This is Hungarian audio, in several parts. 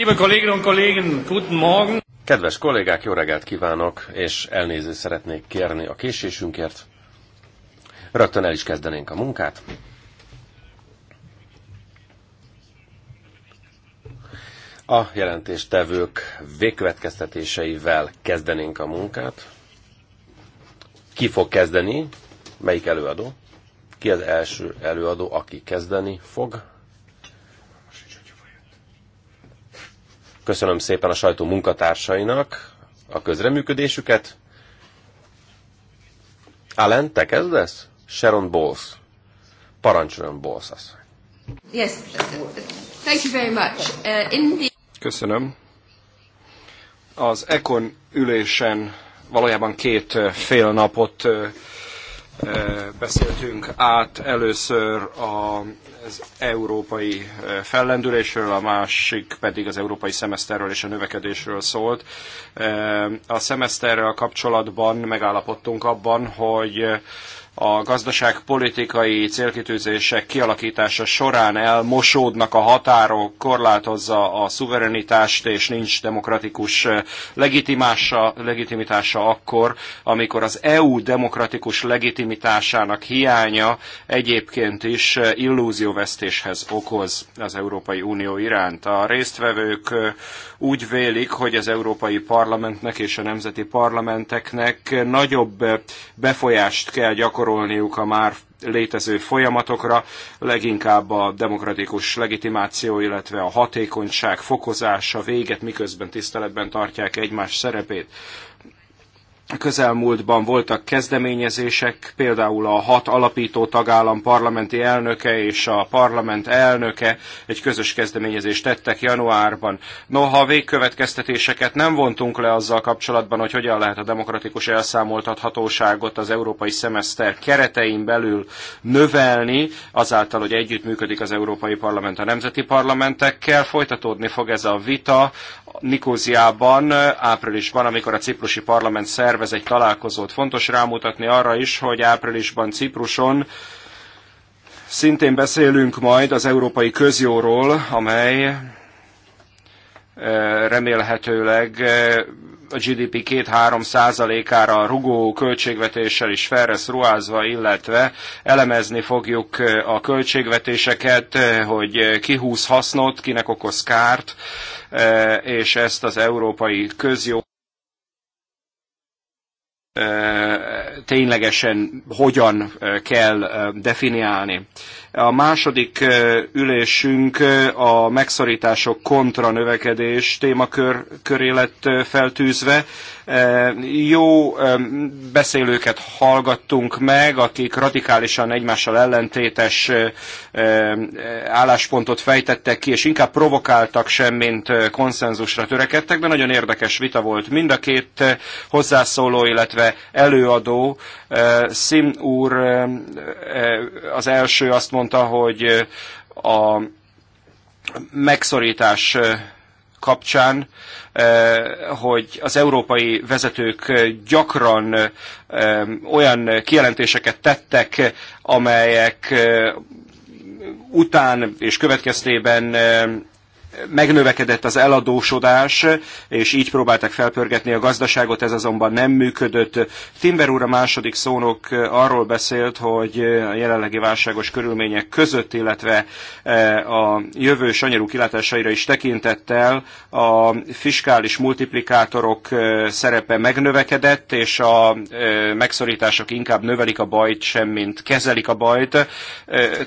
Liebe Kolleginnen und Kollegen, guten Morgen! Kedves kollégák, jó reggelt kívánok, és elnézést szeretnék kérni a késésünkért. Rögtön el is kezdenénk a munkát. A jelentéstevők végkövetkeztetéseivel kezdenénk a munkát. Ki fog kezdeni? Melyik előadó? Ki az első előadó, aki kezdeni fog? Köszönöm szépen a sajtó munkatársainak a közreműködésüket. Alan, te kezdesz? Sharon Bowles. Parancsoljon Bowles Yes, thank you very much. Uh, in the... Köszönöm. Az Econ ülésen valójában két uh, fél napot uh, Eh, beszéltünk át először az európai eh, fellendülésről, a másik pedig az európai szemeszterről és a növekedésről szólt. Eh, a szemeszterrel kapcsolatban megállapodtunk abban, hogy a gazdaságpolitikai célkitűzések kialakítása során elmosódnak a határok, korlátozza a szuverenitást, és nincs demokratikus eh, legitimása, legitimitása akkor, amikor az EU demokratikus legitimitásának hiánya egyébként is eh, illúzióvesztéshez okoz az Európai Unió iránt. A résztvevők eh, úgy vélik, hogy az Európai Parlamentnek és a nemzeti parlamenteknek nagyobb befolyást kell gyakorolni gyakorolniuk a már létező folyamatokra, leginkább a demokratikus legitimáció, illetve a hatékonyság fokozása véget, miközben tiszteletben tartják egymás szerepét közelmúltban voltak kezdeményezések, például a hat alapító tagállam parlamenti elnöke és a parlament elnöke egy közös kezdeményezést tettek januárban. Noha végkövetkeztetéseket nem vontunk le azzal kapcsolatban, hogy hogyan lehet a demokratikus elszámoltathatóságot az európai szemeszter keretein belül növelni, azáltal, hogy együttműködik az Európai Parlament a nemzeti parlamentekkel, folytatódni fog ez a vita Nikóziában, áprilisban, amikor a ciprusi parlament szerv szervez egy találkozót. Fontos rámutatni arra is, hogy áprilisban Cipruson szintén beszélünk majd az európai közjóról, amely eh, remélhetőleg eh, a GDP 2-3 százalékára rugó költségvetéssel is ruházva, illetve elemezni fogjuk eh, a költségvetéseket, hogy ki húz hasznot, kinek okoz kárt, és ezt az európai közjó ténylegesen hogyan kell definiálni. A második ülésünk a megszorítások kontra növekedés témakör köré lett feltűzve. Jó beszélőket hallgattunk meg, akik radikálisan egymással ellentétes álláspontot fejtettek ki, és inkább provokáltak sem, mint konszenzusra törekedtek, de nagyon érdekes vita volt mind a két hozzászóló, illetve előadó. Sim úr az első azt mondta, mondta, hogy a megszorítás kapcsán, hogy az európai vezetők gyakran olyan kijelentéseket tettek, amelyek után és következtében megnövekedett az eladósodás, és így próbálták felpörgetni a gazdaságot, ez azonban nem működött. Timber úr a második szónok eh, arról beszélt, hogy eh, a jelenlegi válságos körülmények között, illetve eh, a jövő sanyarú kilátásaira is tekintettel a fiskális multiplikátorok szerepe megnövekedett, és a megszorítások inkább növelik a bajt, semmint kezelik a bajt.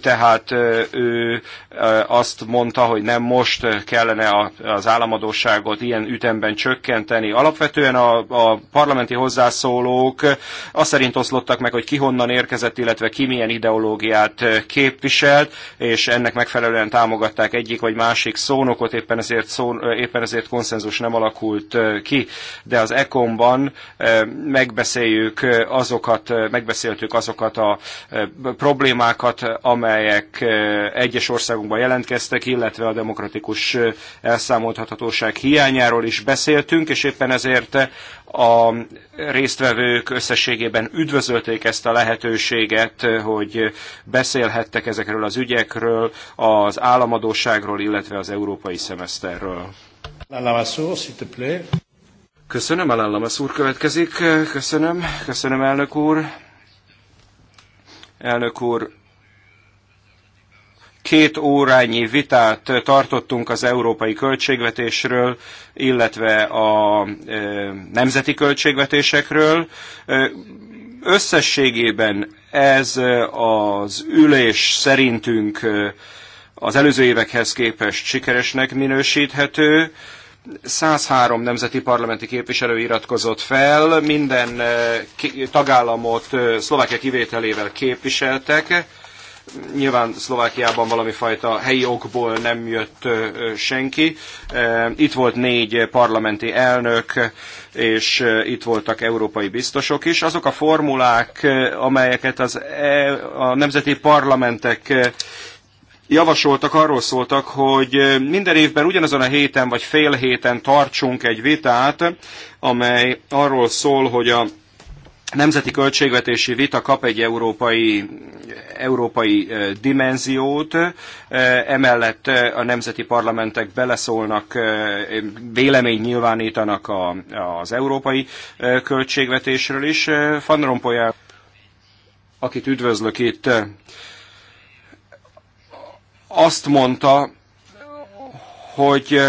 Tehát ő azt mondta, hogy nem most kellene az államadóságot ilyen ütemben csökkenteni. Alapvetően a, a parlamenti hozzászólók azt szerint oszlottak meg, hogy ki honnan érkezett, illetve ki milyen ideológiát képviselt, és ennek megfelelően támogatták egyik vagy másik szónokot, éppen ezért, szó, éppen ezért konszenzus nem alakult ki. De az ECOM-ban megbeszéljük azokat, megbeszéltük azokat a problémákat, amelyek egyes országunkban jelentkeztek, illetve a demokratikus és elszámoltathatóság hiányáról is beszéltünk, és éppen ezért a résztvevők összességében üdvözölték ezt a lehetőséget, hogy beszélhettek ezekről az ügyekről, az államadóságról, illetve az európai szemeszterről. Köszönöm, a Lamasz úr következik. Köszönöm, köszönöm elnök úr. Elnök úr, Két órányi vitát tartottunk az európai költségvetésről, illetve a nemzeti költségvetésekről. Összességében ez az ülés szerintünk az előző évekhez képest sikeresnek minősíthető. 103 nemzeti parlamenti képviselő iratkozott fel, minden tagállamot Szlovákia kivételével képviseltek. Nyilván Szlovákiában valami fajta helyi okból nem jött senki. Itt volt négy parlamenti elnök, és itt voltak európai biztosok is. Azok a formulák, amelyeket az, e, a nemzeti parlamentek javasoltak, arról szóltak, hogy minden évben ugyanazon a héten vagy fél héten tartsunk egy vitát, amely arról szól, hogy a nemzeti költségvetési vita kap egy európai, európai dimenziót, emellett a nemzeti parlamentek beleszólnak, vélemény nyilvánítanak a, az európai költségvetésről is. Van Rompuy, akit üdvözlök itt, azt mondta, hogy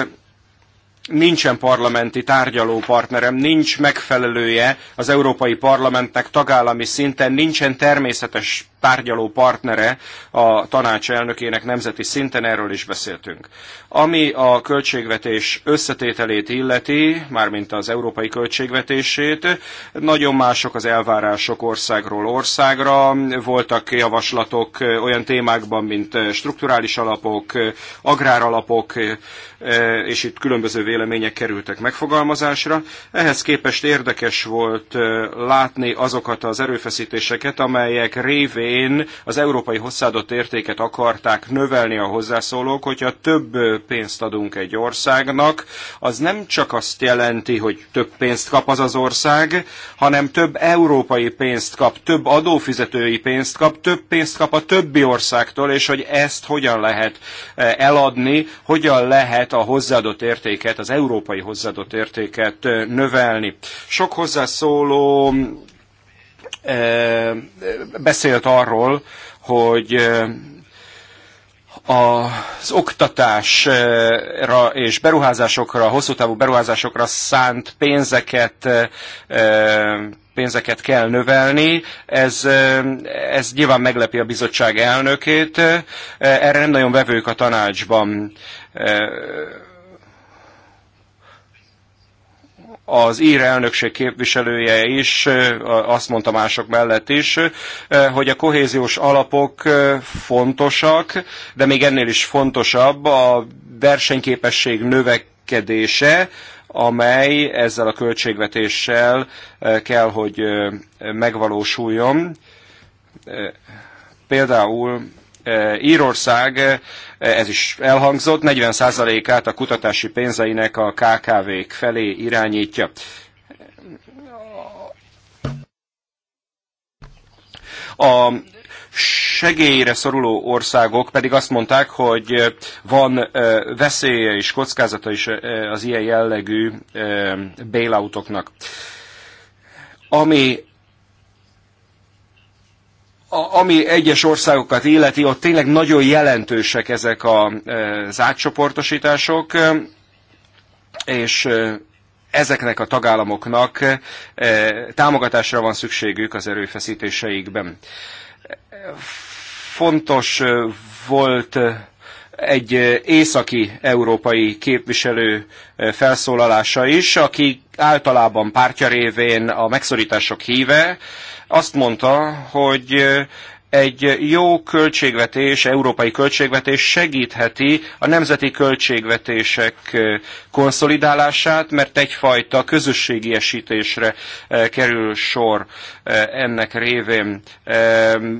nincsen parlamenti tárgyalópartnerem, nincs megfelelője az Európai Parlamentnek tagállami szinten, nincsen természetes tárgyaló partnere a tanács elnökének nemzeti szinten, erről is beszéltünk. Ami a költségvetés összetételét illeti, mármint az európai költségvetését, nagyon mások az elvárások országról országra. Voltak javaslatok olyan témákban, mint strukturális alapok, agráralapok, és itt különböző vélemények kerültek megfogalmazásra. Ehhez képest érdekes volt látni azokat az erőfeszítéseket, amelyek révén elején az európai hozzáadott értéket akarták növelni a hozzászólók, hogyha több pénzt adunk egy országnak, az nem csak azt jelenti, hogy több pénzt kap az az ország, hanem több európai pénzt kap, több adófizetői pénzt kap, több pénzt kap a többi országtól, és hogy ezt hogyan lehet eh, eladni, hogyan lehet a hozzáadott értéket, az európai hozzáadott értéket eh, növelni. Sok hozzászóló beszélt arról, hogy az oktatásra és beruházásokra, hosszú távú beruházásokra szánt pénzeket pénzeket kell növelni. Ez, ez nyilván meglepi a bizottság elnökét. Erre nem nagyon vevők a tanácsban. az ír elnökség képviselője is, azt mondta mások mellett is, hogy a kohéziós alapok fontosak, de még ennél is fontosabb a versenyképesség növekedése, amely ezzel a költségvetéssel kell, hogy megvalósuljon. Például Eh, Írország, eh, ez is elhangzott, 40%-át a kutatási pénzeinek a KKV-k felé irányítja. A segélyre szoruló országok pedig azt mondták, hogy van eh, veszélye és kockázata is az ilyen jellegű bailoutoknak. Ami ami egyes országokat illeti, ott tényleg nagyon jelentősek ezek a, az e, átcsoportosítások, e, és e, ezeknek a tagállamoknak támogatásra van szükségük az erőfeszítéseikben. Fontos volt egy északi európai képviselő felszólalása is, aki általában pártja révén a megszorítások híve, azt mondta, hogy egy jó költségvetés, európai költségvetés segítheti a nemzeti költségvetések eh, konszolidálását, mert egyfajta közösségi esítésre eh, kerül sor eh, ennek révén.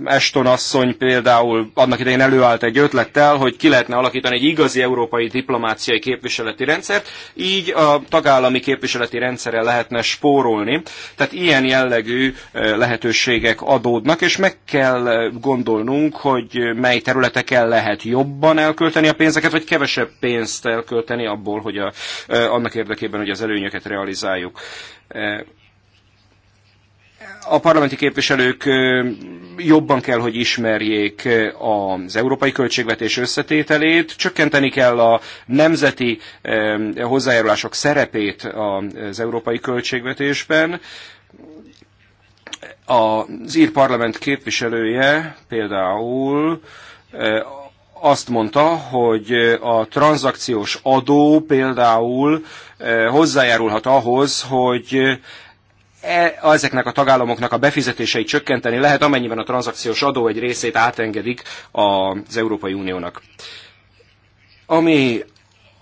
Eston asszony például annak idején előállt egy ötlettel, hogy ki lehetne alakítani egy igazi európai diplomáciai képviseleti rendszert, így a tagállami képviseleti rendszerre lehetne spórolni. Tehát ilyen jellegű lehetőségek adódnak, és meg kell gondolnunk, hogy mely területeken lehet jobban elkölteni a pénzeket, vagy kevesebb pénzt elkölteni abból, hogy a, eh, annak érdekében, hogy az előnyöket realizáljuk eh, a parlamenti képviselők eh, jobban kell, hogy ismerjék az európai költségvetés összetételét, csökkenteni kell a nemzeti hozzájárulások szerepét az európai költségvetésben, az ír parlament képviselője például e, azt mondta, hogy a tranzakciós adó például e, hozzájárulhat ahhoz, hogy e, ezeknek a tagállamoknak a befizetéseit csökkenteni lehet, amennyiben a tranzakciós adó egy részét átengedik az Európai Uniónak. Ami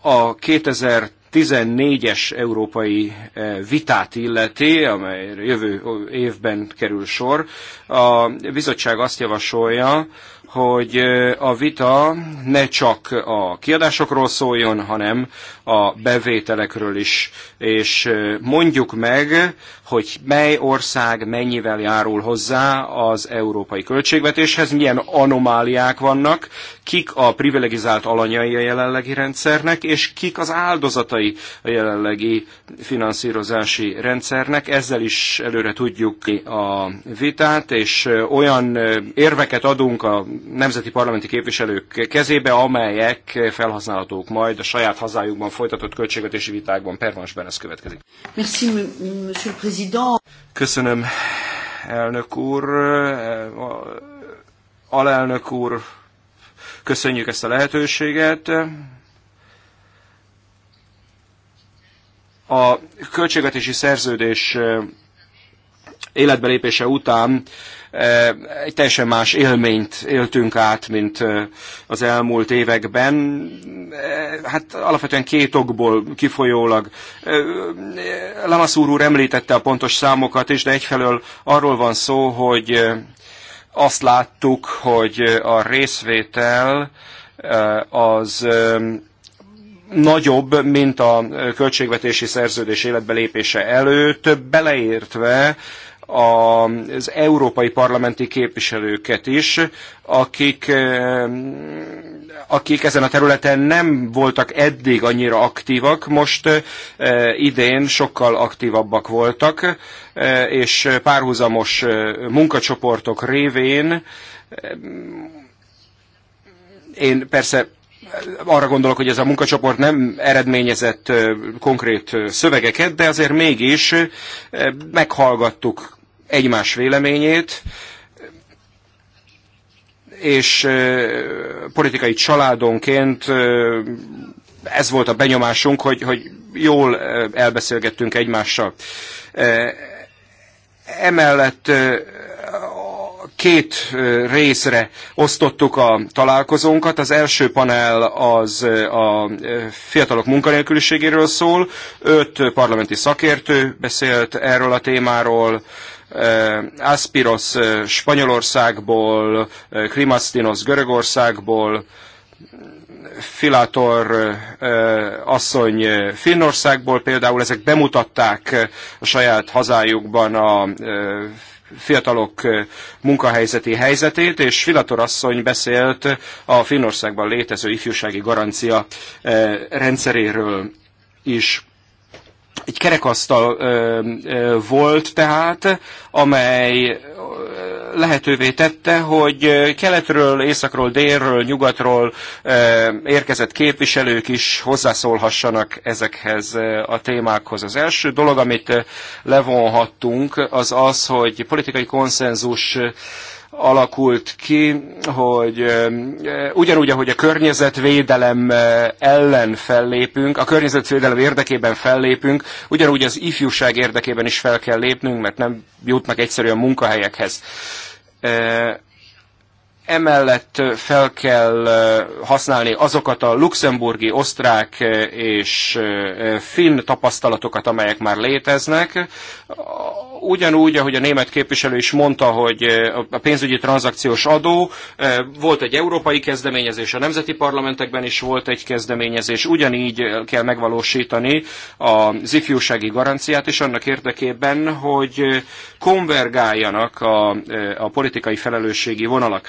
a 2000 14-es európai eh, vitát illeti, amely jövő évben kerül sor. A bizottság azt javasolja, hogy eh, a vita ne csak a kiadásokról szóljon, hanem a bevételekről is, és eh, mondjuk meg, hogy mely ország mennyivel járul hozzá az európai költségvetéshez, milyen anomáliák vannak, kik a privilegizált alanyai a jelenlegi rendszernek, és kik az áldozatai a jelenlegi finanszírozási rendszernek. Ezzel is előre tudjuk a vitát, és olyan érveket adunk a nemzeti parlamenti képviselők kezébe, amelyek felhasználhatók majd a saját hazájukban folytatott költségvetési vitákban. Pervansben ez következik. Merci, monsieur président. Köszönöm, elnök úr, alelnök úr, Köszönjük ezt a lehetőséget. A költségvetési szerződés eh, életbelépése után eh, egy teljesen más élményt éltünk át, mint eh, az elmúlt években. Hát alapvetően két okból kifolyólag. Lamasz úr említette a pontos számokat is, de egyfelől arról van szó, hogy azt láttuk, hogy a részvétel eh, az eh, nagyobb, mint a költségvetési szerződés életbe lépése előtt, beleértve az európai parlamenti képviselőket is, akik eh, akik ezen a területen nem voltak eddig annyira aktívak, most eh, idén sokkal aktívabbak voltak, eh, és párhuzamos eh, munkacsoportok révén én persze arra gondolok, hogy ez a munkacsoport nem eredményezett konkrét szövegeket, de azért mégis meghallgattuk egymás véleményét, és politikai családonként ez volt a benyomásunk, hogy, hogy jól elbeszélgettünk egymással. Emellett két részre osztottuk a találkozónkat. Az első panel az a fiatalok munkanélküliségéről szól. Öt parlamenti szakértő beszélt erről a témáról. Eh, Aspiros eh, Spanyolországból, eh, Krimastinos Görögországból, Filator asszony Finnországból például, ezek bemutatták a saját hazájukban a fiatalok munkahelyzeti helyzetét, és Filator asszony beszélt a Finnországban létező ifjúsági garancia rendszeréről is egy kerekasztal ö, ö, volt tehát, amely lehetővé tette, hogy keletről, északról, délről, nyugatról ö, érkezett képviselők is hozzászólhassanak ezekhez a témákhoz. Az első dolog, amit levonhattunk, az az, hogy politikai konszenzus alakult ki, hogy ugyanúgy, ahogy a környezetvédelem ellen fellépünk, a környezetvédelem érdekében fellépünk, ugyanúgy az ifjúság érdekében is fel kell lépnünk, mert nem jutnak egyszerűen munkahelyekhez Emellett fel kell használni azokat a luxemburgi, osztrák és finn tapasztalatokat, amelyek már léteznek. Ugyanúgy, ahogy a német képviselő is mondta, hogy a pénzügyi tranzakciós adó, volt egy európai kezdeményezés, a nemzeti parlamentekben is volt egy kezdeményezés, ugyanígy kell megvalósítani az ifjúsági garanciát is annak érdekében, hogy konvergáljanak a, a politikai felelősségi vonalak.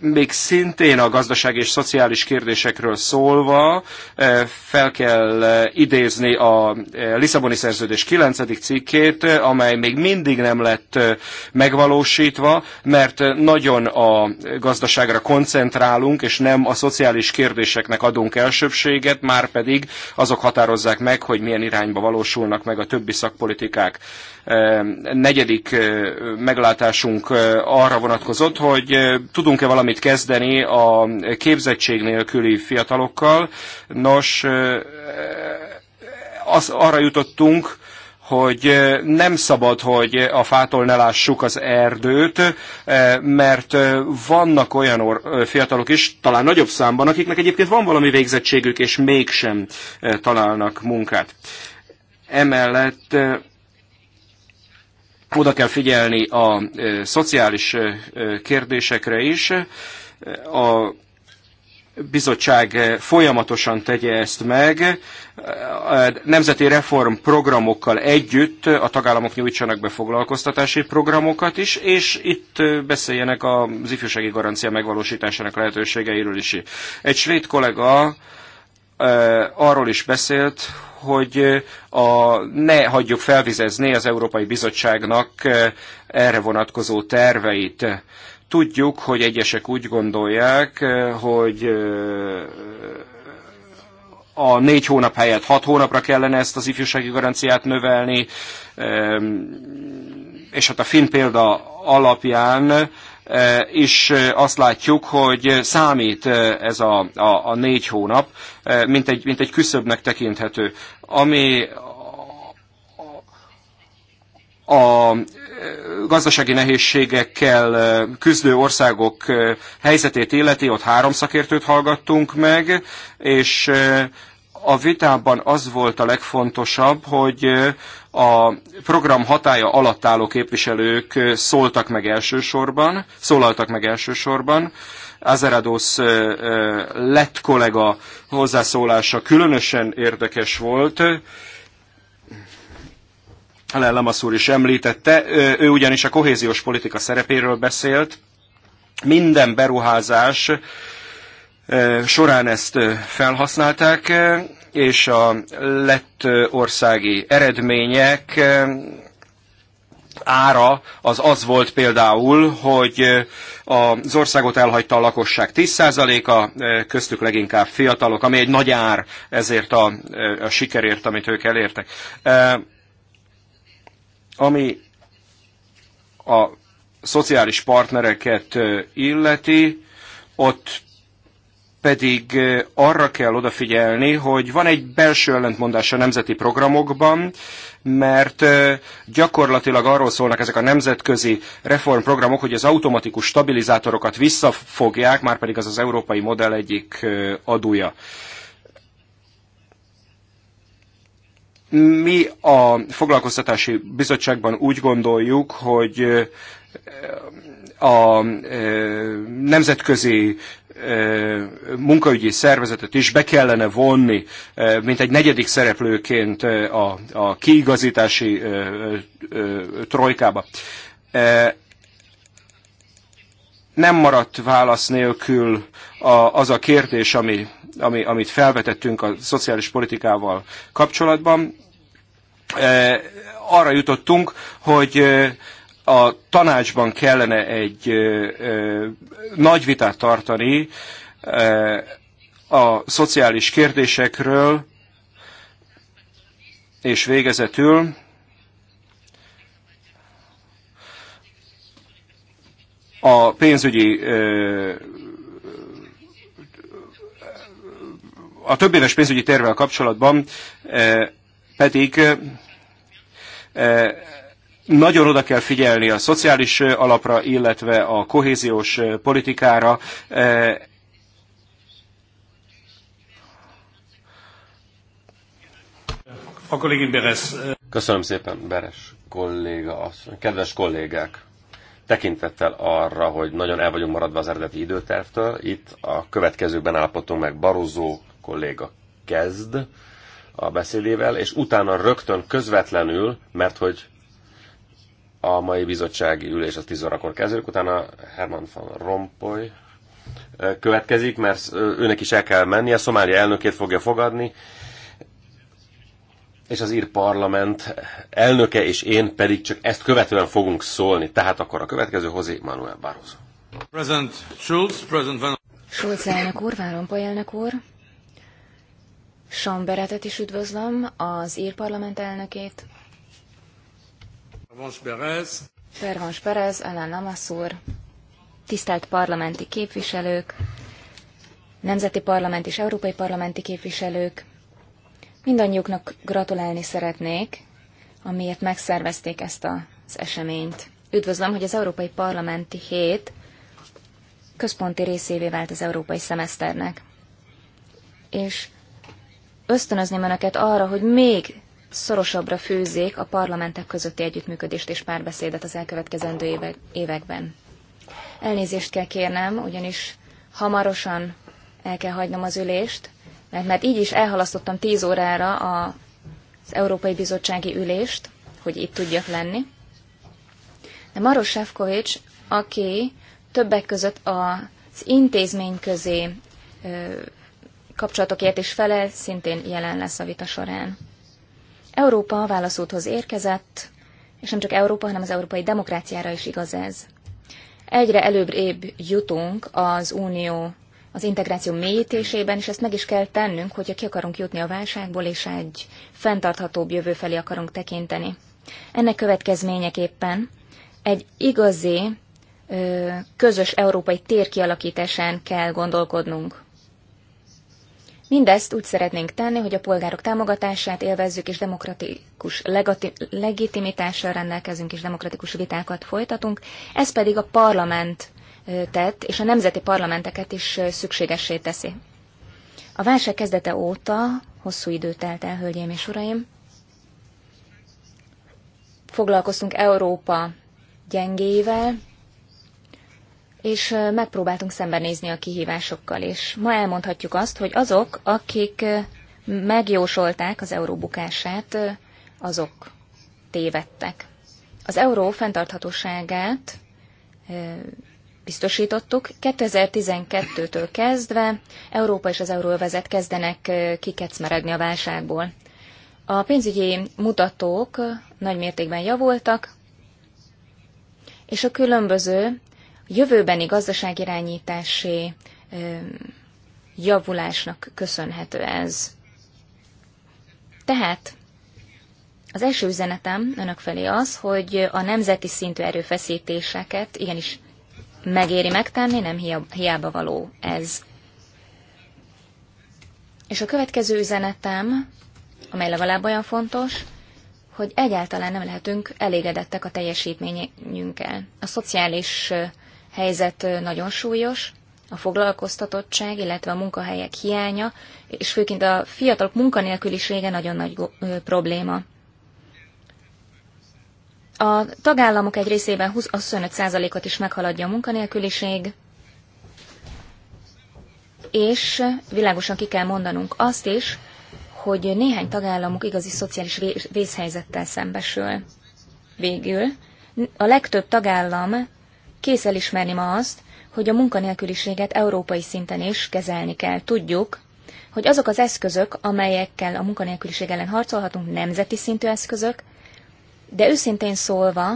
még szintén a gazdaság és szociális kérdésekről szólva eh, fel kell eh, idézni a eh, Lisszaboni Szerződés 9. cikkét, amely még mindig nem lett megvalósítva, mert nagyon a gazdaságra koncentrálunk, és nem a szociális kérdéseknek adunk elsőbséget, már pedig azok határozzák meg, hogy milyen irányba valósulnak meg a többi szakpolitikák. Negyedik meglátásunk arra vonatkozott, hogy tudunk-e valami valamit kezdeni a képzettség nélküli fiatalokkal. Nos, az, arra jutottunk, hogy nem szabad, hogy a fától ne lássuk az erdőt, mert vannak olyan fiatalok is, talán nagyobb számban, akiknek egyébként van valami végzettségük, és mégsem találnak munkát. Emellett Hát oda kell figyelni a szociális kérdésekre is. A bizottság folyamatosan tegye ezt meg, nemzeti reformprogramokkal együtt a tagállamok nyújtsanak be foglalkoztatási programokat is, és itt beszéljenek az ifjúsági garancia megvalósításának lehetőségeiről is. Egy svéd kollega arról is beszélt, hogy a, ne hagyjuk felvizezni az Európai Bizottságnak erre vonatkozó terveit. Tudjuk, hogy egyesek úgy gondolják, hogy a négy hónap helyett hat hónapra kellene ezt az ifjúsági garanciát növelni, és hát a finn példa alapján Eh, és eh, azt látjuk, hogy eh, számít ez a, a, a négy hónap, mint egy, mint egy küszöbnek tekinthető. Ami a, gazdasági nehézségekkel küzdő országok helyzetét illeti, ott három szakértőt hallgattunk meg, és a vitában az volt a legfontosabb, hogy a program hatája alatt álló képviselők szóltak meg elsősorban, szólaltak meg elsősorban. Azeradosz lett kollega hozzászólása különösen érdekes volt. Alel úr is említette, ő ugyanis a kohéziós politika szerepéről beszélt. Minden beruházás során ezt felhasználták és a lett országi eredmények eh, ára az az volt például, hogy eh, az országot elhagyta a lakosság 10%-a, eh, köztük leginkább fiatalok, ami egy nagy ár ezért a, a sikerért, amit ők elértek. Ami a szociális partnereket illeti, ott pedig arra kell odafigyelni, hogy van egy belső ellentmondás a nemzeti programokban, mert gyakorlatilag arról szólnak ezek a nemzetközi reformprogramok, hogy az automatikus stabilizátorokat visszafogják, már pedig az az európai modell egyik adója. Mi a foglalkoztatási bizottságban úgy gondoljuk, hogy a nemzetközi munkaügyi szervezetet is be kellene vonni, mint egy negyedik szereplőként a, a kiigazítási trojkába. Nem maradt válasz nélkül az a kérdés, ami, ami, amit felvetettünk a szociális politikával kapcsolatban. Arra jutottunk, hogy a tanácsban kellene egy nagy vitát tartani a szociális kérdésekről, és végezetül a pénzügyi a többéves pénzügyi tervvel kapcsolatban pedig nagyon oda kell figyelni a szociális alapra, illetve a kohéziós politikára. A kollégin Beres. Köszönöm szépen, Beres kolléga asszony. Kedves kollégák, tekintettel arra, hogy nagyon el vagyunk maradva az eredeti időtervtől, itt a következőkben állapodtunk meg Barozó kolléga kezd a beszédével, és utána rögtön közvetlenül, mert hogy a mai bizottsági ülés az 10 órakor kezdődik, utána Herman van Rompuy következik, mert őnek is el kell mennie, a Szomália elnökét fogja fogadni, és az ír parlament elnöke és én pedig csak ezt követően fogunk szólni. Tehát akkor a következő hozi Manuel Barroso. President Schulz, President Van... Schulz elnök úr, Van Rompuy elnök úr, Sean Beretet is üdvözlöm, az ír parlament elnökét, Vons Perez. Perhans Perez, Lamassur, tisztelt parlamenti képviselők, nemzeti parlament és európai parlamenti képviselők, mindannyiuknak gratulálni szeretnék, amiért megszervezték ezt az eseményt. Üdvözlöm, hogy az Európai Parlamenti Hét központi részévé vált az európai szemeszternek. És ösztönözném önöket arra, hogy még szorosabbra főzzék a parlamentek közötti együttműködést és párbeszédet az elkövetkezendő években. Elnézést kell kérnem, ugyanis hamarosan el kell hagynom az ülést, mert, mert így is elhalasztottam 10 órára a, az Európai Bizottsági ülést, hogy itt tudjak lenni. De Maros Sefkovics, aki többek között az intézmény közé kapcsolatokért is felel, szintén jelen lesz a vita során. Európa a válaszúthoz érkezett, és nem csak Európa, hanem az európai demokráciára is igaz ez. Egyre előbb jutunk az unió az integráció mélyítésében, és ezt meg is kell tennünk, hogyha ki akarunk jutni a válságból, és egy fenntarthatóbb jövő felé akarunk tekinteni. Ennek következményeképpen egy igazi, közös európai tér kialakításán kell gondolkodnunk. Mindezt úgy szeretnénk tenni, hogy a polgárok támogatását élvezzük, és demokratikus legitimitással rendelkezünk, és demokratikus vitákat folytatunk. Ez pedig a parlament tett, és a nemzeti parlamenteket is szükségessé teszi. A válság kezdete óta hosszú idő telt el, hölgyeim és uraim. Foglalkoztunk Európa gyengéivel és megpróbáltunk szembenézni a kihívásokkal, és ma elmondhatjuk azt, hogy azok, akik megjósolták az euró bukását, azok tévedtek. Az euró fenntarthatóságát biztosítottuk. 2012-től kezdve Európa és az euróvezet kezdenek kikecmeregni a válságból. A pénzügyi mutatók nagy mértékben javultak, és a különböző jövőbeni gazdaságirányítási javulásnak köszönhető ez. Tehát az első üzenetem önök felé az, hogy a nemzeti szintű erőfeszítéseket igenis megéri megtenni, nem hiába való ez. És a következő üzenetem, amely legalább olyan fontos, hogy egyáltalán nem lehetünk elégedettek a teljesítményünkkel. A szociális helyzet nagyon súlyos, a foglalkoztatottság, illetve a munkahelyek hiánya, és főként a fiatalok munkanélkülisége nagyon nagy probléma. A tagállamok egy részében 25%-ot is meghaladja a munkanélküliség, és világosan ki kell mondanunk azt is, hogy néhány tagállamok igazi szociális vészhelyzettel szembesül. Végül a legtöbb tagállam kész elismerni ma azt, hogy a munkanélküliséget európai szinten is kezelni kell. Tudjuk, hogy azok az eszközök, amelyekkel a munkanélküliség ellen harcolhatunk, nemzeti szintű eszközök, de őszintén szólva,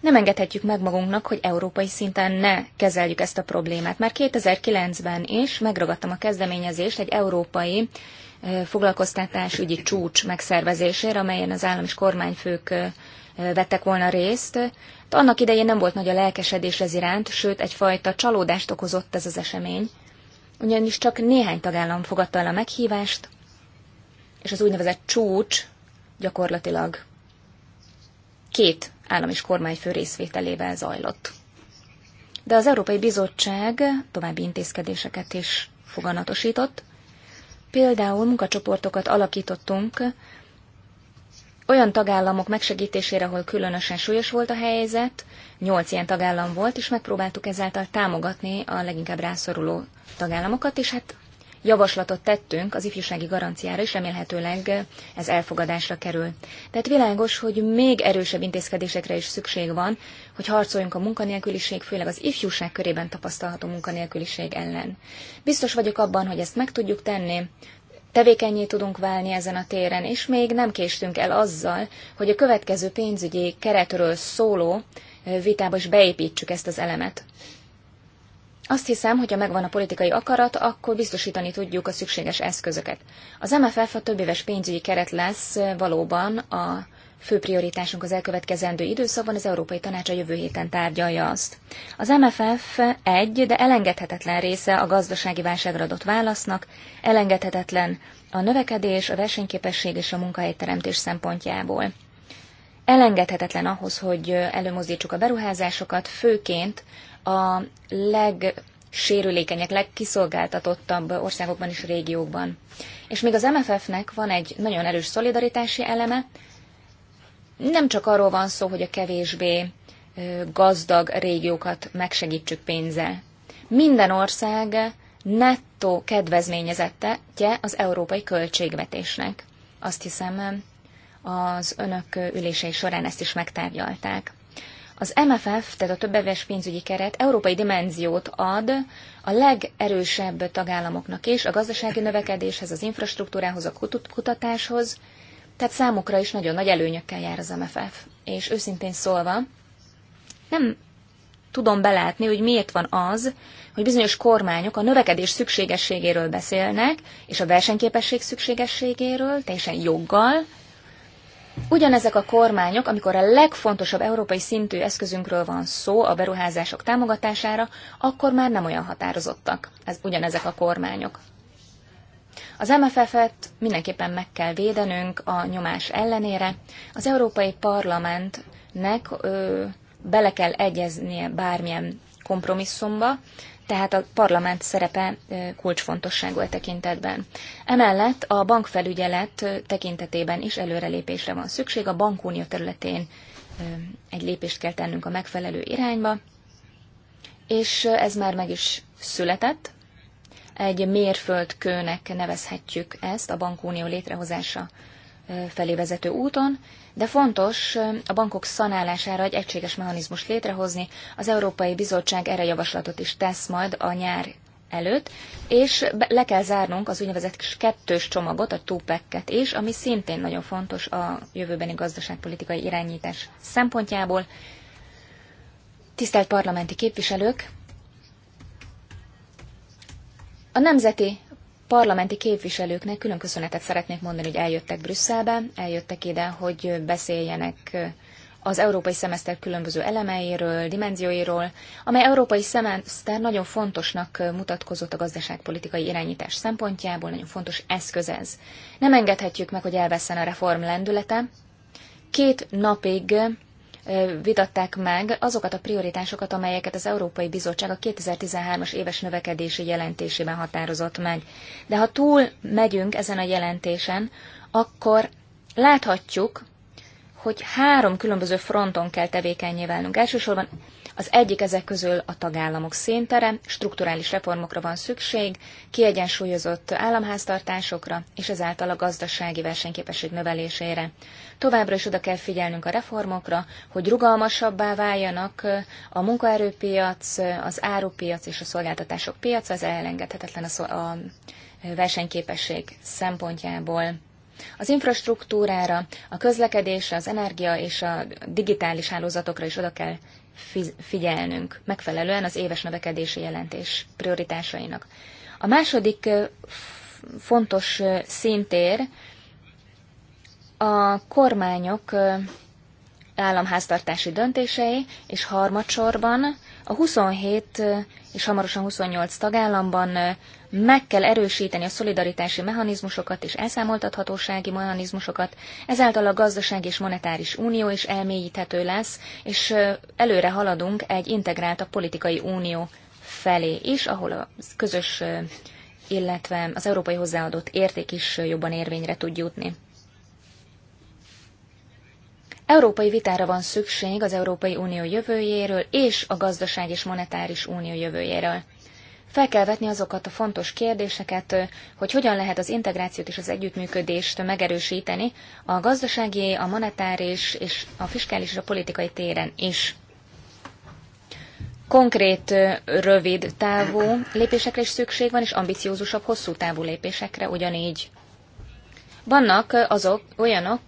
nem engedhetjük meg magunknak, hogy európai szinten ne kezeljük ezt a problémát. Már 2009-ben is megragadtam a kezdeményezést egy európai foglalkoztatásügyi csúcs megszervezésére, amelyen az állam és kormányfők vettek volna részt. De hát annak idején nem volt nagy a lelkesedés ez iránt, sőt egyfajta csalódást okozott ez az esemény, ugyanis csak néhány tagállam fogadta el a meghívást, és az úgynevezett csúcs gyakorlatilag két állam és kormányfő részvételével zajlott. De az Európai Bizottság további intézkedéseket is foganatosított, Például munkacsoportokat alakítottunk olyan tagállamok megsegítésére, ahol különösen súlyos volt a helyzet, nyolc ilyen tagállam volt, és megpróbáltuk ezáltal támogatni a leginkább rászoruló tagállamokat, és hát javaslatot tettünk az ifjúsági garanciára, és remélhetőleg ez elfogadásra kerül. Tehát világos, hogy még erősebb intézkedésekre is szükség van, hogy harcoljunk a munkanélküliség, főleg az ifjúság körében tapasztalható munkanélküliség ellen. Biztos vagyok abban, hogy ezt meg tudjuk tenni, tevékenyé tudunk válni ezen a téren, és még nem késtünk el azzal, hogy a következő pénzügyi keretről szóló vitába is beépítsük ezt az elemet. Azt hiszem, hogy ha megvan a politikai akarat, akkor biztosítani tudjuk a szükséges eszközöket. Az MFF a többéves pénzügyi keret lesz valóban a Fő prioritásunk az elkövetkezendő időszakban az Európai Tanács a jövő héten tárgyalja azt. Az MFF egy, de elengedhetetlen része a gazdasági válságra adott válasznak, elengedhetetlen a növekedés, a versenyképesség és a munkahelyteremtés szempontjából. Elengedhetetlen ahhoz, hogy előmozdítsuk a beruházásokat, főként a leg sérülékenyek, legkiszolgáltatottabb országokban és régiókban. És még az MFF-nek van egy nagyon erős szolidaritási eleme, nem csak arról van szó, hogy a kevésbé gazdag régiókat megsegítsük pénzzel. Minden ország nettó kedvezményezettje az európai költségvetésnek. Azt hiszem, az önök ülései során ezt is megtárgyalták. Az MFF, tehát a többéves pénzügyi keret európai dimenziót ad a legerősebb tagállamoknak is, a gazdasági növekedéshez, az infrastruktúrához, a kutatáshoz, tehát számukra is nagyon nagy előnyökkel jár az MFF. És őszintén szólva, nem tudom belátni, hogy miért van az, hogy bizonyos kormányok a növekedés szükségességéről beszélnek, és a versenyképesség szükségességéről, teljesen joggal. Ugyanezek a kormányok, amikor a legfontosabb európai szintű eszközünkről van szó a beruházások támogatására, akkor már nem olyan határozottak. Ez ugyanezek a kormányok. Az MFF-et mindenképpen meg kell védenünk a nyomás ellenére. Az Európai Parlamentnek ö, bele kell egyeznie bármilyen kompromisszumba, tehát a parlament szerepe kulcsfontosságú e tekintetben. Emellett a bankfelügyelet tekintetében is előrelépésre van szükség. A bankunió területén egy lépést kell tennünk a megfelelő irányba, és ez már meg is született. Egy mérföldkőnek nevezhetjük ezt a bankunió létrehozása felé vezető úton, de fontos a bankok szanálására egy egységes mechanizmus létrehozni. Az Európai Bizottság erre javaslatot is tesz majd a nyár előtt, és le kell zárnunk az úgynevezett kettős csomagot, a túpekket is, ami szintén nagyon fontos a jövőbeni gazdaságpolitikai irányítás szempontjából. Tisztelt parlamenti képviselők! A nemzeti parlamenti képviselőknek külön köszönetet szeretnék mondani, hogy eljöttek Brüsszelbe, eljöttek ide, hogy beszéljenek az európai szemeszter különböző elemeiről, dimenzióiról, amely európai szemeszter nagyon fontosnak mutatkozott a gazdaságpolitikai irányítás szempontjából, nagyon fontos eszköz ez. Nem engedhetjük meg, hogy elveszene a reform lendülete. Két napig vitatták meg azokat a prioritásokat, amelyeket az Európai Bizottság a 2013-as éves növekedési jelentésében határozott meg. De ha túl megyünk ezen a jelentésen, akkor láthatjuk, hogy három különböző fronton kell tevékenyé válnunk. Elsősorban az egyik ezek közül a tagállamok széntere, strukturális reformokra van szükség, kiegyensúlyozott államháztartásokra és ezáltal a gazdasági versenyképesség növelésére. Továbbra is oda kell figyelnünk a reformokra, hogy rugalmasabbá váljanak a munkaerőpiac, az árupiac és a szolgáltatások piaca, az elengedhetetlen a, a versenyképesség szempontjából. Az infrastruktúrára, a közlekedésre, az energia és a digitális hálózatokra is oda kell figyelnünk, megfelelően az éves növekedési jelentés prioritásainak. A második fontos szintér a kormányok államháztartási döntései, és harmadsorban a 27 és hamarosan 28 tagállamban meg kell erősíteni a szolidaritási mechanizmusokat és elszámoltathatósági mechanizmusokat, ezáltal a gazdaság és monetáris unió is elmélyíthető lesz, és előre haladunk egy integrált a politikai unió felé is, ahol a közös, illetve az európai hozzáadott érték is jobban érvényre tud jutni. Európai vitára van szükség az Európai Unió jövőjéről és a gazdaság és monetáris unió jövőjéről. Fel kell vetni azokat a fontos kérdéseket, hogy hogyan lehet az integrációt és az együttműködést megerősíteni a gazdasági, a monetáris és a fiskális és a politikai téren is. Konkrét, rövid távú lépésekre is szükség van, és ambiciózusabb, hosszú távú lépésekre ugyanígy. Vannak azok olyanok,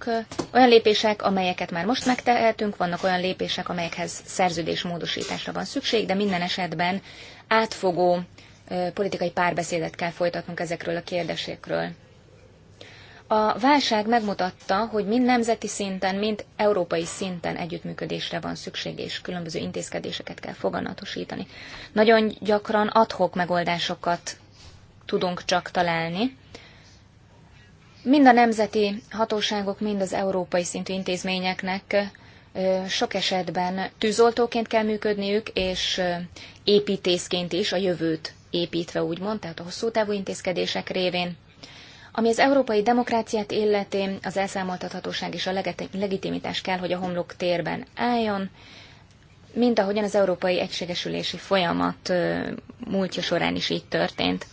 olyan lépések, amelyeket már most megtehetünk, vannak olyan lépések, amelyekhez szerződésmódosításra van szükség, de minden esetben átfogó politikai párbeszédet kell folytatnunk ezekről a kérdésekről. A válság megmutatta, hogy mind nemzeti szinten, mind európai szinten együttműködésre van szükség, és különböző intézkedéseket kell foganatosítani. Nagyon gyakran adhok megoldásokat tudunk csak találni. Mind a nemzeti hatóságok, mind az európai szintű intézményeknek sok esetben tűzoltóként kell működniük, és építészként is a jövőt építve, úgymond, tehát a hosszú távú intézkedések révén. Ami az európai demokráciát illeti, az elszámoltathatóság és a legitimitás kell, hogy a homlok térben álljon, mint ahogyan az európai egységesülési folyamat múltja során is így történt.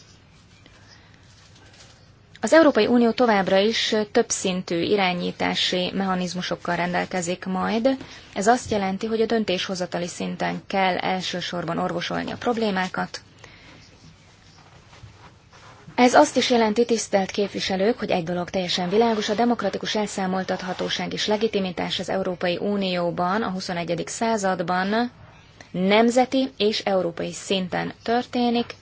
Az Európai Unió továbbra is többszintű irányítási mechanizmusokkal rendelkezik majd. Ez azt jelenti, hogy a döntéshozatali szinten kell elsősorban orvosolni a problémákat, ez azt is jelenti, tisztelt képviselők, hogy egy dolog teljesen világos, a demokratikus elszámoltathatóság és legitimitás az Európai Unióban a 21. században nemzeti és európai szinten történik.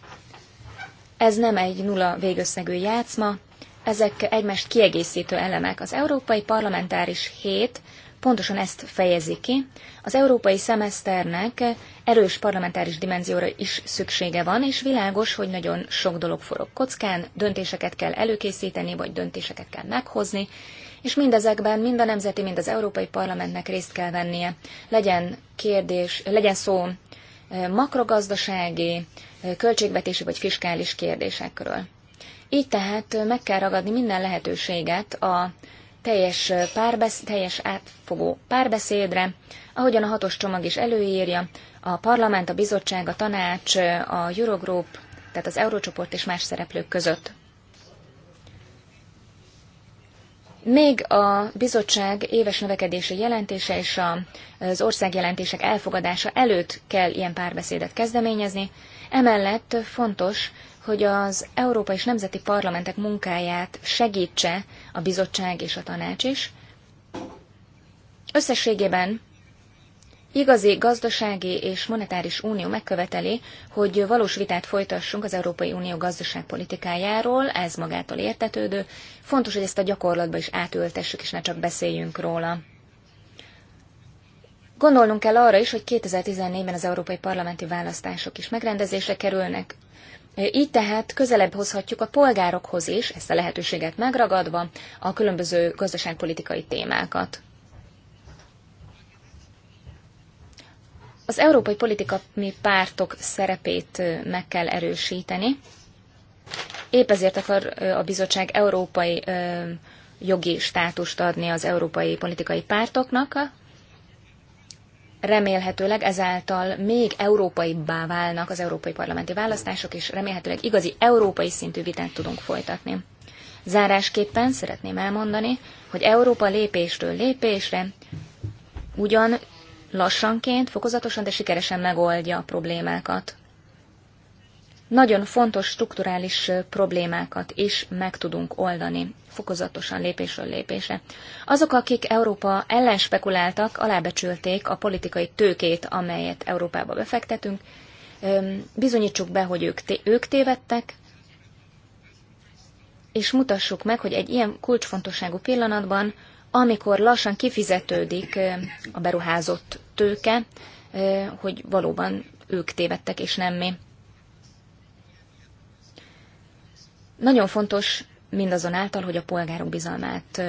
Ez nem egy nulla végösszegű játszma, ezek egymást kiegészítő elemek. Az Európai Parlamentáris Hét pontosan ezt fejezi ki. Az európai szemeszternek erős parlamentáris dimenzióra is szüksége van, és világos, hogy nagyon sok dolog forog kockán, döntéseket kell előkészíteni, vagy döntéseket kell meghozni, és mindezekben mind a nemzeti, mind az európai parlamentnek részt kell vennie. Legyen kérdés, legyen szó makrogazdasági, költségvetési vagy fiskális kérdésekről. Így tehát meg kell ragadni minden lehetőséget a teljes, párbesz, teljes átfogó párbeszédre, ahogyan a hatos csomag is előírja, a parlament, a bizottság, a tanács, a Eurogroup, tehát az Eurócsoport és más szereplők között. Még a bizottság éves növekedési jelentése és az országjelentések elfogadása előtt kell ilyen párbeszédet kezdeményezni, emellett fontos, hogy az Európai és Nemzeti Parlamentek munkáját segítse a bizottság és a tanács is. Összességében igazi gazdasági és monetáris unió megköveteli, hogy valós vitát folytassunk az Európai Unió gazdaságpolitikájáról, ez magától értetődő. Fontos, hogy ezt a gyakorlatba is átültessük, és ne csak beszéljünk róla. Gondolnunk kell arra is, hogy 2014-ben az európai parlamenti választások is megrendezésre kerülnek. Így tehát közelebb hozhatjuk a polgárokhoz is, ezt a lehetőséget megragadva, a különböző gazdaságpolitikai témákat. Az európai politika mi pártok szerepét meg kell erősíteni. Épp ezért akar a bizottság európai jogi státust adni az európai politikai pártoknak remélhetőleg ezáltal még európaibbá válnak az európai parlamenti választások, és remélhetőleg igazi európai szintű vitát tudunk folytatni. Zárásképpen szeretném elmondani, hogy Európa lépésről lépésre ugyan lassanként, fokozatosan, de sikeresen megoldja a problémákat nagyon fontos strukturális problémákat is meg tudunk oldani, fokozatosan lépésről lépésre. Azok, akik Európa ellen spekuláltak, alábecsülték a politikai tőkét, amelyet Európába befektetünk. Bizonyítsuk be, hogy ők, ők tévedtek, és mutassuk meg, hogy egy ilyen kulcsfontosságú pillanatban, amikor lassan kifizetődik a beruházott tőke, hogy valóban ők tévedtek, és nem mi. Nagyon fontos mindazonáltal, hogy a polgárok bizalmát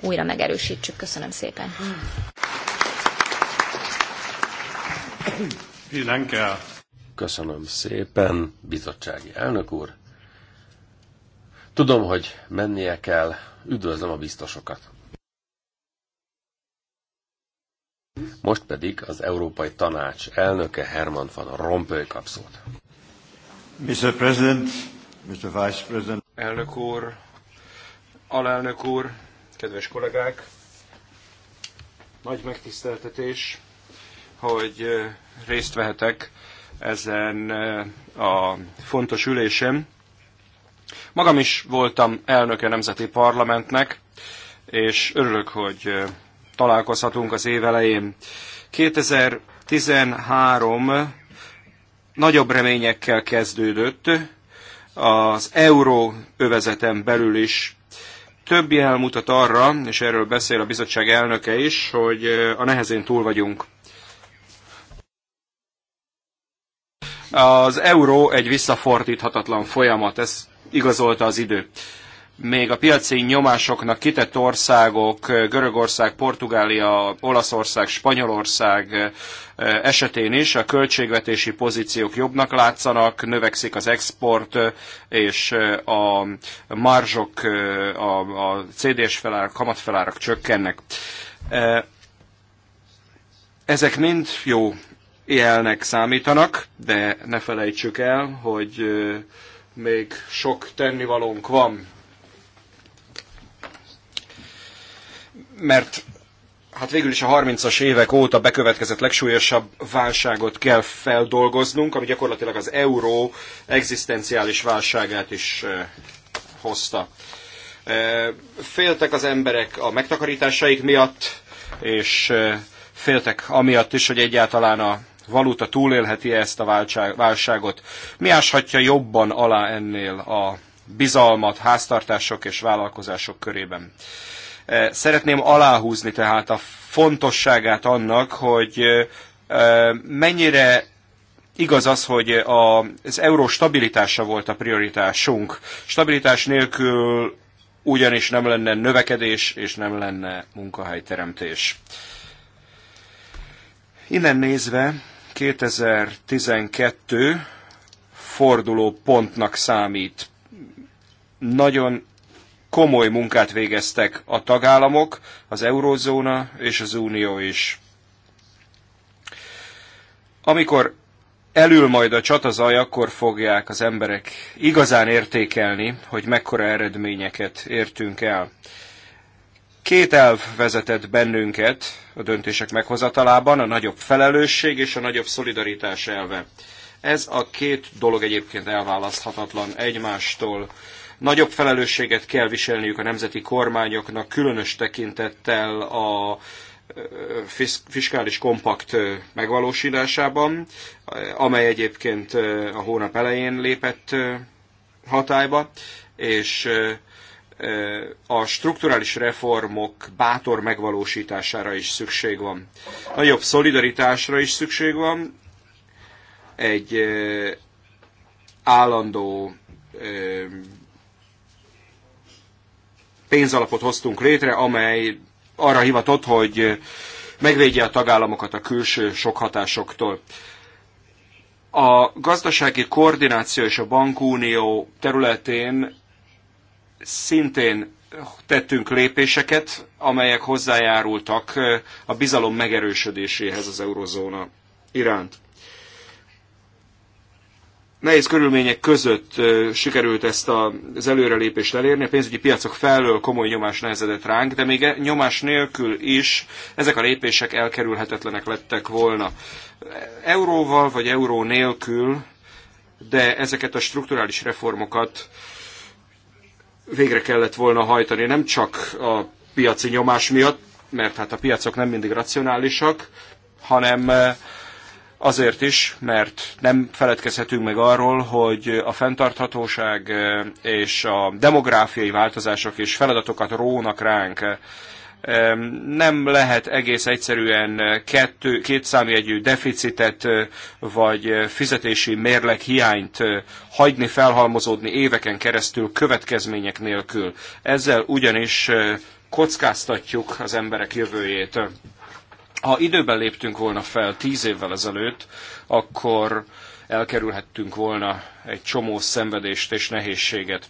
újra megerősítsük. Köszönöm szépen. Köszönöm szépen, bizottsági elnök úr. Tudom, hogy mennie kell. Üdvözlöm a biztosokat. Most pedig az Európai Tanács elnöke Herman van Rompuy kap Mr. President, Mr. Vice President. Elnök úr, alelnök úr, kedves kollégák, nagy megtiszteltetés, hogy részt vehetek ezen a fontos ülésem. Magam is voltam elnöke Nemzeti Parlamentnek, és örülök, hogy találkozhatunk az év elején. 2013 nagyobb reményekkel kezdődött, az euró övezeten belül is. Több jel mutat arra, és erről beszél a bizottság elnöke is, hogy eh, a nehezén túl vagyunk. Az euró egy visszafordíthatatlan folyamat, Ez igazolta az idő még a piaci nyomásoknak kitett országok, Görögország, Portugália, Olaszország, Spanyolország esetén is a költségvetési pozíciók jobbnak látszanak, növekszik az export és a marzsok, a, a CDS felárak, kamatfelárak csökkennek. Ezek mind jó jelnek számítanak, de ne felejtsük el, hogy még sok tennivalónk van mert hát végül is a 30-as évek óta bekövetkezett legsúlyosabb válságot kell feldolgoznunk, ami gyakorlatilag az euró egzisztenciális válságát is hozta. Féltek az emberek a megtakarításaik miatt, és féltek amiatt is, hogy egyáltalán a valuta túlélheti -e ezt a válságot. Mi áshatja jobban alá ennél a bizalmat háztartások és vállalkozások körében? Eh, szeretném aláhúzni tehát a fontosságát annak, hogy eh, eh, mennyire Igaz az, hogy az euró stabilitása volt a prioritásunk. Stabilitás nélkül ugyanis nem lenne növekedés, és nem lenne munkahelyteremtés. Innen nézve 2012 forduló pontnak számít. Nagyon komoly munkát végeztek a tagállamok, az eurózóna és az unió is. Amikor elül majd a csatazaj, akkor fogják az emberek igazán értékelni, hogy mekkora eredményeket értünk el. Két elv vezetett bennünket a döntések meghozatalában, a nagyobb felelősség és a nagyobb szolidaritás elve. Ez a két dolog egyébként elválaszthatatlan egymástól. Nagyobb felelősséget kell viselniük a nemzeti kormányoknak, különös tekintettel a fiskális kompakt megvalósításában, amely egyébként a hónap elején lépett hatályba, és a strukturális reformok bátor megvalósítására is szükség van. Nagyobb szolidaritásra is szükség van, egy állandó pénzalapot hoztunk létre, amely arra hivatott, hogy megvédje a tagállamokat a külső sok hatásoktól. A gazdasági koordináció és a bankunió területén szintén tettünk lépéseket, amelyek hozzájárultak a bizalom megerősödéséhez az eurozóna iránt nehéz körülmények között sikerült ezt az előrelépést elérni. A pénzügyi piacok felől komoly nyomás nehezedett ránk, de még e- nyomás nélkül is ezek a lépések elkerülhetetlenek lettek volna. Euróval vagy euró nélkül, de ezeket a strukturális reformokat végre kellett volna hajtani, nem csak a piaci nyomás miatt, mert hát a piacok nem mindig racionálisak, hanem Azért is, mert nem feledkezhetünk meg arról, hogy a fenntarthatóság eh, és a demográfiai változások és feladatokat rónak ránk. Eh, nem lehet egész egyszerűen kettő, két számjegyű deficitet eh, vagy fizetési mérleg hiányt hagyni felhalmozódni éveken keresztül következmények nélkül. Ezzel ugyanis kockáztatjuk az emberek jövőjét. Ha időben léptünk volna fel tíz évvel ezelőtt, akkor elkerülhettünk volna egy csomó szenvedést és nehézséget.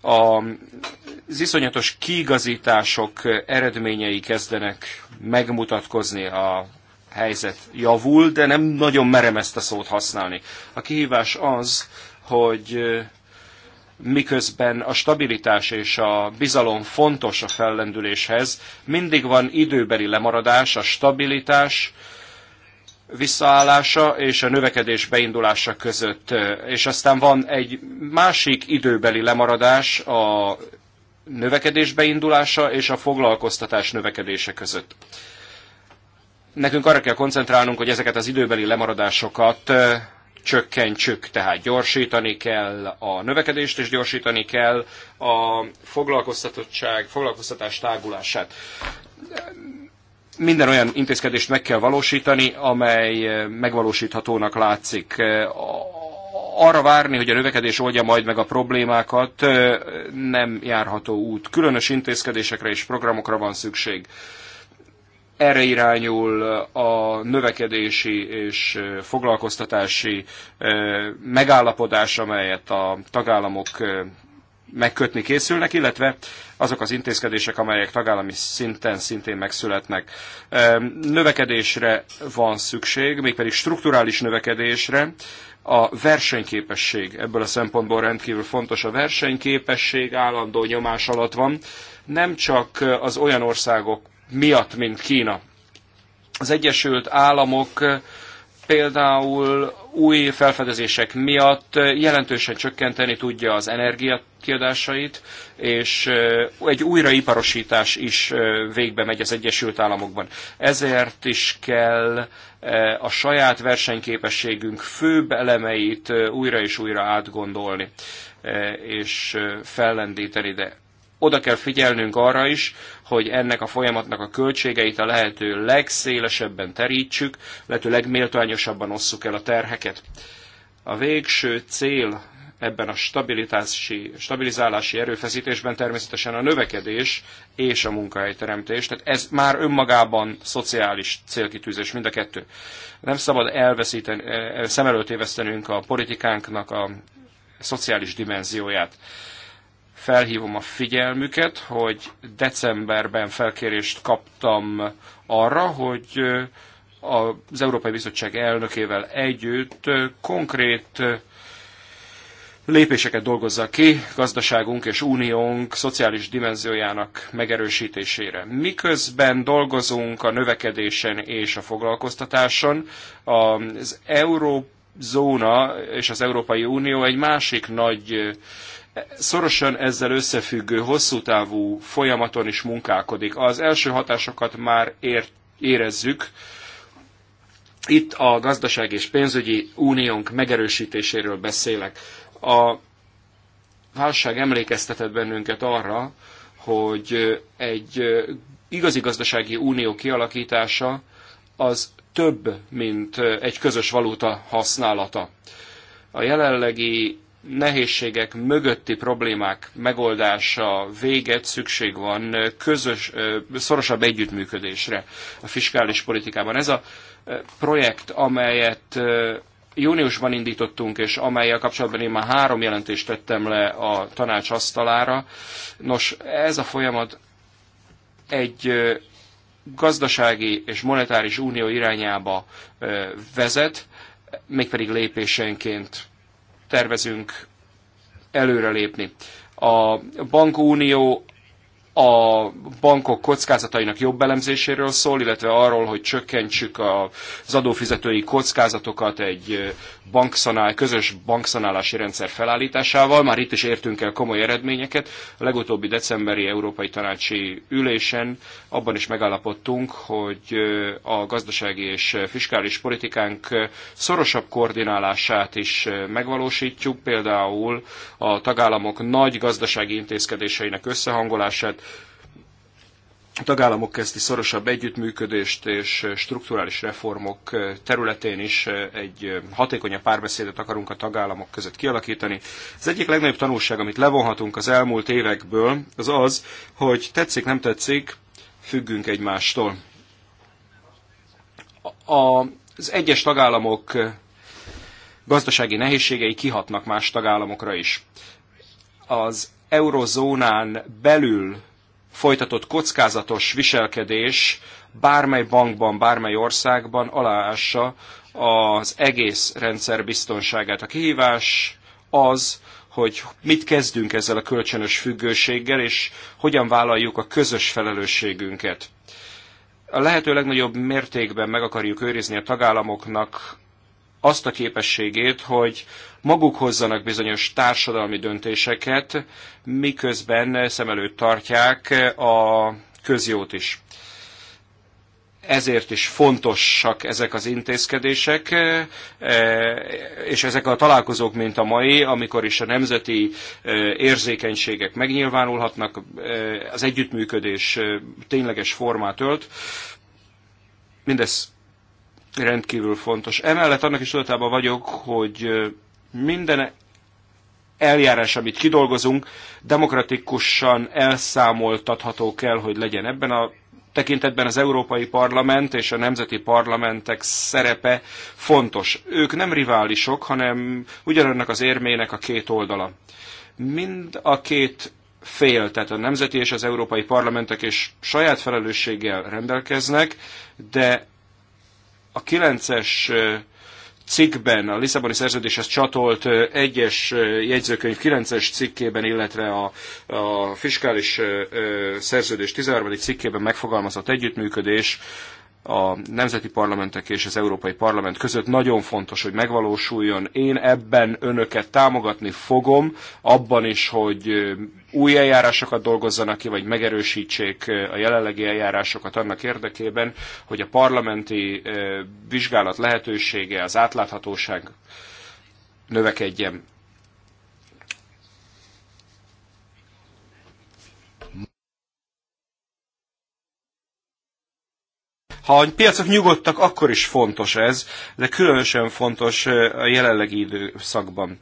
Az iszonyatos kiigazítások eredményei kezdenek megmutatkozni, a helyzet javul, de nem nagyon merem ezt a szót használni. A kihívás az, hogy miközben a stabilitás és a bizalom fontos a fellendüléshez, mindig van időbeli lemaradás, a stabilitás visszaállása és a növekedés beindulása között. És aztán van egy másik időbeli lemaradás a növekedés beindulása és a foglalkoztatás növekedése között. Nekünk arra kell koncentrálnunk, hogy ezeket az időbeli lemaradásokat csökkentsük, tehát gyorsítani kell a növekedést, és gyorsítani kell a foglalkoztatottság, foglalkoztatás tágulását. Minden olyan intézkedést meg kell valósítani, amely megvalósíthatónak látszik. Arra várni, hogy a növekedés oldja majd meg a problémákat, nem járható út. Különös intézkedésekre és programokra van szükség. Erre irányul a növekedési és foglalkoztatási megállapodás, amelyet a tagállamok megkötni készülnek, illetve azok az intézkedések, amelyek tagállami szinten szintén megszületnek. Növekedésre van szükség, mégpedig strukturális növekedésre. A versenyképesség ebből a szempontból rendkívül fontos. A versenyképesség állandó nyomás alatt van. Nem csak az olyan országok miatt, mint Kína. Az Egyesült Államok eh, például új felfedezések miatt eh, jelentősen csökkenteni tudja az energiakiadásait, és eh, egy újraiparosítás is végbe megy az Egyesült Államokban. Ezért is kell a saját versenyképességünk főbb elemeit újra és újra átgondolni és fellendíteni, de oda kell figyelnünk arra is, hogy ennek a folyamatnak a költségeit a lehető legszélesebben terítsük, lehető legméltányosabban osszuk el a terheket. A végső cél ebben a stabilitási, stabilizálási erőfeszítésben természetesen a növekedés és a munkahelyteremtés. Tehát ez már önmagában szociális célkitűzés, mind a kettő. Nem szabad elveszíteni, szem előtt a politikánknak a szociális dimenzióját felhívom a figyelmüket, hogy decemberben felkérést kaptam arra, hogy az Európai Bizottság elnökével együtt konkrét lépéseket dolgozza ki gazdaságunk és uniónk szociális dimenziójának megerősítésére. Miközben dolgozunk a növekedésen és a foglalkoztatáson, az Európa zóna és az Európai Unió egy másik nagy szorosan ezzel összefüggő hosszú távú folyamaton is munkálkodik. Az első hatásokat már ér, érezzük. Itt a gazdaság és pénzügyi uniónk megerősítéséről beszélek. A válság emlékeztetett bennünket arra, hogy egy igazi gazdasági unió kialakítása az több, mint egy közös valuta használata. A jelenlegi nehézségek mögötti problémák megoldása véget szükség van közös, szorosabb együttműködésre a fiskális politikában. Ez a projekt, amelyet júniusban indítottunk, és amelyel kapcsolatban én már három jelentést tettem le a tanács asztalára. Nos, ez a folyamat egy gazdasági és monetáris unió irányába vezet, mégpedig lépésenként tervezünk előrelépni. A bankunió a bankok kockázatainak jobb elemzéséről szól, illetve arról, hogy csökkentsük az adófizetői kockázatokat egy bankszanál, közös bankszanálási rendszer felállításával. Már itt is értünk el komoly eredményeket. A legutóbbi decemberi Európai Tanácsi ülésen abban is megállapodtunk, hogy a gazdasági és fiskális politikánk szorosabb koordinálását is megvalósítjuk, például a tagállamok nagy gazdasági intézkedéseinek összehangolását, a tagállamok kezdi szorosabb együttműködést és strukturális reformok területén is egy hatékonyabb párbeszédet akarunk a tagállamok között kialakítani. Az egyik legnagyobb tanulság, amit levonhatunk az elmúlt évekből, az az, hogy tetszik, nem tetszik, függünk egymástól. A, az egyes tagállamok gazdasági nehézségei kihatnak más tagállamokra is. Az eurozónán belül folytatott kockázatos viselkedés bármely bankban, bármely országban aláássa az egész rendszer biztonságát. A kihívás az, hogy mit kezdünk ezzel a kölcsönös függőséggel, és hogyan vállaljuk a közös felelősségünket. A lehető legnagyobb mértékben meg akarjuk őrizni a tagállamoknak azt a képességét, hogy maguk hozzanak bizonyos társadalmi döntéseket, miközben szem előtt tartják a közjót is. Ezért is fontosak ezek az intézkedések, e, és ezek a találkozók, mint a mai, amikor is a nemzeti e, érzékenységek megnyilvánulhatnak, e, az együttműködés tényleges formát ölt. Mindez rendkívül fontos. Emellett annak is tudatában vagyok, hogy minden eljárás, amit kidolgozunk, demokratikusan elszámoltatható kell, hogy legyen. Ebben a tekintetben az Európai Parlament és a nemzeti parlamentek szerepe fontos. Ők nem riválisok, hanem ugyanannak az érmének a két oldala. Mind a két fél, tehát a nemzeti és az európai parlamentek is saját felelősséggel rendelkeznek, de a 9-es cikkben, a Lisszaboni szerződéshez csatolt egyes jegyzőkönyv 9-es cikkében, illetve a, a fiskális szerződés 13. cikkében megfogalmazott együttműködés a nemzeti parlamentek és az Európai Parlament között nagyon fontos, hogy megvalósuljon. Én ebben önöket támogatni fogom, abban is, hogy új eljárásokat dolgozzanak ki, vagy megerősítsék a jelenlegi eljárásokat annak érdekében, hogy a parlamenti vizsgálat lehetősége, az átláthatóság növekedjen. Ha a piacok nyugodtak, akkor is fontos ez, de különösen fontos a jelenlegi időszakban.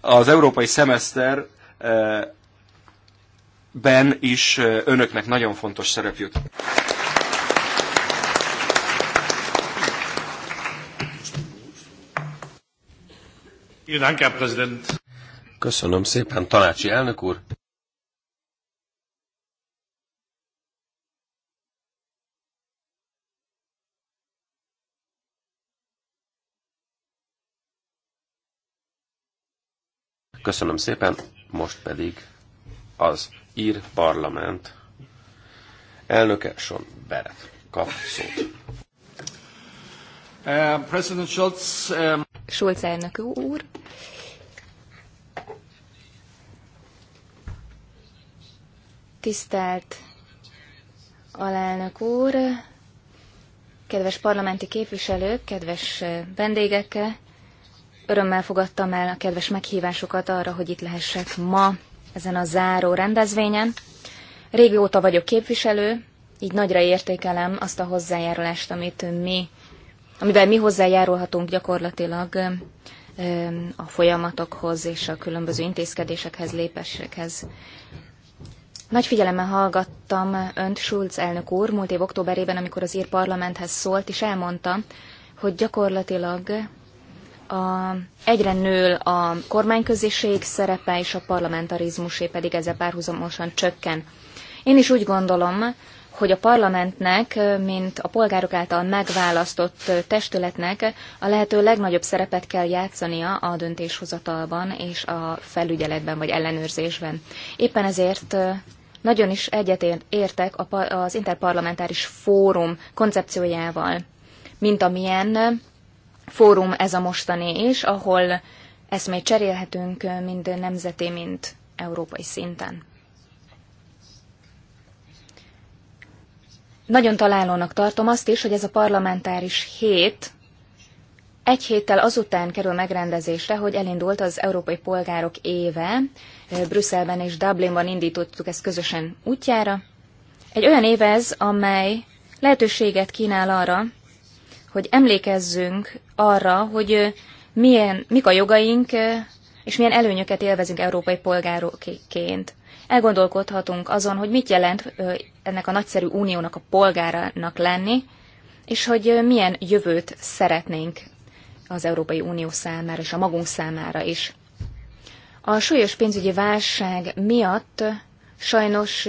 Az európai szemeszter ben is önöknek nagyon fontos szerep jut. Köszönöm szépen, tanácsi elnök úr! Köszönöm szépen, most pedig az ír parlament elnöke Son Beret kap szót. Uh, President Schultz. um... Schulz elnök úr, tisztelt alelnök úr, kedves parlamenti képviselők, kedves vendégekkel, Örömmel fogadtam el a kedves meghívásokat arra, hogy itt lehessek ma ezen a záró rendezvényen. Régóta vagyok képviselő, így nagyra értékelem azt a hozzájárulást, amit mi, amivel mi hozzájárulhatunk gyakorlatilag a folyamatokhoz és a különböző intézkedésekhez, lépésekhez. Nagy figyelemmel hallgattam önt, Schulz elnök úr, múlt év októberében, amikor az ír parlamenthez szólt, és elmondta, hogy gyakorlatilag a, egyre nő a kormányköziség szerepe, és a parlamentarizmusé pedig ezzel párhuzamosan csökken. Én is úgy gondolom, hogy a parlamentnek, mint a polgárok által megválasztott testületnek a lehető legnagyobb szerepet kell játszania a döntéshozatalban és a felügyeletben vagy ellenőrzésben. Éppen ezért nagyon is egyetért értek az interparlamentáris fórum koncepciójával, mint amilyen fórum ez a mostani is, ahol eszmét cserélhetünk mind nemzeti, mind európai szinten. Nagyon találónak tartom azt is, hogy ez a parlamentáris hét egy héttel azután kerül megrendezésre, hogy elindult az Európai Polgárok éve, Brüsszelben és Dublinban indítottuk ezt közösen útjára. Egy olyan év ez, amely lehetőséget kínál arra, hogy emlékezzünk arra, hogy milyen, mik a jogaink, és milyen előnyöket élvezünk európai polgárokként. Elgondolkodhatunk azon, hogy mit jelent ennek a nagyszerű uniónak a polgárának lenni, és hogy milyen jövőt szeretnénk az Európai Unió számára és a magunk számára is. A súlyos pénzügyi válság miatt sajnos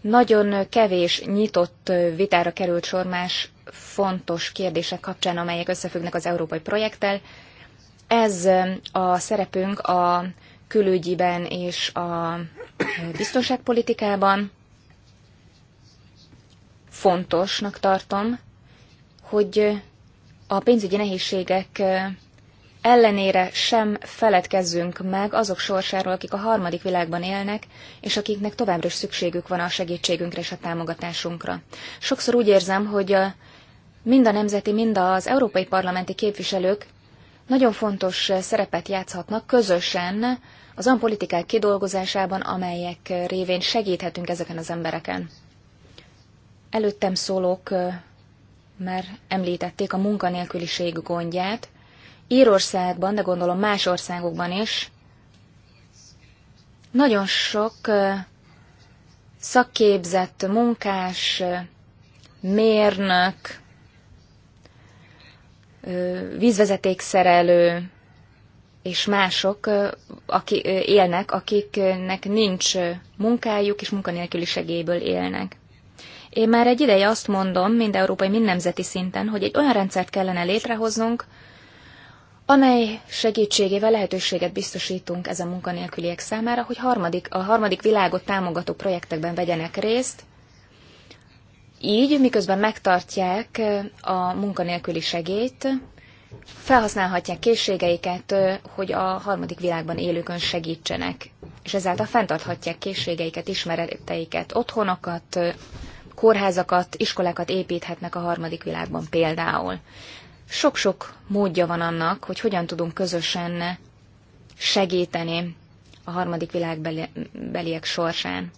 nagyon kevés nyitott vitára került sor más fontos kérdések kapcsán, amelyek összefüggnek az európai projekttel. Ez a szerepünk a külügyiben és a biztonságpolitikában. Fontosnak tartom, hogy a pénzügyi nehézségek ellenére sem feledkezzünk meg azok sorsáról, akik a harmadik világban élnek, és akiknek továbbra is szükségük van a segítségünkre és a támogatásunkra. Sokszor úgy érzem, hogy a mind a nemzeti, mind az európai parlamenti képviselők nagyon fontos szerepet játszhatnak közösen az olyan politikák kidolgozásában, amelyek révén segíthetünk ezeken az embereken. Előttem szólók már említették a munkanélküliség gondját. Írországban, de gondolom más országokban is, nagyon sok szakképzett munkás, mérnök, vízvezetékszerelő és mások aki, élnek, akiknek nincs munkájuk, és munkanélküli segélyből élnek. Én már egy ideje azt mondom, mind európai, mind nemzeti szinten, hogy egy olyan rendszert kellene létrehoznunk, amely segítségével lehetőséget biztosítunk ezen munkanélküliek számára, hogy harmadik, a harmadik világot támogató projektekben vegyenek részt, így, miközben megtartják a munkanélküli segélyt, felhasználhatják készségeiket, hogy a harmadik világban élőkön segítsenek, és ezáltal fenntarthatják készségeiket, ismereteiket, otthonokat, kórházakat, iskolákat építhetnek a harmadik világban például. Sok-sok módja van annak, hogy hogyan tudunk közösen segíteni a harmadik világbeliek sorsán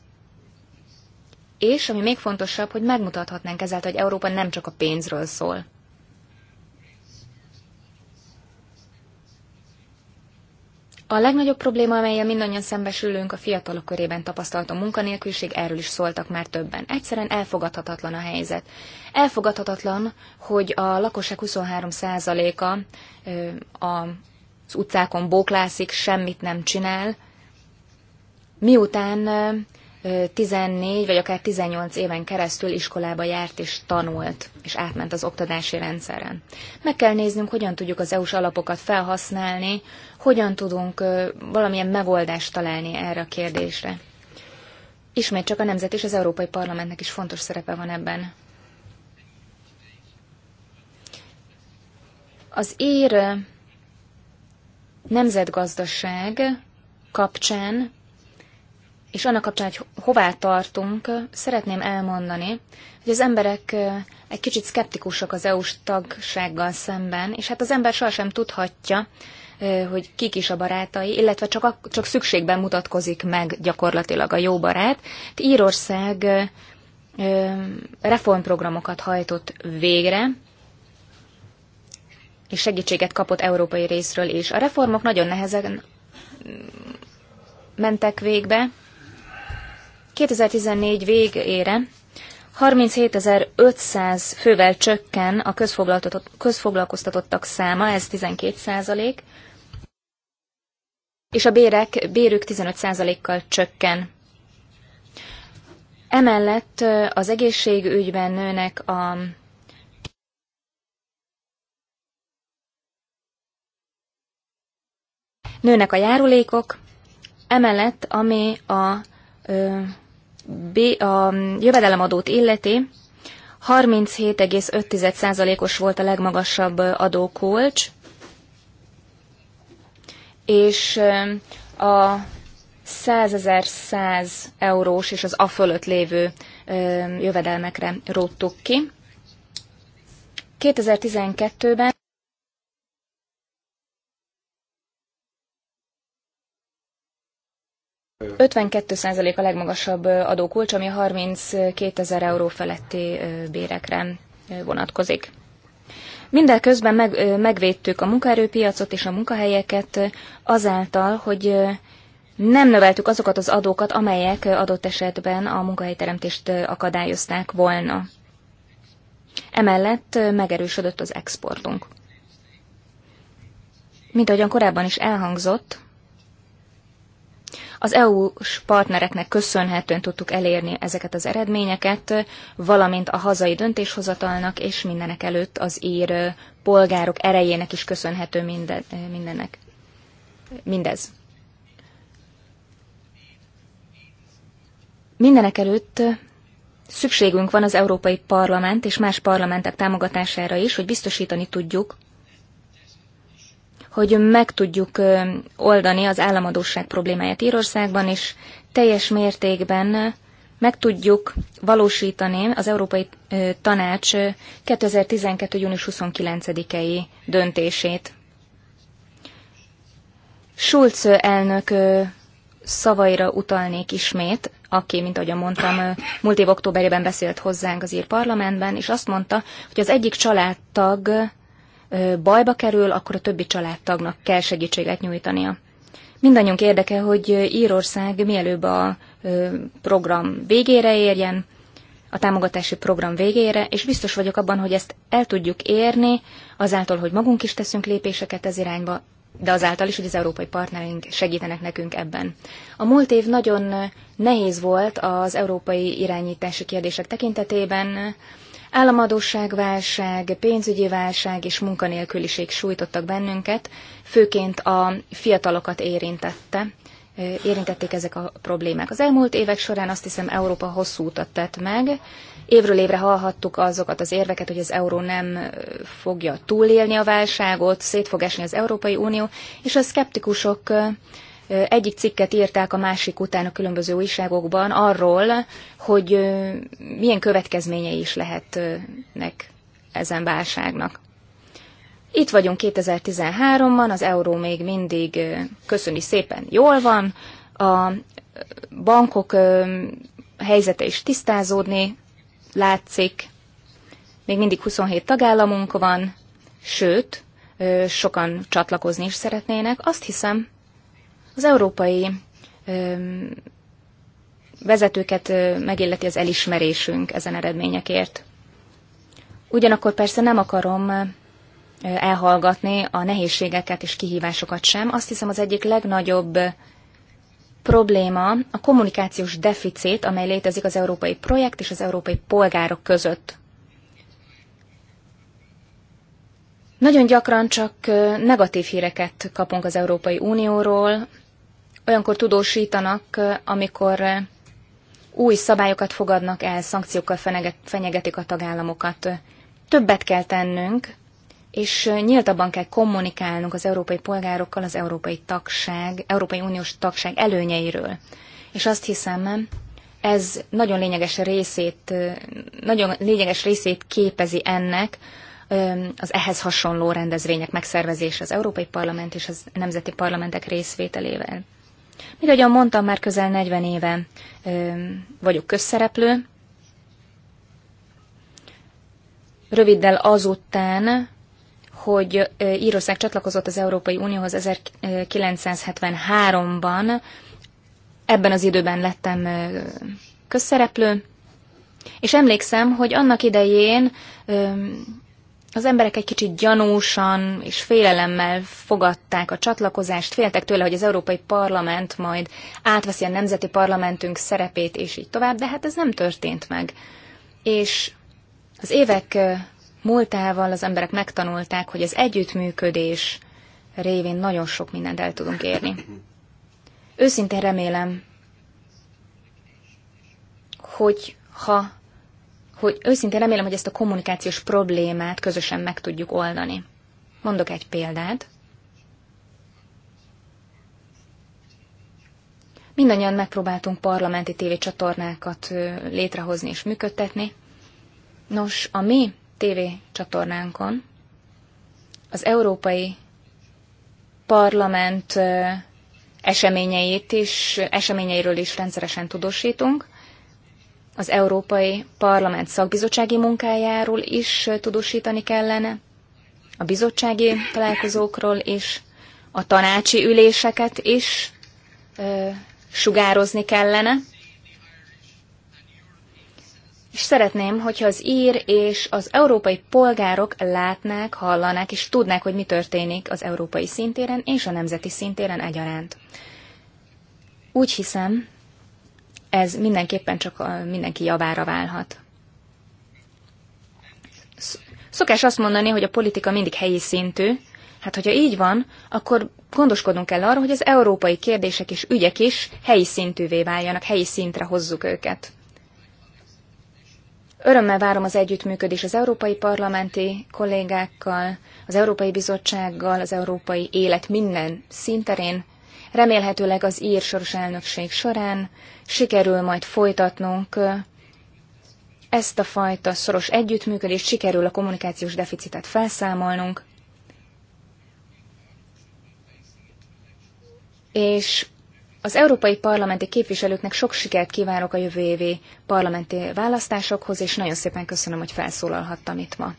és, ami még fontosabb, hogy megmutathatnánk ezáltal, hogy Európa nem csak a pénzről szól. A legnagyobb probléma, amelyel mindannyian szembesülünk, a fiatalok körében tapasztalt a munkanélküliség, erről is szóltak már többen. Egyszerűen elfogadhatatlan a helyzet. Elfogadhatatlan, hogy a lakosság 23%-a az utcákon bóklászik, semmit nem csinál, miután 14 vagy akár 18 éven keresztül iskolába járt és tanult, és átment az oktatási rendszeren. Meg kell néznünk, hogyan tudjuk az EU-s alapokat felhasználni, hogyan tudunk valamilyen megoldást találni erre a kérdésre. Ismét csak a Nemzet és az Európai Parlamentnek is fontos szerepe van ebben. Az ír nemzetgazdaság kapcsán és annak kapcsán, hogy hová tartunk, szeretném elmondani, hogy az emberek egy kicsit szkeptikusak az EU-s tagsággal szemben, és hát az ember sohasem tudhatja, hogy kik is a barátai, illetve csak, a, csak szükségben mutatkozik meg gyakorlatilag a jó barát. Írország reformprogramokat hajtott végre, és segítséget kapott európai részről is. A reformok nagyon nehezen mentek végbe, 2014 végére 37.500 fővel csökken a közfoglalkoztatottak száma, ez 12 százalék, és a bérek, bérük 15 százalékkal csökken. Emellett az egészségügyben nőnek a nőnek a járulékok, emellett ami a ö, a jövedelemadót illeti, 37,5%-os volt a legmagasabb adókulcs, és a 100.100 eurós és az a fölött lévő jövedelmekre róttuk ki. 2012-ben 52% a legmagasabb adókulcs, ami 32 ezer euró feletti bérekre vonatkozik. Mindeközben meg, megvédtük a munkaerőpiacot és a munkahelyeket azáltal, hogy nem növeltük azokat az adókat, amelyek adott esetben a munkahelyteremtést akadályozták volna. Emellett megerősödött az exportunk. Mint ahogyan korábban is elhangzott, az EU-s partnereknek köszönhetően tudtuk elérni ezeket az eredményeket, valamint a hazai döntéshozatalnak és mindenek előtt az ír polgárok erejének is köszönhető minden, mindennek. Mindez. Mindenek előtt szükségünk van az Európai Parlament és más parlamentek támogatására is, hogy biztosítani tudjuk, hogy meg tudjuk oldani az államadóság problémáját Írországban, és teljes mértékben meg tudjuk valósítani az Európai Tanács 2012. június 29-i döntését. Schulz elnök szavaira utalnék ismét, aki, mint ahogy mondtam, múlt év októberében beszélt hozzánk az ír parlamentben, és azt mondta, hogy az egyik családtag bajba kerül, akkor a többi családtagnak kell segítséget nyújtania. Mindannyiunk érdeke, hogy Írország mielőbb a program végére érjen, a támogatási program végére, és biztos vagyok abban, hogy ezt el tudjuk érni, azáltal, hogy magunk is teszünk lépéseket ez irányba, de azáltal is, hogy az európai partnereink segítenek nekünk ebben. A múlt év nagyon nehéz volt az európai irányítási kérdések tekintetében, Államadóságválság, pénzügyi válság és munkanélküliség sújtottak bennünket, főként a fiatalokat érintette érintették ezek a problémák. Az elmúlt évek során azt hiszem Európa hosszú utat tett meg. Évről évre hallhattuk azokat az érveket, hogy az euró nem fogja túlélni a válságot, szét fog esni az Európai Unió, és a szkeptikusok egyik cikket írták a másik után a különböző újságokban arról, hogy milyen következményei is lehetnek ezen válságnak. Itt vagyunk 2013-ban, az euró még mindig köszöni szépen jól van, a bankok helyzete is tisztázódni látszik, még mindig 27 tagállamunk van, sőt, sokan csatlakozni is szeretnének. Azt hiszem, az európai vezetőket megilleti az elismerésünk ezen eredményekért. Ugyanakkor persze nem akarom elhallgatni a nehézségeket és kihívásokat sem. Azt hiszem az egyik legnagyobb probléma a kommunikációs deficit, amely létezik az európai projekt és az európai polgárok között. Nagyon gyakran csak negatív híreket kapunk az Európai Unióról, olyankor tudósítanak, amikor új szabályokat fogadnak el, szankciókkal fenyegetik a tagállamokat. Többet kell tennünk, és nyíltabban kell kommunikálnunk az európai polgárokkal az európai tagság, Európai Uniós tagság előnyeiről. És azt hiszem, ez nagyon lényeges részét, nagyon lényeges részét képezi ennek az ehhez hasonló rendezvények megszervezése az Európai Parlament és az nemzeti parlamentek részvételével. Mint ahogyan mondtam, már közel 40 éve ö, vagyok közszereplő. Röviddel azután, hogy Írország csatlakozott az Európai Unióhoz 1973-ban, ebben az időben lettem közszereplő, és emlékszem, hogy annak idején az emberek egy kicsit gyanúsan és félelemmel fogadták a csatlakozást, féltek tőle, hogy az Európai Parlament majd átveszi a nemzeti parlamentünk szerepét, és így tovább, de hát ez nem történt meg. És az évek múltával az emberek megtanulták, hogy az együttműködés révén nagyon sok mindent el tudunk érni. Őszintén remélem, hogy ha hogy őszintén remélem, hogy ezt a kommunikációs problémát közösen meg tudjuk oldani. Mondok egy példát. Mindannyian megpróbáltunk parlamenti tévécsatornákat létrehozni és működtetni. Nos, a mi tévécsatornánkon az Európai Parlament eseményeit is, eseményeiről is rendszeresen tudósítunk, az Európai Parlament szakbizottsági munkájáról is tudósítani kellene, a bizottsági találkozókról is, a tanácsi üléseket is ö, sugározni kellene. És szeretném, hogyha az ír és az európai polgárok látnák, hallanák és tudnák, hogy mi történik az európai szintéren és a nemzeti szintéren egyaránt. Úgy hiszem, ez mindenképpen csak mindenki javára válhat. Szokás azt mondani, hogy a politika mindig helyi szintű. Hát, hogyha így van, akkor gondoskodnunk kell arra, hogy az európai kérdések és ügyek is helyi szintűvé váljanak, helyi szintre hozzuk őket. Örömmel várom az együttműködés az európai parlamenti kollégákkal, az Európai Bizottsággal, az európai élet minden szinterén, Remélhetőleg az ír soros elnökség során sikerül majd folytatnunk ezt a fajta szoros együttműködést, sikerül a kommunikációs deficitet felszámolnunk, és az európai parlamenti képviselőknek sok sikert kívánok a jövő évi parlamenti választásokhoz, és nagyon szépen köszönöm, hogy felszólalhattam itt ma.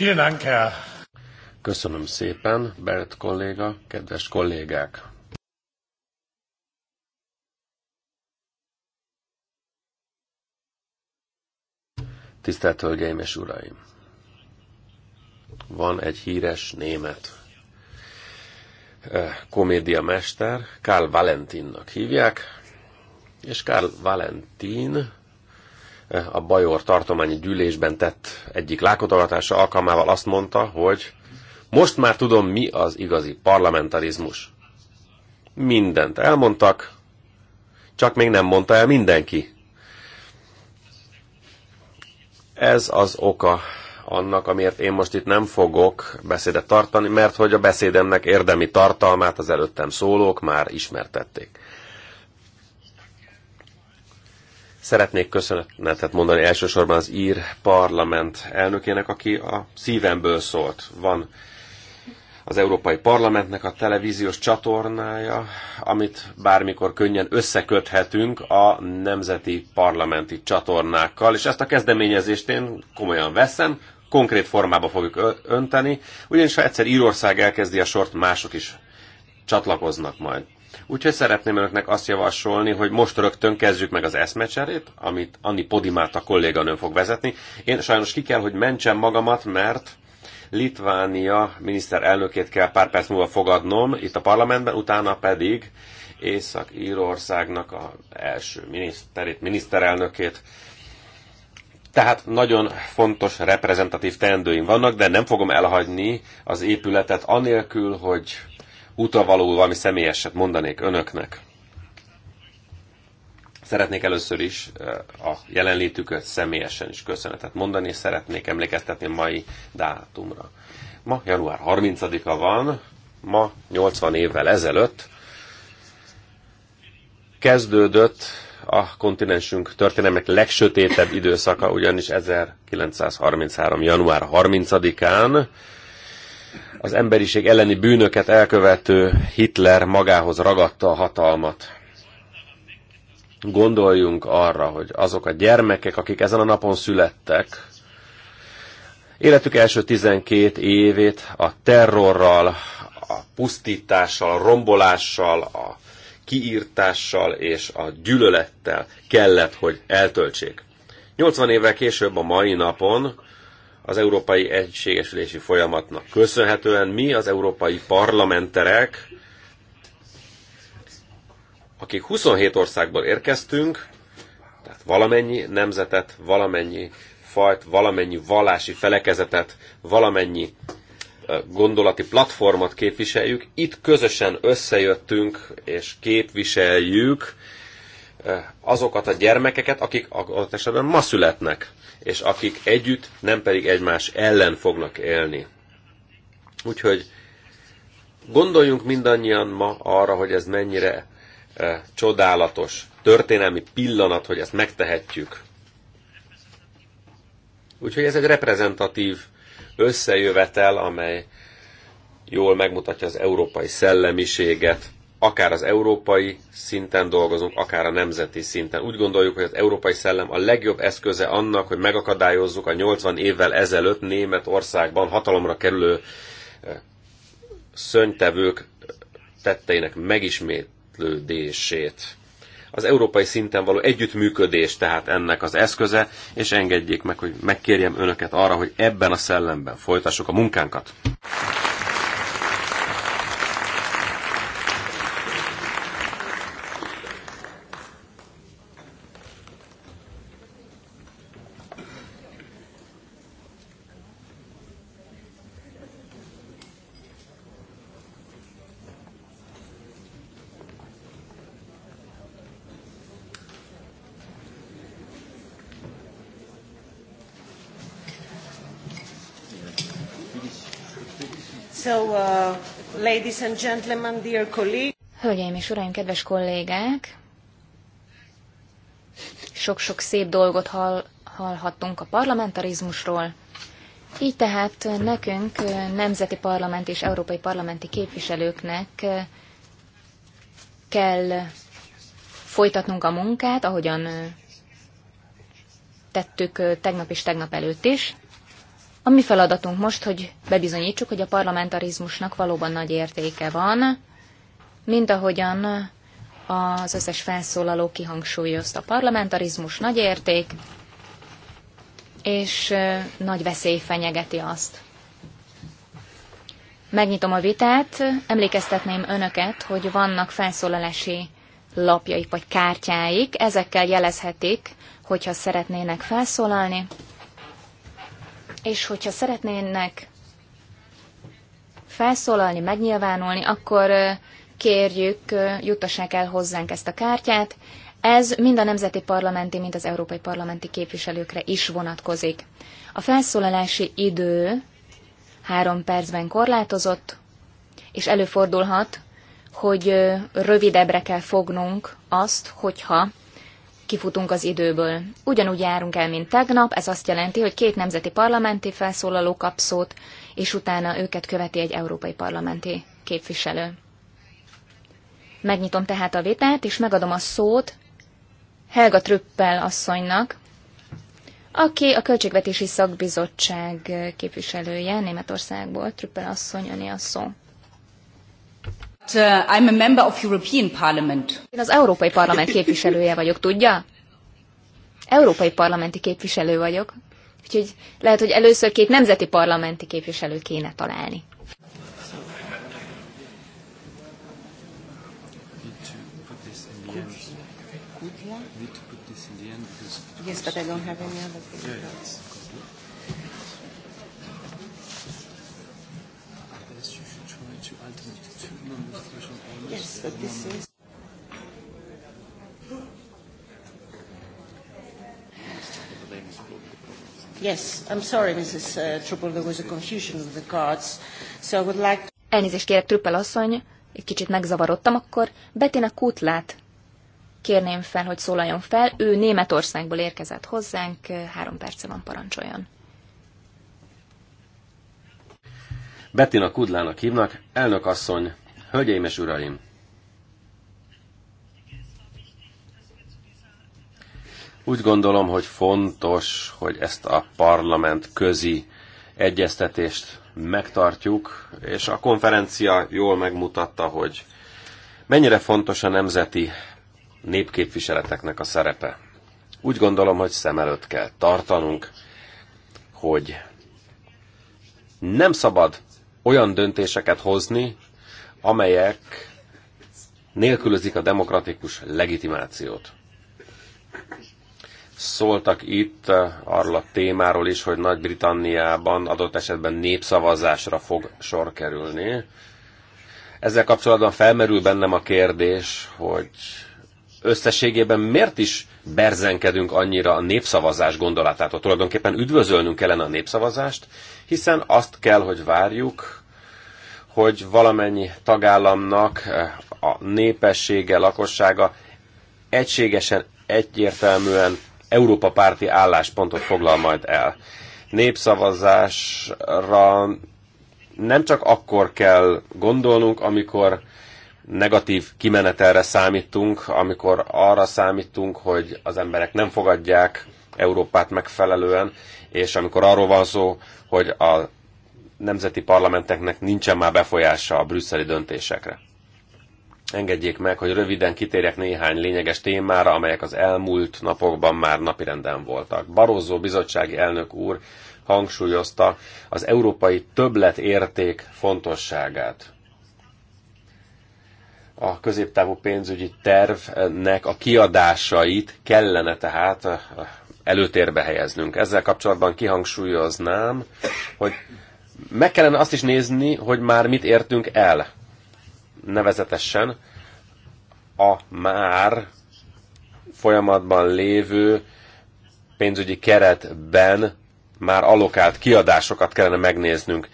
Vielen Dank, Köszönöm szépen, Bert kolléga, kedves kollégák! Tisztelt Hölgyeim és Uraim! Van egy híres német eh, komédiamester, Karl Valentinnak hívják, és Karl Valentin a Bajor tartományi gyűlésben tett egyik lákotogatása alkalmával azt mondta, hogy most már tudom, mi az igazi parlamentarizmus. Mindent elmondtak, csak még nem mondta el mindenki. Ez az oka annak, amiért én most itt nem fogok beszédet tartani, mert hogy a beszédemnek érdemi tartalmát az előttem szólók már ismertették. Szeretnék köszönetet mondani elsősorban az ír parlament elnökének, aki a szívemből szólt. Van az Európai Parlamentnek a televíziós csatornája, amit bármikor könnyen összeköthetünk a nemzeti parlamenti csatornákkal, és ezt a kezdeményezést én komolyan veszem, konkrét formába fogjuk önteni, ugyanis ha egyszer Írország elkezdi a sort, mások is csatlakoznak majd. Úgyhogy szeretném önöknek azt javasolni, hogy most rögtön kezdjük meg az eszmecserét, amit Anni Podimát a kolléganőm fog vezetni. Én sajnos ki kell, hogy mentsem magamat, mert Litvánia miniszterelnökét kell pár perc múlva fogadnom itt a parlamentben, utána pedig Észak-Írországnak az első miniszterét, miniszterelnökét. Tehát nagyon fontos reprezentatív teendőim vannak, de nem fogom elhagyni az épületet anélkül, hogy utavalóul valami személyeset mondanék önöknek. Szeretnék először is eh, a jelenlétüket személyesen is köszönetet mondani, és szeretnék emlékeztetni a mai dátumra. Ma január 30-a van, ma 80 évvel ezelőtt kezdődött a kontinensünk történelmek legsötétebb időszaka, ugyanis 1933. január 30-án az emberiség elleni bűnöket elkövető Hitler magához ragadta a hatalmat. Gondoljunk arra, hogy azok a gyermekek, akik ezen a napon születtek, életük első 12 évét a terrorral, a pusztítással, a rombolással, a kiírtással és a gyűlölettel kellett, hogy eltöltsék. 80 évvel később a mai napon az európai egységesülési folyamatnak köszönhetően mi az európai parlamenterek, akik 27 országból érkeztünk, tehát valamennyi nemzetet, valamennyi fajt, valamennyi vallási felekezetet, valamennyi gondolati platformot képviseljük. Itt közösen összejöttünk és képviseljük azokat a gyermekeket, akik adott esetben ma születnek, és akik együtt, nem pedig egymás ellen fognak élni. Úgyhogy gondoljunk mindannyian ma arra, hogy ez mennyire csodálatos, történelmi pillanat, hogy ezt megtehetjük. Úgyhogy ez egy reprezentatív összejövetel, amely jól megmutatja az európai szellemiséget, akár az európai szinten dolgozunk, akár a nemzeti szinten. Úgy gondoljuk, hogy az európai szellem a legjobb eszköze annak, hogy megakadályozzuk a 80 évvel ezelőtt Németországban hatalomra kerülő eh, szöntevők tetteinek megismétlődését. Az európai szinten való együttműködés tehát ennek az eszköze, és engedjék meg, hogy megkérjem önöket arra, hogy ebben a szellemben folytassuk a munkánkat. Ladies and gentlemen, dear colleagues. Hölgyeim és uraim, kedves kollégák! Sok-sok szép dolgot hall, hallhattunk a parlamentarizmusról. Így tehát nekünk, nemzeti parlament és európai parlamenti képviselőknek kell folytatnunk a munkát, ahogyan tettük tegnap és tegnap előtt is. A mi feladatunk most, hogy bebizonyítsuk, hogy a parlamentarizmusnak valóban nagy értéke van, mint ahogyan az összes felszólaló kihangsúlyozta. A parlamentarizmus nagy érték, és nagy veszély fenyegeti azt. Megnyitom a vitát, emlékeztetném önöket, hogy vannak felszólalási lapjaik vagy kártyáik, ezekkel jelezhetik, hogyha szeretnének felszólalni és hogyha szeretnének felszólalni, megnyilvánulni, akkor kérjük, juttassák el hozzánk ezt a kártyát. Ez mind a nemzeti parlamenti, mind az európai parlamenti képviselőkre is vonatkozik. A felszólalási idő három percben korlátozott, és előfordulhat, hogy rövidebbre kell fognunk azt, hogyha kifutunk az időből. Ugyanúgy járunk el, mint tegnap, ez azt jelenti, hogy két nemzeti parlamenti felszólaló kap szót, és utána őket követi egy európai parlamenti képviselő. Megnyitom tehát a vitát, és megadom a szót Helga Trüppel asszonynak, aki a Költségvetési Szakbizottság képviselője Németországból. Trüppel asszony, öné a szó. Uh, I'm a member of European Parliament. Én az Európai Parlament képviselője vagyok, tudja? Európai Parlamenti képviselő vagyok. Úgyhogy lehet, hogy először két nemzeti parlamenti képviselő kéne találni. Yes, but I don't have any other things. Yeah, yeah. that's is. Yes, I'm sorry, Mrs. Uh, Truppel, there was a confusion with the cards. So I would like... Elnézést kérek, Truppel asszony, egy kicsit megzavarodtam akkor. Bettina Kutlát kérném fel, hogy szólaljon fel. Ő Németországból érkezett hozzánk, uh, három perce van, parancsoljon. Bettina Kudlának hívnak, elnök asszony, hölgyeim és uraim! Úgy gondolom, hogy fontos, hogy ezt a parlament közi egyeztetést megtartjuk, és a konferencia jól megmutatta, hogy mennyire fontos a nemzeti népképviseleteknek a szerepe. Úgy gondolom, hogy szem előtt kell tartanunk, hogy nem szabad olyan döntéseket hozni, amelyek nélkülözik a demokratikus legitimációt. Szóltak itt eh, arról a témáról is, hogy Nagy-Britanniában adott esetben népszavazásra fog sor kerülni. Ezzel kapcsolatban felmerül bennem a kérdés, hogy összességében miért is berzenkedünk annyira a népszavazás gondolatától? Tulajdonképpen üdvözölnünk kellene a népszavazást, hiszen azt kell, hogy várjuk, hogy valamennyi tagállamnak eh, a népessége, lakossága egységesen, egyértelműen Európa párti álláspontot foglal majd el. Népszavazásra nem csak akkor kell gondolnunk, amikor negatív kimenetelre számítunk, amikor arra számítunk, hogy az emberek nem fogadják Európát megfelelően, és amikor arról van szó, hogy a nemzeti parlamenteknek nincsen már befolyása a brüsszeli döntésekre. Engedjék meg, hogy röviden kitérjek néhány lényeges témára, amelyek az elmúlt napokban már napirenden voltak. Barozó bizottsági elnök úr hangsúlyozta az európai többletérték fontosságát. A középtávú pénzügyi tervnek a kiadásait kellene tehát eh, előtérbe helyeznünk. Ezzel kapcsolatban kihangsúlyoznám, hogy meg kellene azt is nézni, hogy már mit értünk el nevezetesen a már folyamatban lévő pénzügyi keretben már alokált kiadásokat kellene megnéznünk.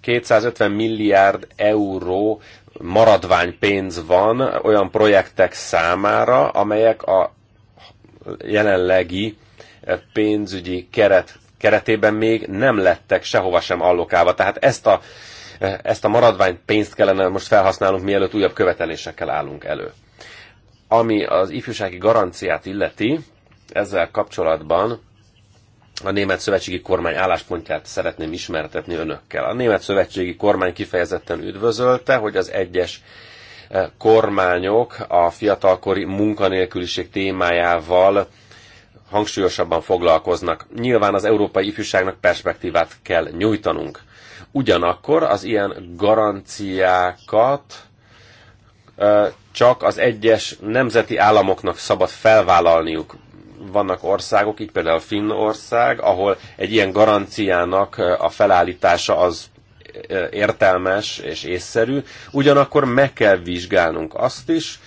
250 milliárd euró maradvány pénz van olyan projektek számára, amelyek a jelenlegi pénzügyi keret keretében még nem lettek sehova sem allokálva. Tehát ezt a Eh, ezt a maradvány pénzt kellene most felhasználnunk, mielőtt újabb követelésekkel állunk elő. Ami az ifjúsági garanciát illeti, ezzel kapcsolatban a német szövetségi kormány álláspontját szeretném ismertetni önökkel. A német szövetségi kormány kifejezetten üdvözölte, hogy az egyes eh, kormányok a fiatalkori munkanélküliség témájával hangsúlyosabban foglalkoznak. Nyilván az európai ifjúságnak perspektívát kell nyújtanunk. Ugyanakkor az ilyen garanciákat csak az egyes nemzeti államoknak szabad felvállalniuk. Vannak országok, így például Finnország, ahol egy ilyen garanciának a felállítása az értelmes és észszerű. Ugyanakkor meg kell vizsgálnunk azt is,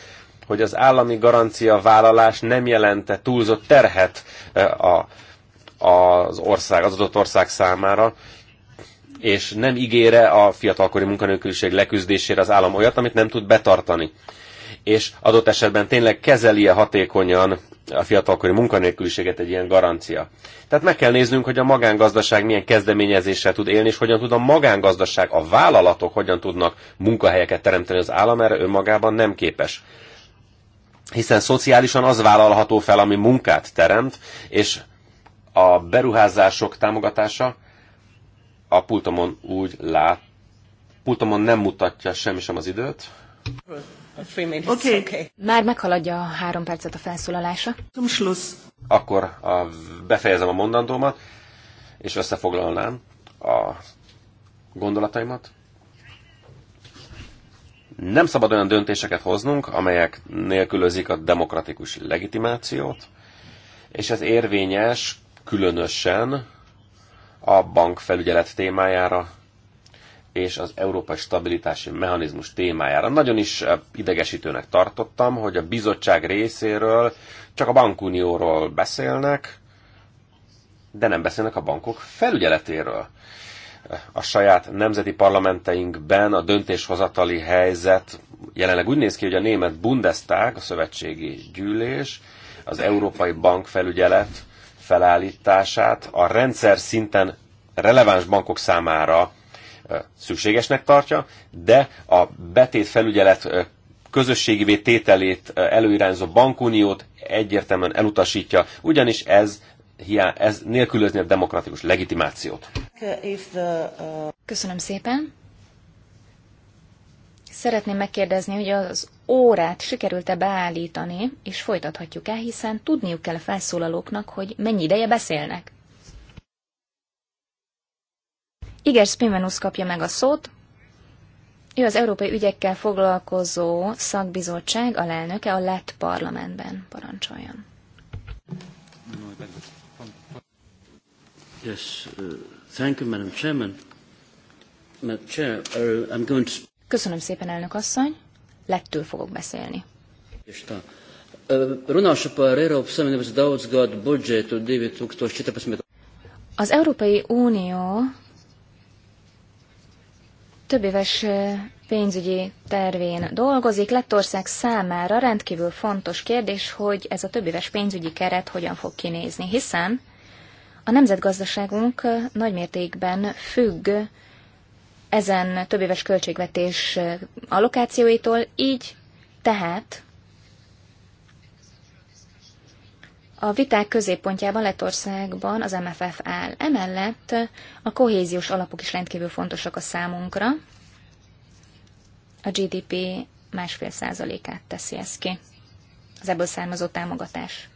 hogy az állami garancia vállalás nem jelente túlzott terhet a, az ország, az adott ország számára, és nem ígére a fiatalkori munkanélküliség leküzdésére az állam olyat, amit nem tud betartani. És adott esetben tényleg kezeli-e hatékonyan a fiatalkori munkanélküliséget egy ilyen garancia. Tehát meg kell néznünk, hogy a magángazdaság milyen kezdeményezéssel tud élni, és hogyan tud a magángazdaság, a vállalatok hogyan tudnak munkahelyeket teremteni az állam, erre önmagában nem képes. Hiszen szociálisan az vállalható fel, ami munkát teremt, és a beruházások támogatása a pultomon úgy lát, pultomon nem mutatja semmi sem az időt. Okay. okay. Már meghaladja a három percet a felszólalása. Akkor a, befejezem a mondandómat, és összefoglalnám a gondolataimat. Nem szabad olyan döntéseket hoznunk, amelyek nélkülözik a demokratikus legitimációt, és ez érvényes különösen a bankfelügyelet témájára és az Európai Stabilitási Mechanizmus témájára. Nagyon is eh, idegesítőnek tartottam, hogy a bizottság részéről csak a bankunióról beszélnek, de nem beszélnek a bankok felügyeletéről. Eh, a saját nemzeti parlamenteinkben a döntéshozatali helyzet jelenleg úgy néz ki, hogy a német Bundestag, a szövetségi gyűlés, az Európai Bankfelügyelet felállítását a rendszer szinten releváns bankok számára szükségesnek tartja, de a betét felügyelet közösségivé tételét előirányzó bankuniót egyértelműen elutasítja, ugyanis ez, hiá, ez nélkülözni a demokratikus legitimációt. Köszönöm szépen. Szeretném megkérdezni, hogy az órát sikerült-e beállítani, és folytathatjuk el, hiszen tudniuk kell a felszólalóknak, hogy mennyi ideje beszélnek. Iger Spimenus kapja meg a szót. Ő az európai ügyekkel foglalkozó szakbizottság alelnöke a lett parlamentben. Parancsoljon. Yes, uh, thank you, Madam Chairman. Madam Chair, uh, I'm going to... Köszönöm szépen, elnök asszony lettől fogok beszélni. Az Európai Unió éves pénzügyi tervén dolgozik. Lettország számára rendkívül fontos kérdés, hogy ez a éves pénzügyi keret hogyan fog kinézni, hiszen a nemzetgazdaságunk nagymértékben függ ezen többéves költségvetés allokációitól, így tehát A viták középpontjában Letországban az MFF áll. Emellett a kohéziós alapok is rendkívül fontosak a számunkra. A GDP másfél százalékát teszi ez ki. Az ebből származó támogatás.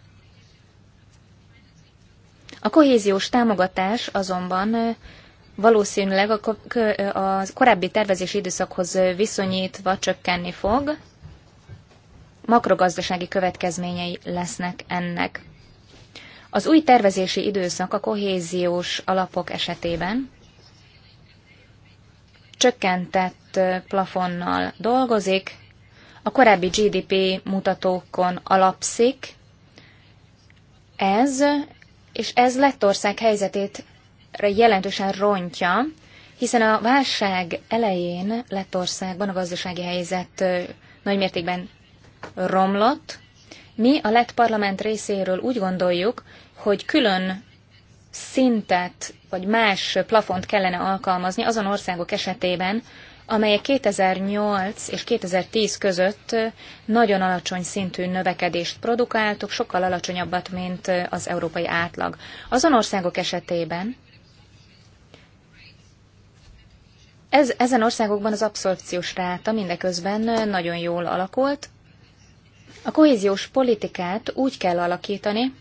A kohéziós támogatás azonban valószínűleg a, a korábbi tervezési időszakhoz viszonyítva csökkenni fog. Makrogazdasági következményei lesznek ennek. Az új tervezési időszak a kohéziós alapok esetében csökkentett plafonnal dolgozik, a korábbi GDP mutatókon alapszik, ez, és ez Lettország helyzetét jelentősen rontja, hiszen a válság elején Lettországban a gazdasági helyzet nagymértékben romlott. Mi a lett parlament részéről úgy gondoljuk, hogy külön szintet vagy más plafont kellene alkalmazni azon országok esetében, amelyek 2008 és 2010 között nagyon alacsony szintű növekedést produkáltuk, sokkal alacsonyabbat, mint az európai átlag. Azon országok esetében, Ez, ezen országokban az abszorpciós ráta mindeközben nagyon jól alakult. A kohéziós politikát úgy kell alakítani,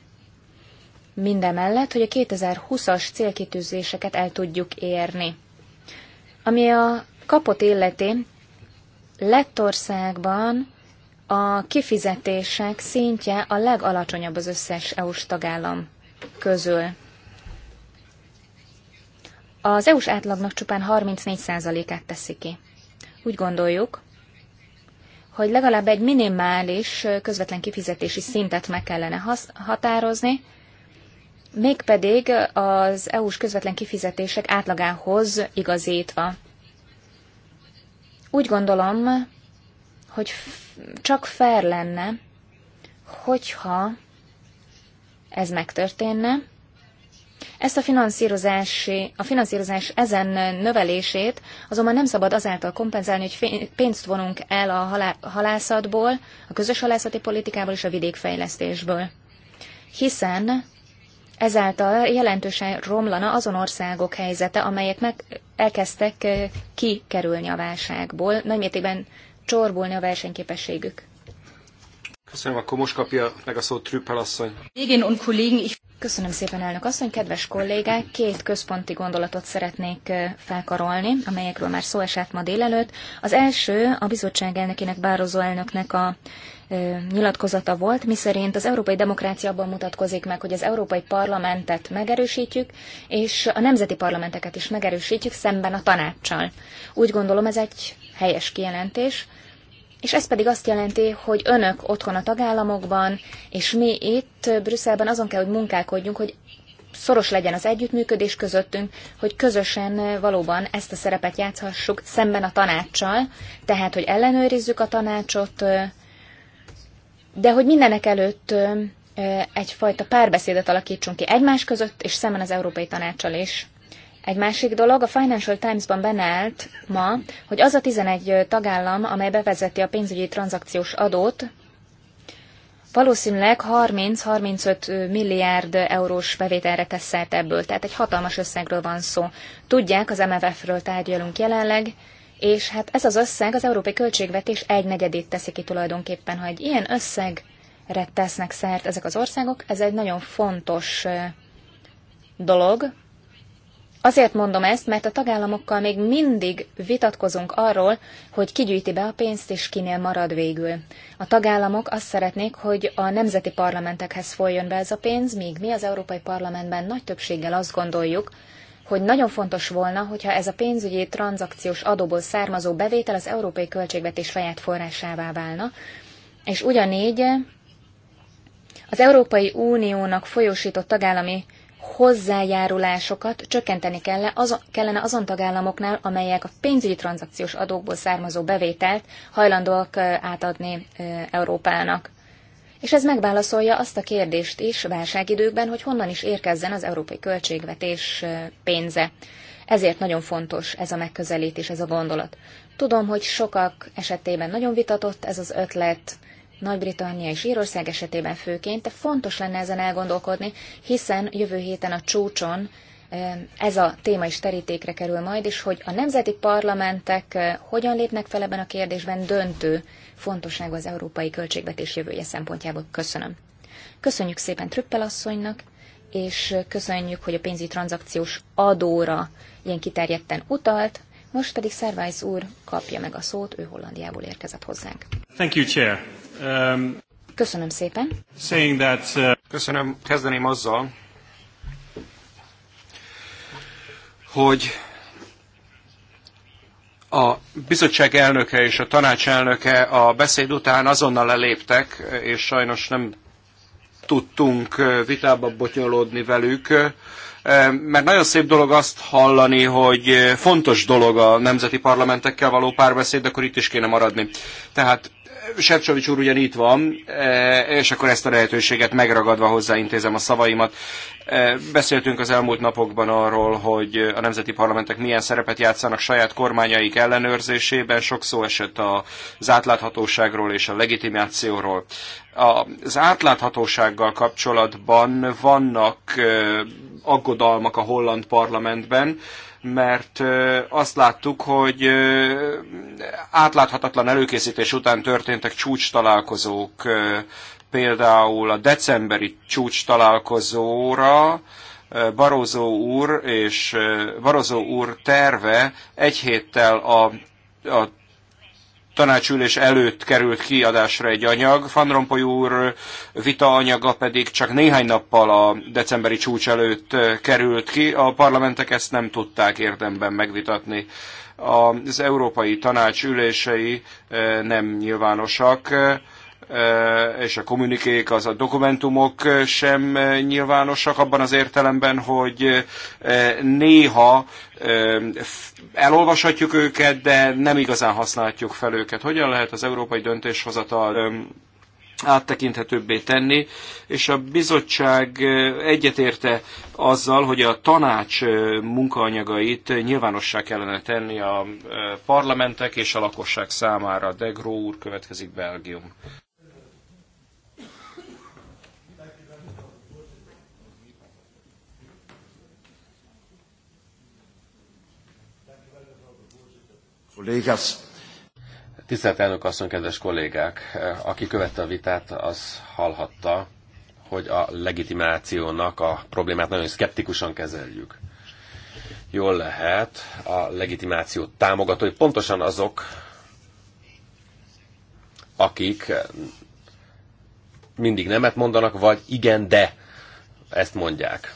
mindemellett, hogy a 2020-as célkitűzéseket el tudjuk érni. Ami a kapott illeti, Lettországban a kifizetések szintje a legalacsonyabb az összes EU-s tagállam közül. Az EU-s átlagnak csupán 34%-át teszi ki. Úgy gondoljuk, hogy legalább egy minimális közvetlen kifizetési szintet meg kellene határozni, mégpedig az EU-s közvetlen kifizetések átlagához igazítva. Úgy gondolom, hogy csak fair lenne, hogyha ez megtörténne, ezt a finanszírozási, a finanszírozás ezen növelését azonban nem szabad azáltal kompenzálni, hogy pénzt vonunk el a halászatból, a közös halászati politikából és a vidékfejlesztésből. Hiszen ezáltal jelentősen romlana azon országok helyzete, amelyek meg elkezdtek kikerülni a válságból, nagymértékben csorbulni a versenyképességük. Köszönöm, akkor most kapja meg a szót Trüppel asszony. Köszönöm szépen, elnök asszony, kedves kollégák! Két központi gondolatot szeretnék felkarolni, amelyekről már szó esett ma délelőtt. Az első a bizottság elnökének, Bározó elnöknek a nyilatkozata volt, miszerint az európai demokrácia abban mutatkozik meg, hogy az európai parlamentet megerősítjük, és a nemzeti parlamenteket is megerősítjük szemben a tanácssal. Úgy gondolom ez egy helyes kijelentés és ez pedig azt jelenti, hogy önök otthon a tagállamokban, és mi itt Brüsszelben azon kell, hogy munkálkodjunk, hogy szoros legyen az együttműködés közöttünk, hogy közösen valóban ezt a szerepet játszhassuk szemben a tanácssal, tehát, hogy ellenőrizzük a tanácsot, de hogy mindenek előtt egyfajta párbeszédet alakítsunk ki egymás között, és szemben az Európai Tanácssal is. Egy másik dolog, a Financial Times-ban benne állt ma, hogy az a 11 tagállam, amely bevezeti a pénzügyi tranzakciós adót, valószínűleg 30-35 milliárd eurós bevételre tesz szert ebből, tehát egy hatalmas összegről van szó. Tudják, az MFF-ről tárgyalunk jelenleg, és hát ez az összeg az európai költségvetés egy negyedét teszi ki tulajdonképpen. Ha egy ilyen összegre tesznek szert ezek az országok, ez egy nagyon fontos dolog, Azért mondom ezt, mert a tagállamokkal még mindig vitatkozunk arról, hogy gyűjti be a pénzt és kinél marad végül. A tagállamok azt szeretnék, hogy a nemzeti parlamentekhez folyjon be ez a pénz, míg mi az Európai Parlamentben nagy többséggel azt gondoljuk, hogy nagyon fontos volna, hogyha ez a pénzügyi tranzakciós adóból származó bevétel az európai költségvetés saját forrásává válna, és ugyanígy az Európai Uniónak folyósított tagállami hozzájárulásokat csökkenteni kell, az, kellene azon tagállamoknál, amelyek a pénzügyi tranzakciós adókból származó bevételt hajlandóak átadni Európának. És ez megválaszolja azt a kérdést is válságidőkben, hogy honnan is érkezzen az európai költségvetés pénze. Ezért nagyon fontos ez a megközelítés, ez a gondolat. Tudom, hogy sokak esetében nagyon vitatott ez az ötlet, nagy-Britannia és Írország esetében főként, de fontos lenne ezen elgondolkodni, hiszen jövő héten a csúcson ez a téma is terítékre kerül majd, és hogy a nemzeti parlamentek hogyan lépnek fel ebben a kérdésben döntő fontosságú az európai költségvetés jövője szempontjából. Köszönöm. Köszönjük szépen Trüppel asszonynak, és köszönjük, hogy a pénzügyi tranzakciós adóra ilyen kiterjedten utalt, most pedig Szervájsz úr kapja meg a szót, ő Hollandiából érkezett hozzánk. Thank you, Chair. Um, Köszönöm szépen. Saying that, uh, Köszönöm. Kezdeném azzal, hogy a bizottság elnöke és a tanács elnöke a beszéd után azonnal leléptek, és sajnos nem tudtunk uh, vitába botyolódni velük, uh, mert nagyon szép dolog azt hallani, hogy uh, fontos dolog a nemzeti parlamentekkel való párbeszéd, de akkor itt is kéne maradni. Tehát Sepcsovics úr ugyan itt van, e, és akkor ezt a lehetőséget megragadva hozzáintézem a szavaimat. E, beszéltünk az elmúlt napokban arról, hogy a nemzeti parlamentek milyen szerepet játszanak saját kormányaik ellenőrzésében. Sok szó esett az átláthatóságról és a legitimációról. Az átláthatósággal kapcsolatban vannak e, aggodalmak a holland parlamentben, mert azt láttuk, hogy átláthatatlan előkészítés után történtek csúcs találkozók, például a decemberi csúcs találkozóra, Barozó úr és Barozó úr terve egy héttel a, a tanácsülés előtt került kiadásra egy anyag. Van Rompuy úr vita anyaga pedig csak néhány nappal a decemberi csúcs előtt eh, került ki. A parlamentek ezt nem tudták érdemben megvitatni. Az európai tanács ülései eh, nem nyilvánosak Eh, és a kommunikék, az a dokumentumok sem eh, nyilvánosak abban az értelemben, hogy eh, néha elolvashatjuk őket, de nem igazán használhatjuk fel őket. Hogyan lehet az európai döntéshozatal áttekinthetőbbé tenni, és a bizottság egyetérte azzal, hogy a tanács munkaanyagait nyilvánossá kellene tenni a parlamentek és a lakosság számára. De Gró úr következik Belgium. Tisztelt elnök asszony, kedves kollégák! Aki követte a vitát, az hallhatta, hogy a legitimációnak a problémát nagyon szkeptikusan kezeljük. Jól lehet, a legitimáció támogatói pontosan azok, akik mindig nemet mondanak, vagy igen, de ezt mondják.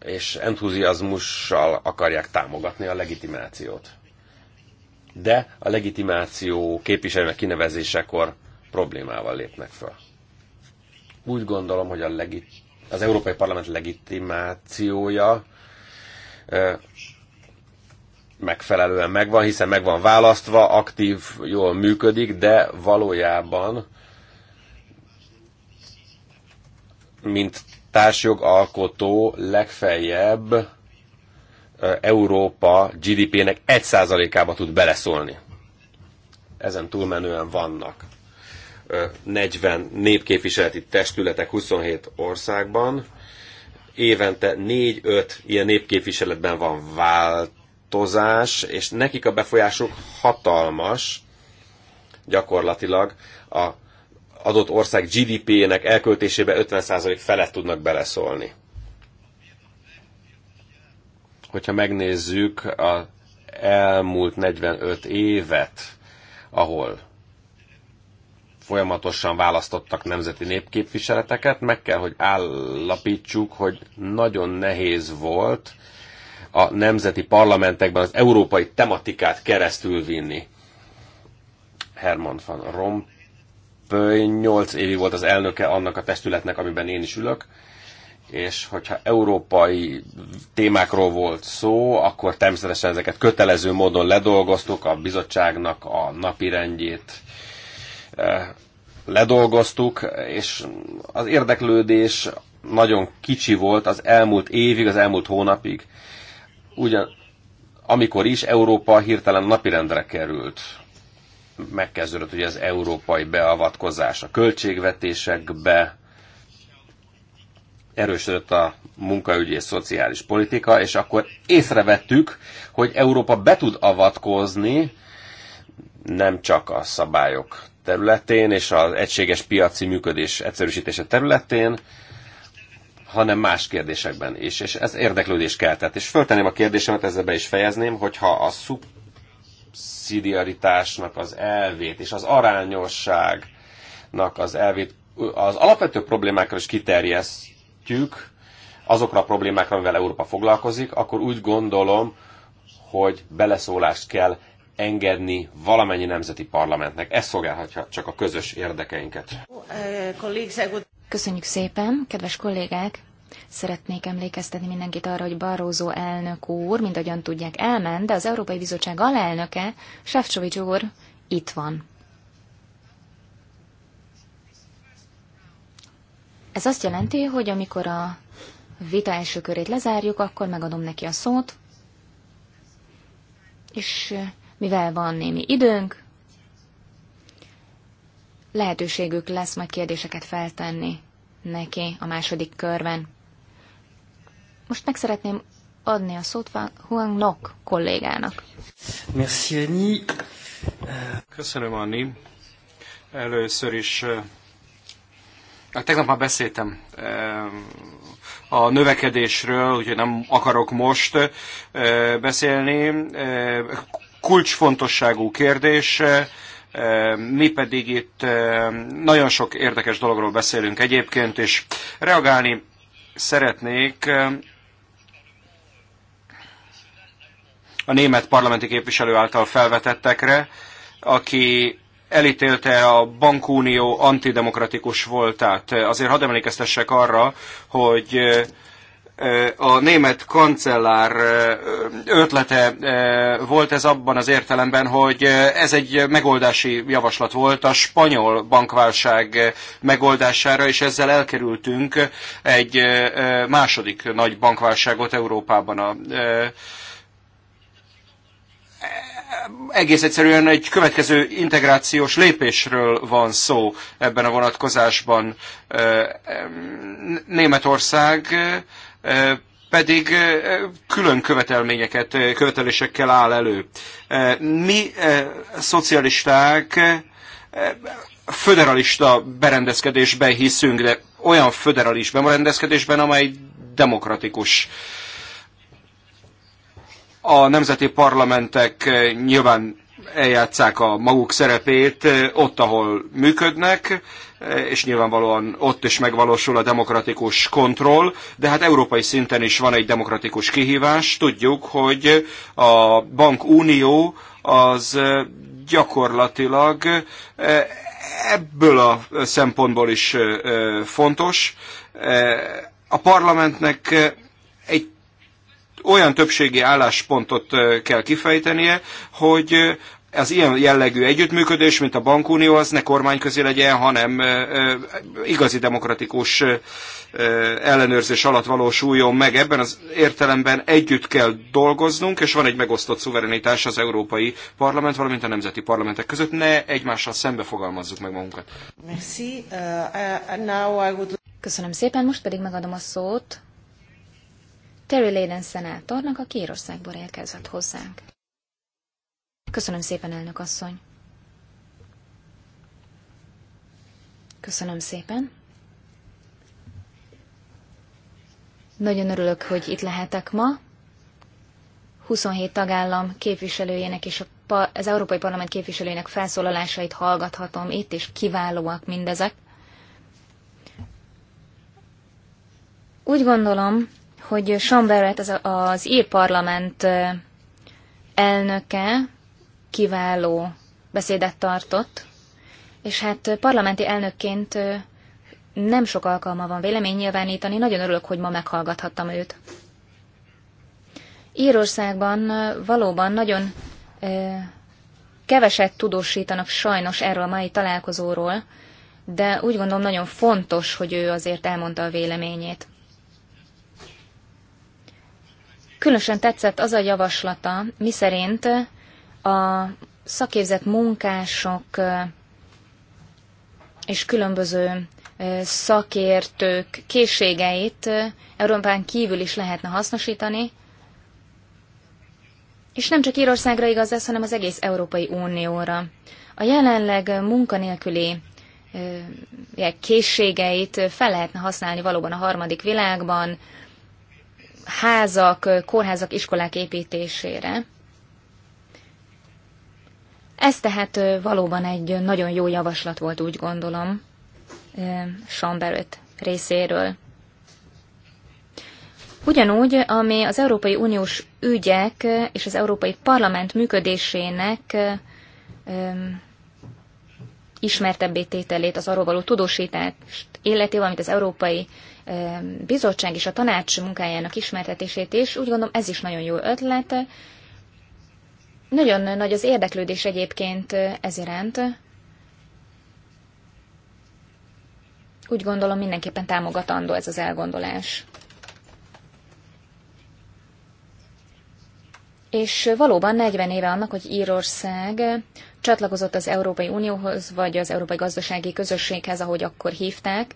És entuziazmussal akarják támogatni a legitimációt de a legitimáció képviselőnek kinevezésekor problémával lépnek fel. Úgy gondolom, hogy a legi az Európai Parlament legitimációja megfelelően megvan, hiszen megvan választva, aktív, jól működik, de valójában mint társjogalkotó legfeljebb Európa GDP-nek 1%-ába tud beleszólni. Ezen túlmenően vannak 40 népképviseleti testületek 27 országban. Évente 4-5 ilyen népképviseletben van változás, és nekik a befolyásuk hatalmas, gyakorlatilag a adott ország gdp nek elköltésébe 50% felett tudnak beleszólni. Hogyha megnézzük a elmúlt 45 évet, ahol folyamatosan választottak nemzeti népképviseleteket, meg kell, hogy állapítsuk, hogy nagyon nehéz volt a nemzeti parlamentekben az európai tematikát keresztül vinni. Herman van Rompuy 8 évi volt az elnöke annak a testületnek, amiben én is ülök, és hogyha európai témákról volt szó, akkor természetesen ezeket kötelező módon ledolgoztuk, a bizottságnak a napi rendjét eh, ledolgoztuk, és az érdeklődés nagyon kicsi volt az elmúlt évig, az elmúlt hónapig, ugyan, amikor is Európa hirtelen napirendre került megkezdődött ugye az európai beavatkozás a költségvetésekbe, erősödött a munkaügyi és szociális politika, és akkor észrevettük, hogy Európa be tud avatkozni nem csak a szabályok területén és az egységes piaci működés egyszerűsítése területén, hanem más kérdésekben is, és ez érdeklődés keltett. És föltenném a kérdésemet, ezzel be is fejezném, hogyha a szubszidiaritásnak az elvét és az arányosságnak az elvét az alapvető problémákra is kiterjeszt, tekintjük azokra a problémákra, amivel Európa foglalkozik, akkor úgy gondolom, hogy beleszólást kell engedni valamennyi nemzeti parlamentnek. Ez szolgálhatja csak a közös érdekeinket. Köszönjük szépen, kedves kollégák! Szeretnék emlékeztetni mindenkit arra, hogy Barroso elnök úr, mindahogyan tudják, elment, de az Európai Bizottság alelnöke, Sefcsovics úr, itt van. Ez azt jelenti, hogy amikor a vita első körét lezárjuk, akkor megadom neki a szót, és mivel van némi időnk, lehetőségük lesz majd kérdéseket feltenni neki a második körben. Most meg szeretném adni a szót Huang Nok kollégának. Merci, Annie. Köszönöm, Anni. Először is Tegnap már beszéltem eh, a növekedésről, úgyhogy nem akarok most eh, beszélni. Eh, kulcsfontosságú kérdés. Mi pedig itt nagyon sok érdekes dologról beszélünk egyébként, és reagálni szeretnék a német parlamenti képviselő által felvetettekre, aki elítélte a bankunió antidemokratikus voltát. Azért hadd emlékeztessek arra, hogy a német kancellár ötlete volt ez abban az értelemben, hogy ez egy megoldási javaslat volt a spanyol bankválság megoldására, és ezzel elkerültünk egy második nagy bankválságot Európában. A egész egyszerűen egy következő integrációs lépésről van szó ebben a vonatkozásban. Németország pedig külön követelményeket, követelésekkel áll elő. Mi szocialisták föderalista berendezkedésben hiszünk, de olyan föderalista berendezkedésben, amely demokratikus. A nemzeti parlamentek eh, nyilván eljátszák a maguk szerepét eh, ott, ahol működnek, eh, és nyilvánvalóan ott is megvalósul a demokratikus kontroll, de hát európai szinten is van egy demokratikus kihívás. Tudjuk, hogy a bankunió az gyakorlatilag ebből a szempontból is fontos. A parlamentnek egy olyan többségi álláspontot kell kifejtenie, hogy az ilyen jellegű együttműködés, mint a bankunió, az ne kormányközi legyen, hanem igazi demokratikus ellenőrzés alatt valósuljon meg. Ebben az értelemben együtt kell dolgoznunk, és van egy megosztott szuverenitás az Európai Parlament, valamint a nemzeti parlamentek között. Ne egymással szembe fogalmazzuk meg magunkat. Uh, uh, Köszönöm szépen, most pedig megadom a szót Terry Layden szenátornak, a Kérországból érkezett hozzánk. Köszönöm szépen, elnök asszony! Köszönöm szépen! Nagyon örülök, hogy itt lehetek ma. 27 tagállam képviselőjének és az Európai Parlament képviselőjének felszólalásait hallgathatom itt, és kiválóak mindezek. Úgy gondolom, hogy Sean Barrett az, az ír parlament elnöke kiváló beszédet tartott, és hát parlamenti elnökként nem sok alkalma van vélemény nyilvánítani, nagyon örülök, hogy ma meghallgathattam őt. Írországban valóban nagyon keveset tudósítanak sajnos erről a mai találkozóról, de úgy gondolom nagyon fontos, hogy ő azért elmondta a véleményét. Különösen tetszett az a javaslata, miszerint a szakképzett munkások és különböző szakértők készségeit Európán kívül is lehetne hasznosítani, és nem csak Írországra igaz ez, hanem az egész Európai Unióra. A jelenleg munkanélküli készségeit fel lehetne használni valóban a harmadik világban, házak, kórházak, iskolák építésére. Ez tehát valóban egy nagyon jó javaslat volt, úgy gondolom, Samberöt részéről. Ugyanúgy, ami az Európai Uniós ügyek és az Európai Parlament működésének ismertebbé tételét, az arról való tudósítást illeti, valamint az Európai bizottság és a tanács munkájának ismertetését is. Úgy gondolom, ez is nagyon jó ötlet. Nagyon nagy az érdeklődés egyébként ez iránt. Úgy gondolom, mindenképpen támogatandó ez az elgondolás. És valóban 40 éve annak, hogy Írország csatlakozott az Európai Unióhoz, vagy az Európai Gazdasági Közösséghez, ahogy akkor hívták,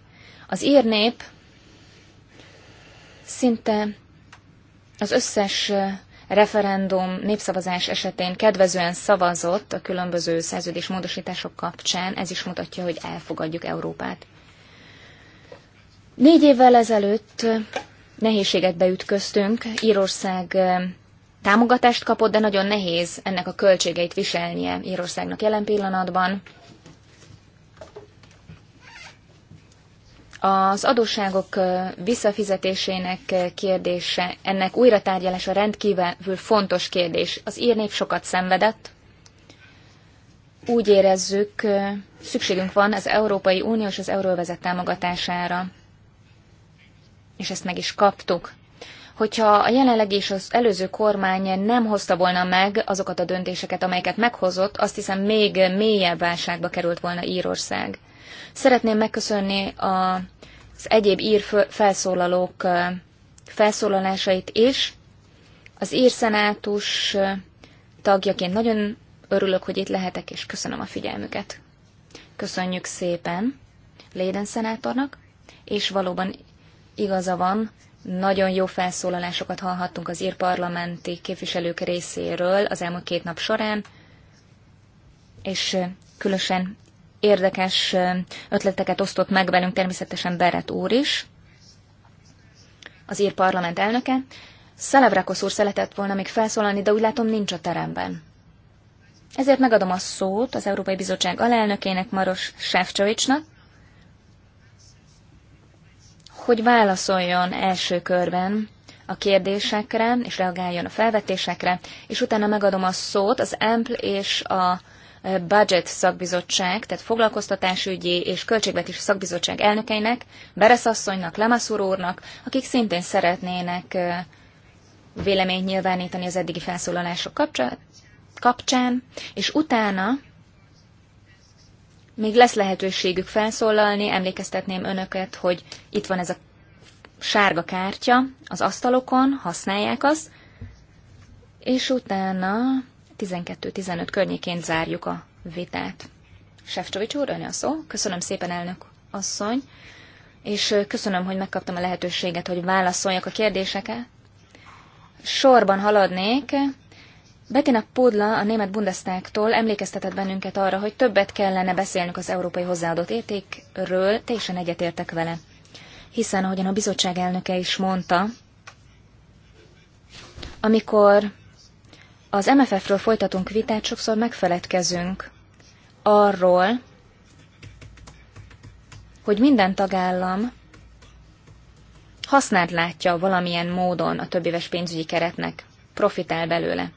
az ír nép Szinte az összes referendum népszavazás esetén kedvezően szavazott a különböző szerződés módosítások kapcsán, ez is mutatja, hogy elfogadjuk Európát. Négy évvel ezelőtt nehézségekbe ütköztünk, Írország támogatást kapott, de nagyon nehéz ennek a költségeit viselnie Írországnak jelen pillanatban. Az adósságok visszafizetésének kérdése, ennek újratárgyalása rendkívül fontos kérdés. Az írnép sokat szenvedett. Úgy érezzük, szükségünk van az Európai Unió és az Euróvezet támogatására. És ezt meg is kaptuk. Hogyha a jelenleg és az előző kormány nem hozta volna meg azokat a döntéseket, amelyeket meghozott, azt hiszem még mélyebb válságba került volna Írország. Szeretném megköszönni az egyéb ír felszólalók felszólalásait is. Az szenátus tagjaként nagyon örülök, hogy itt lehetek, és köszönöm a figyelmüket. Köszönjük szépen Léden szenátornak, és valóban igaza van, nagyon jó felszólalásokat hallhattunk az ír parlamenti képviselők részéről az elmúlt két nap során, és különösen érdekes ötleteket osztott meg velünk természetesen Beret úr is, az ír parlament elnöke. Szelevrakosz úr szeretett volna még felszólalni, de úgy látom nincs a teremben. Ezért megadom a szót az Európai Bizottság alelnökének, Maros Sefcsovicsnak, hogy válaszoljon első körben a kérdésekre, és reagáljon a felvetésekre, és utána megadom a szót az EMPL és a budget szakbizottság, tehát foglalkoztatásügyi és költségvetési szakbizottság elnökeinek, Beresz asszonynak, Lemaszúr úrnak, akik szintén szeretnének véleményt nyilvánítani az eddigi felszólalások kapcsán, és utána még lesz lehetőségük felszólalni, emlékeztetném önöket, hogy itt van ez a sárga kártya az asztalokon, használják azt, és utána 12-15 környékén zárjuk a vitát. Sefcsovics úr, ön a szó. Köszönöm szépen, elnök asszony, és köszönöm, hogy megkaptam a lehetőséget, hogy válaszoljak a kérdéseke. Sorban haladnék. Bettina Pudla a német Bundestagtól emlékeztetett bennünket arra, hogy többet kellene beszélnünk az európai hozzáadott értékről, teljesen egyetértek vele. Hiszen, ahogyan a bizottság elnöke is mondta, amikor az MFF-ről folytatunk vitát, sokszor megfeledkezünk arról, hogy minden tagállam hasznát látja valamilyen módon a többéves pénzügyi keretnek, profitál belőle.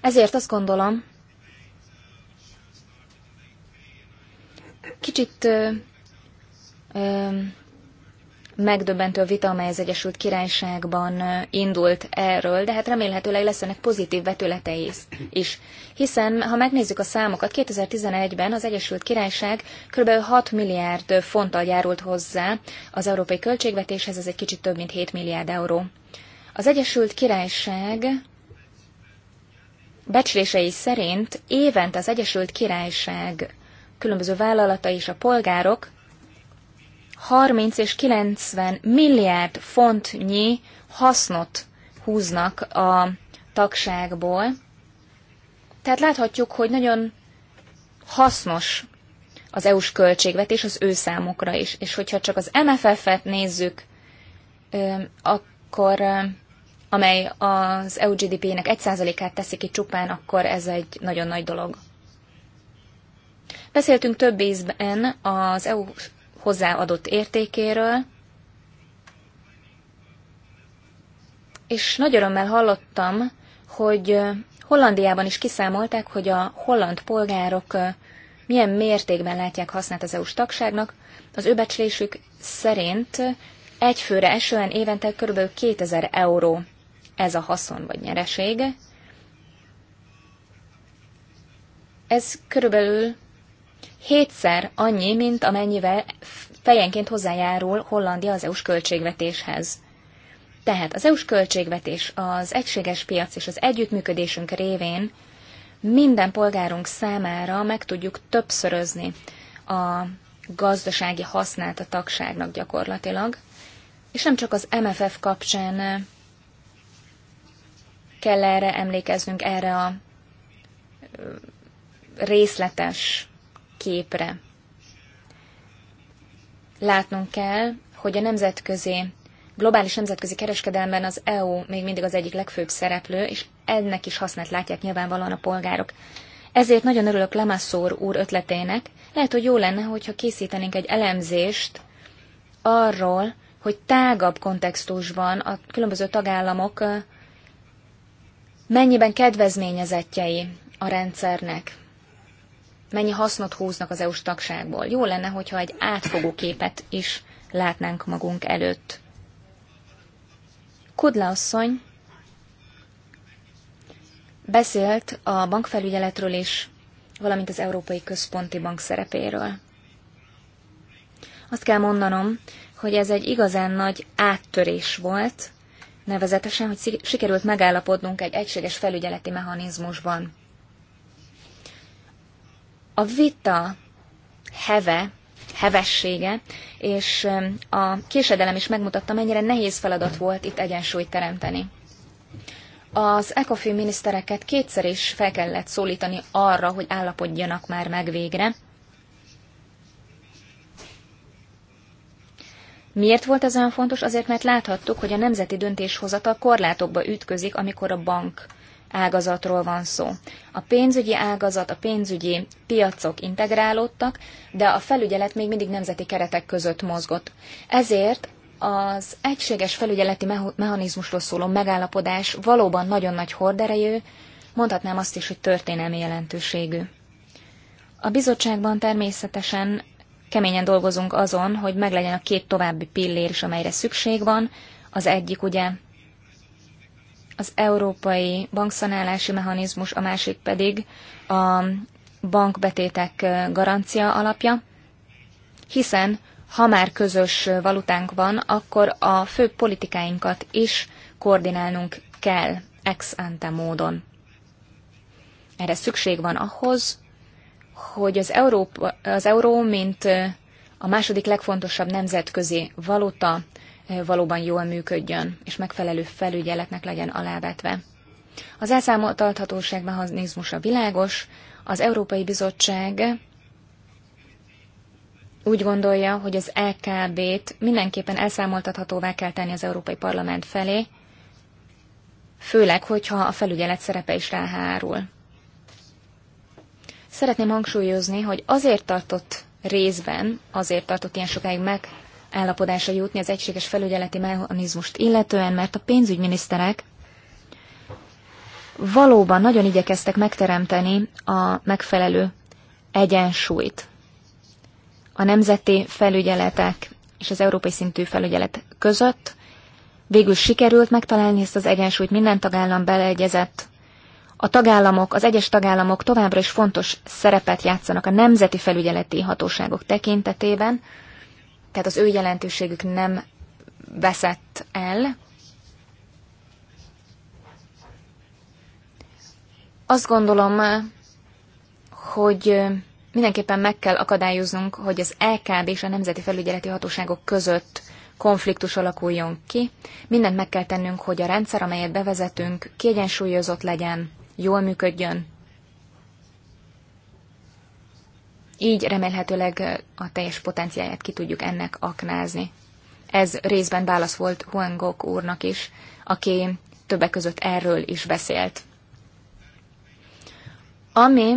Ezért azt gondolom, kicsit ö, ö, megdöbbentő vita, amely az Egyesült Királyságban indult erről, de hát remélhetőleg lesz ennek pozitív vetületei is. Hiszen, ha megnézzük a számokat, 2011-ben az Egyesült Királyság kb. 6 milliárd fonttal járult hozzá az európai költségvetéshez, ez egy kicsit több, mint 7 milliárd euró. Az Egyesült Királyság becslései szerint évente az Egyesült Királyság különböző vállalatai és a polgárok 30 és 90 milliárd fontnyi hasznot húznak a tagságból. Tehát láthatjuk, hogy nagyon hasznos az EU-s költségvetés az ő számukra is. És hogyha csak az MFF-et nézzük, akkor amely az EU GDP-nek 1%-át teszi ki csupán, akkor ez egy nagyon nagy dolog. Beszéltünk több ízben az EU hozzáadott értékéről, és nagy örömmel hallottam, hogy Hollandiában is kiszámolták, hogy a holland polgárok milyen mértékben látják hasznát az EU-s tagságnak. Az öbecslésük szerint egy főre esően évente kb. 2000 euró ez a haszon vagy nyereség. Ez körülbelül hétszer annyi, mint amennyivel fejenként hozzájárul Hollandia az EU-s költségvetéshez. Tehát az EU-s költségvetés az egységes piac és az együttműködésünk révén minden polgárunk számára meg tudjuk többszörözni a gazdasági hasznát a tagságnak gyakorlatilag, és nem csak az MFF kapcsán kell erre emlékeznünk, erre a részletes képre. Látnunk kell, hogy a nemzetközi, globális nemzetközi kereskedelemben az EU még mindig az egyik legfőbb szereplő, és ennek is hasznát látják nyilvánvalóan a polgárok. Ezért nagyon örülök Lamassor úr ötletének. Lehet, hogy jó lenne, hogyha készítenénk egy elemzést arról, hogy tágabb kontextusban a különböző tagállamok mennyiben kedvezményezettjei a rendszernek mennyi hasznot húznak az EU-s tagságból. Jó lenne, hogyha egy átfogó képet is látnánk magunk előtt. Kudla asszony beszélt a bankfelügyeletről is, valamint az Európai Központi Bank szerepéről. Azt kell mondanom, hogy ez egy igazán nagy áttörés volt, nevezetesen, hogy sikerült megállapodnunk egy egységes felügyeleti mechanizmusban a vita heve, hevessége, és um, a késedelem is megmutatta, mennyire nehéz feladat volt itt egyensúlyt teremteni. Az ECOFIN minisztereket kétszer is fel kellett szólítani arra, hogy állapodjanak már meg végre. Miért volt ez olyan fontos? Azért, mert láthattuk, hogy a nemzeti döntéshozata korlátokba ütközik, amikor a bank ágazatról van szó. A pénzügyi ágazat, a pénzügyi piacok integrálódtak, de a felügyelet még mindig nemzeti keretek között mozgott. Ezért az egységes felügyeleti mechanizmusról szóló megállapodás valóban nagyon nagy horderejű, mondhatnám azt is, hogy történelmi jelentőségű. A bizottságban természetesen keményen dolgozunk azon, hogy meglegyen a két további pillér is, amelyre szükség van. Az egyik ugye az európai bankszanálási mechanizmus, a másik pedig a bankbetétek garancia alapja, hiszen ha már közös valutánk van, akkor a fő politikáinkat is koordinálnunk kell ex ante módon. Erre szükség van ahhoz, hogy az, Európa, az euró, mint a második legfontosabb nemzetközi valuta valóban jól működjön, és megfelelő felügyeletnek legyen alávetve. Az elszámoltathatóság mechanizmusa világos, az Európai Bizottság úgy gondolja, hogy az lkb t mindenképpen elszámoltathatóvá kell tenni az Európai Parlament felé, főleg, hogyha a felügyelet szerepe is ráhárul. Szeretném hangsúlyozni, hogy azért tartott részben, azért tartott ilyen sokáig meg állapodásra jutni az egységes felügyeleti mechanizmust illetően, mert a pénzügyminiszterek valóban nagyon igyekeztek megteremteni a megfelelő egyensúlyt a nemzeti felügyeletek és az európai szintű felügyelet között. Végül sikerült megtalálni ezt az egyensúlyt, minden tagállam beleegyezett. A tagállamok, az egyes tagállamok továbbra is fontos szerepet játszanak a nemzeti felügyeleti hatóságok tekintetében, tehát az ő jelentőségük nem veszett el. Azt gondolom, hogy mindenképpen meg kell akadályoznunk, hogy az LKB és a Nemzeti Felügyeleti Hatóságok között konfliktus alakuljon ki. Mindent meg kell tennünk, hogy a rendszer, amelyet bevezetünk, kiegyensúlyozott legyen, jól működjön, Így remélhetőleg a teljes potenciáját ki tudjuk ennek aknázni. Ez részben válasz volt Huangok úrnak is, aki többek között erről is beszélt. Ami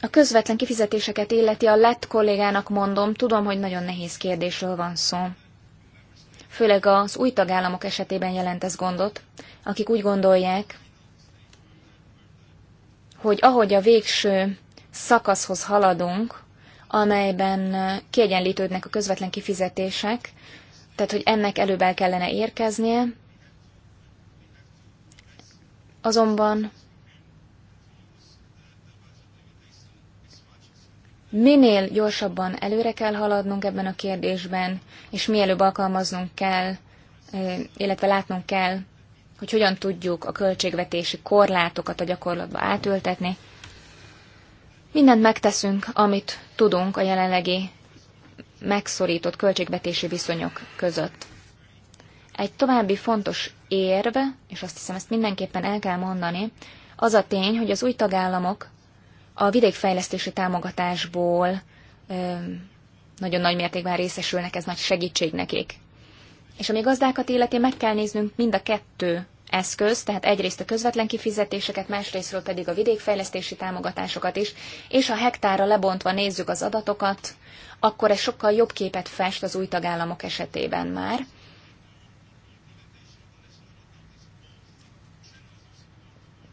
a közvetlen kifizetéseket illeti a lett kollégának mondom, tudom, hogy nagyon nehéz kérdésről van szó. Főleg az új tagállamok esetében jelent ez gondot, akik úgy gondolják, hogy ahogy a végső szakaszhoz haladunk, amelyben kiegyenlítődnek a közvetlen kifizetések, tehát hogy ennek előbb el kellene érkeznie, azonban minél gyorsabban előre kell haladnunk ebben a kérdésben, és mielőbb alkalmaznunk kell, illetve látnunk kell, hogy hogyan tudjuk a költségvetési korlátokat a gyakorlatba átültetni, Mindent megteszünk, amit tudunk a jelenlegi megszorított költségvetési viszonyok között. Egy további fontos érv, és azt hiszem ezt mindenképpen el kell mondani, az a tény, hogy az új tagállamok a vidékfejlesztési támogatásból ö, nagyon nagy mértékben részesülnek, ez nagy segítség nekik. És ami gazdákat illeti, meg kell néznünk mind a kettő eszköz, tehát egyrészt a közvetlen kifizetéseket, másrésztről pedig a vidékfejlesztési támogatásokat is, és ha hektára lebontva nézzük az adatokat, akkor ez sokkal jobb képet fest az új tagállamok esetében már.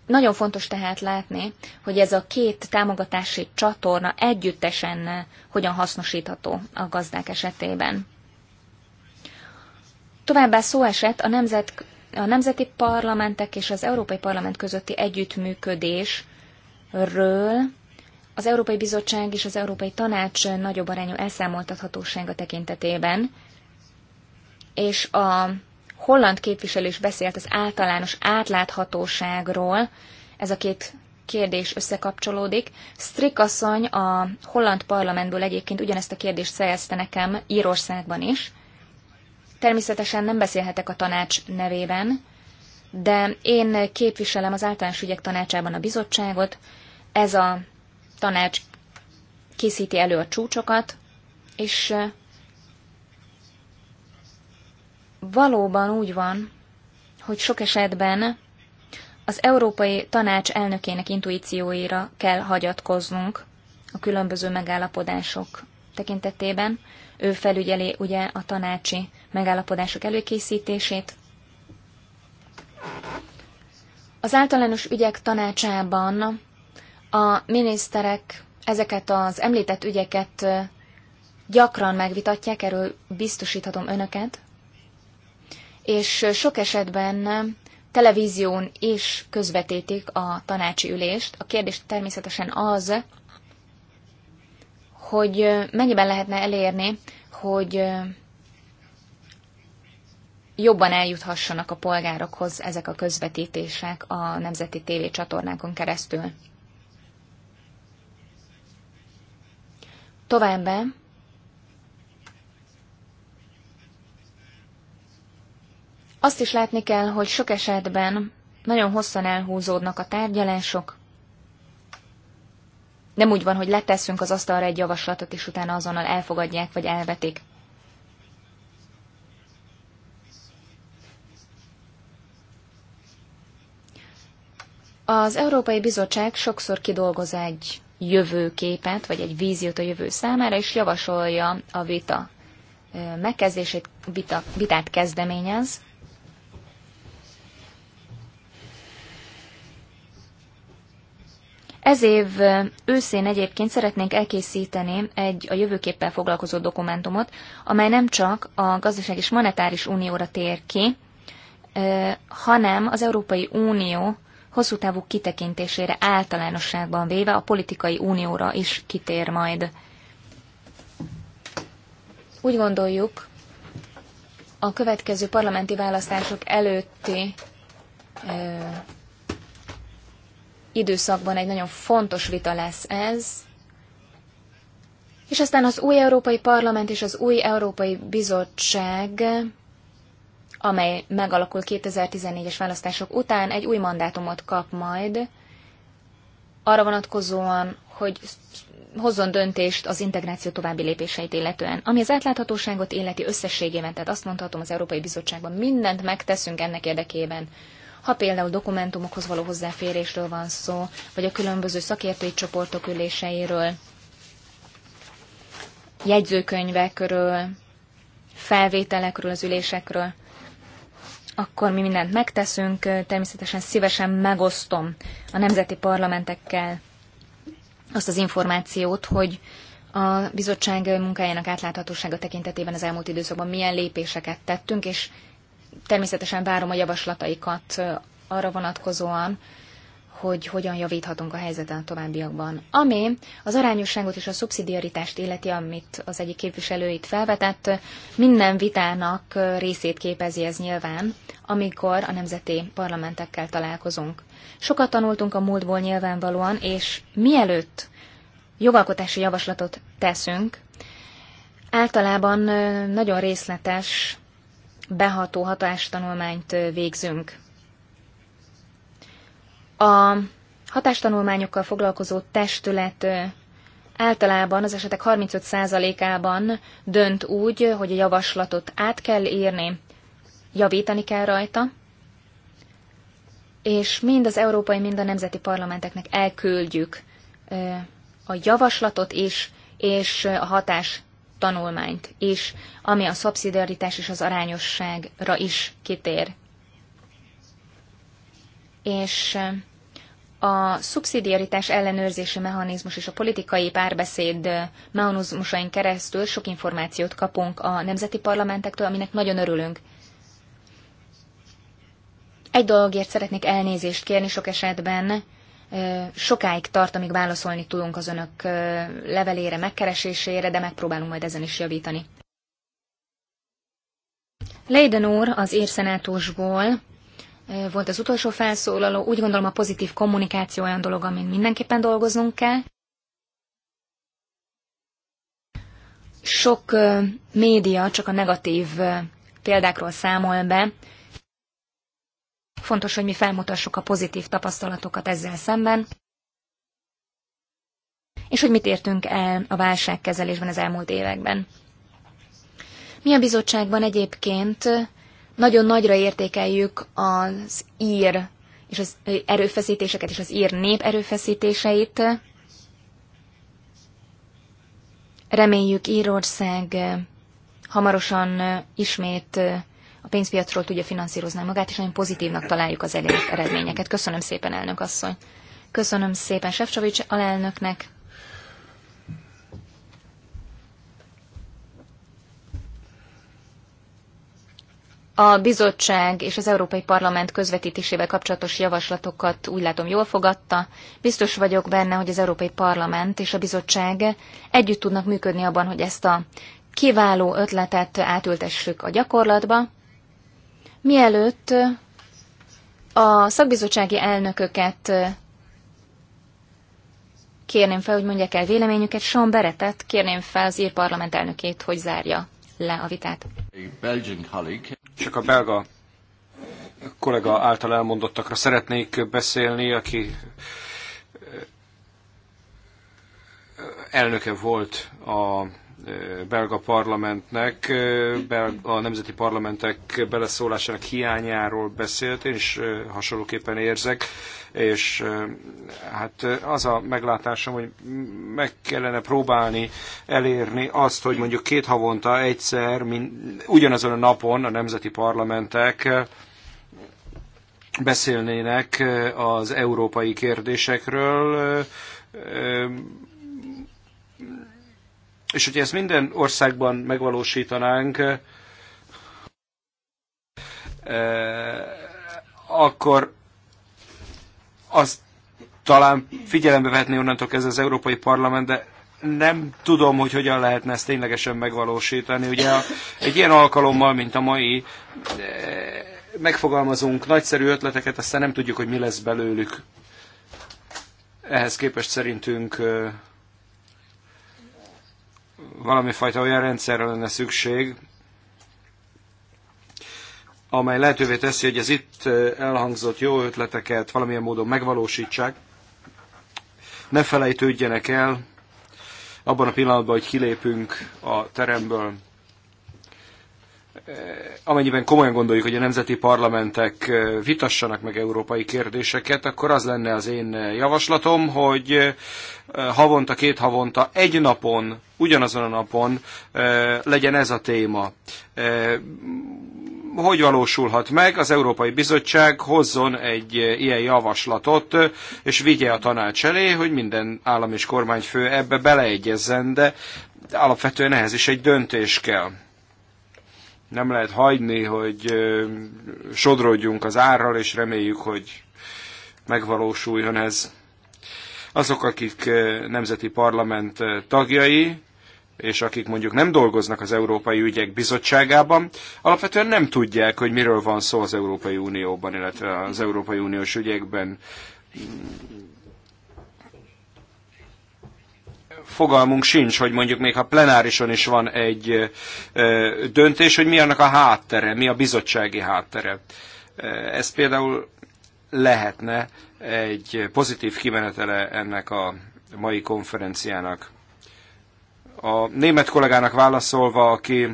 Nagyon fontos tehát látni, hogy ez a két támogatási csatorna együttesen hogyan hasznosítható a gazdák esetében. Továbbá szó esett a nemzet a nemzeti parlamentek és az Európai Parlament közötti együttműködésről az Európai Bizottság és az Európai Tanács nagyobb arányú elszámoltathatósága tekintetében, és a holland képviselő is beszélt az általános átláthatóságról, ez a két kérdés összekapcsolódik. Strik asszony a holland parlamentből egyébként ugyanezt a kérdést szerezte nekem Írországban is, Természetesen nem beszélhetek a tanács nevében, de én képviselem az általános ügyek tanácsában a bizottságot, ez a tanács készíti elő a csúcsokat, és valóban úgy van, hogy sok esetben az Európai Tanács elnökének intuícióira kell hagyatkoznunk a különböző megállapodások tekintetében. Ő felügyeli ugye a tanácsi megállapodások előkészítését. Az általános ügyek tanácsában a miniszterek ezeket az említett ügyeket gyakran megvitatják, erről biztosíthatom önöket, és sok esetben televízión is közvetítik a tanácsi ülést. A kérdés természetesen az, hogy mennyiben lehetne elérni, hogy jobban eljuthassanak a polgárokhoz ezek a közvetítések a nemzeti tévécsatornákon keresztül. Továbbá azt is látni kell, hogy sok esetben nagyon hosszan elhúzódnak a tárgyalások, nem úgy van, hogy leteszünk az asztalra egy javaslatot, és utána azonnal elfogadják vagy elvetik. Az Európai Bizottság sokszor kidolgoz egy jövőképet, vagy egy víziót a jövő számára, és javasolja a vita megkezdését, vita, vitát kezdeményez. Ez év őszén egyébként szeretnénk elkészíteni egy a jövőképpel foglalkozó dokumentumot, amely nem csak a gazdaság és monetáris unióra tér ki, hanem az Európai Unió hosszú távú kitekintésére általánosságban véve a politikai unióra is kitér majd. Úgy gondoljuk, a következő parlamenti választások előtti ö, időszakban egy nagyon fontos vita lesz ez, és aztán az új Európai Parlament és az új Európai Bizottság amely megalakul 2014-es választások után, egy új mandátumot kap majd, arra vonatkozóan, hogy hozzon döntést az integráció további lépéseit illetően. Ami az átláthatóságot illeti összességében, tehát azt mondhatom az Európai Bizottságban, mindent megteszünk ennek érdekében. Ha például dokumentumokhoz való hozzáférésről van szó, vagy a különböző szakértői csoportok üléseiről, jegyzőkönyvekről, felvételekről, az ülésekről akkor mi mindent megteszünk, természetesen szívesen megosztom a nemzeti parlamentekkel azt az információt, hogy a bizottság munkájának átláthatósága tekintetében az elmúlt időszakban milyen lépéseket tettünk, és természetesen várom a javaslataikat arra vonatkozóan, hogy hogyan javíthatunk a helyzeten a továbbiakban. Ami az arányosságot és a szubszidiaritást illeti, amit az egyik képviselőit felvetett, minden vitának részét képezi ez nyilván, amikor a nemzeti parlamentekkel találkozunk. Sokat tanultunk a múltból nyilvánvalóan, és mielőtt jogalkotási javaslatot teszünk, általában nagyon részletes, beható hatástanulmányt végzünk. A hatástanulmányokkal foglalkozó testület általában az esetek 35%-ában dönt úgy, hogy a javaslatot át kell írni, javítani kell rajta, és mind az európai, mind a nemzeti parlamenteknek elküldjük a javaslatot is, és a hatás tanulmányt is, ami a szabszidiaritás és az arányosságra is kitér. És a szubszidiaritás ellenőrzési mechanizmus és a politikai párbeszéd mechanizmusain keresztül sok információt kapunk a nemzeti parlamentektől, aminek nagyon örülünk. Egy dologért szeretnék elnézést kérni sok esetben, sokáig tart, amíg válaszolni tudunk az önök levelére, megkeresésére, de megpróbálunk majd ezen is javítani. Leiden úr az érszenátusból volt az utolsó felszólaló. Úgy gondolom a pozitív kommunikáció olyan dolog, amin mindenképpen dolgoznunk kell. Sok média csak a negatív példákról számol be. Fontos, hogy mi felmutassuk a pozitív tapasztalatokat ezzel szemben, és hogy mit értünk el a válságkezelésben az elmúlt években. Mi a bizottságban egyébként nagyon nagyra értékeljük az ír és az erőfeszítéseket és az ír nép erőfeszítéseit. Reméljük Írország hamarosan ismét a pénzpiacról tudja finanszírozni magát, és nagyon pozitívnak találjuk az eredményeket. Köszönöm szépen, elnök asszony! Köszönöm szépen Sefcsovics alelnöknek, A bizottság és az Európai Parlament közvetítésével kapcsolatos javaslatokat úgy látom jól fogadta. Biztos vagyok benne, hogy az Európai Parlament és a bizottság együtt tudnak működni abban, hogy ezt a kiváló ötletet átültessük a gyakorlatba. Mielőtt a szakbizottsági elnököket kérném fel, hogy mondják el véleményüket, Sean Beretet kérném fel az ír parlament elnökét, hogy zárja le a vitát. Csak a belga kollega által elmondottakra szeretnék beszélni, aki eh, elnöke volt a belga parlamentnek, a nemzeti parlamentek beleszólásának hiányáról beszélt, én is hasonlóképpen érzek, és hát az a meglátásom, hogy meg kellene próbálni elérni azt, hogy mondjuk két havonta egyszer, mint ugyanazon a napon a nemzeti parlamentek beszélnének az európai kérdésekről, és hogyha ezt minden országban megvalósítanánk, eh, akkor az talán figyelembe vehetné onnantól kezdve az Európai Parlament, de nem tudom, hogy hogyan lehetne ezt ténylegesen megvalósítani. Ugye egy ilyen alkalommal, mint a mai, eh, megfogalmazunk nagyszerű ötleteket, aztán nem tudjuk, hogy mi lesz belőlük. Ehhez képest szerintünk eh, valami fajta olyan rendszerre lenne szükség, amely lehetővé teszi, hogy az itt eh, elhangzott jó ötleteket valamilyen módon megvalósítsák, ne felejtődjenek el abban a pillanatban, hogy kilépünk a teremből. Eh, amennyiben komolyan gondoljuk, hogy a nemzeti parlamentek eh, vitassanak meg európai kérdéseket, akkor az lenne az én eh, javaslatom, hogy havonta, két havonta, egy napon, ugyanazon a napon legyen ez a téma. Hogy valósulhat meg? Az Európai Bizottság hozzon egy ilyen javaslatot, és vigye a tanács elé, hogy minden állam és kormányfő ebbe beleegyezzen, de alapvetően ehhez is egy döntés kell nem lehet hagyni, hogy sodródjunk az árral, és reméljük, hogy megvalósuljon ez. Azok, akik nemzeti parlament tagjai, és akik mondjuk nem dolgoznak az Európai Ügyek Bizottságában, alapvetően nem tudják, hogy miről van szó az Európai Unióban, illetve az Európai Uniós ügyekben. fogalmunk sincs, hogy mondjuk még ha plenárison is van egy döntés, hogy mi annak a háttere, mi a bizottsági háttere. Ez például lehetne egy pozitív kimenetele ennek a mai konferenciának. A német kollégának válaszolva, aki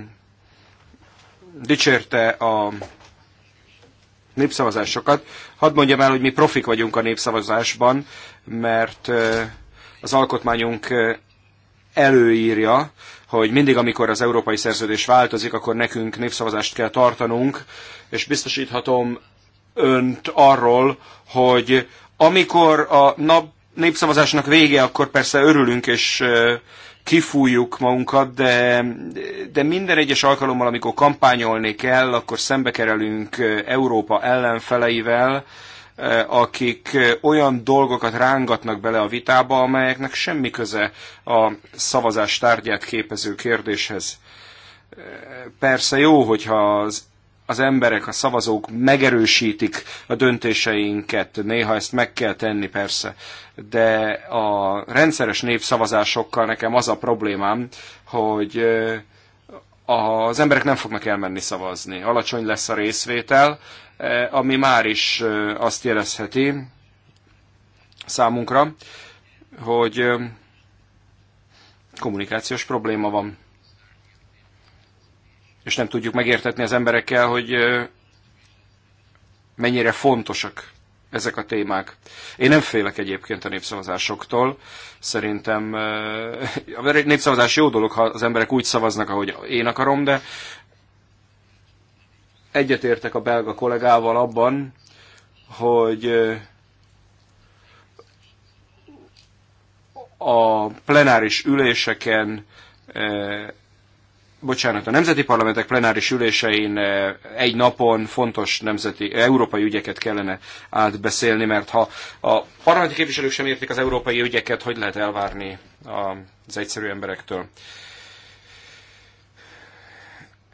dicsérte a népszavazásokat, hadd mondjam el, hogy mi profik vagyunk a népszavazásban, mert az alkotmányunk előírja, hogy mindig, amikor az európai szerződés változik, akkor nekünk népszavazást kell tartanunk, és biztosíthatom önt arról, hogy amikor a nap, népszavazásnak vége, akkor persze örülünk, és kifújjuk magunkat, de, de minden egyes alkalommal, amikor kampányolni kell, akkor szembe kerülünk Európa ellenfeleivel, Eh, akik eh, olyan dolgokat rángatnak bele a vitába, amelyeknek semmi köze a szavazás tárgyát képező kérdéshez. Eh, persze jó, hogyha az az emberek, a szavazók megerősítik a döntéseinket, néha ezt meg kell tenni persze, de a rendszeres népszavazásokkal nekem az a problémám, hogy az emberek nem fognak elmenni szavazni. Alacsony lesz a részvétel, eh, ami már is eh, azt jelezheti számunkra, hogy eh, kommunikációs probléma van. És nem tudjuk megértetni az emberekkel, hogy mennyire fontosak ezek a témák. Én nem félek egyébként a népszavazásoktól. Szerintem eh, a népszavazás jó dolog, ha az emberek úgy szavaznak, ahogy én akarom, de egyetértek a belga kollégával abban, hogy eh, a plenáris üléseken eh, bocsánat, a nemzeti parlamentek plenáris ülésein eh, egy napon fontos nemzeti, eh, európai ügyeket kellene átbeszélni, mert ha a parlamenti képviselők sem értik az európai ügyeket, hogy lehet elvárni az egyszerű emberektől.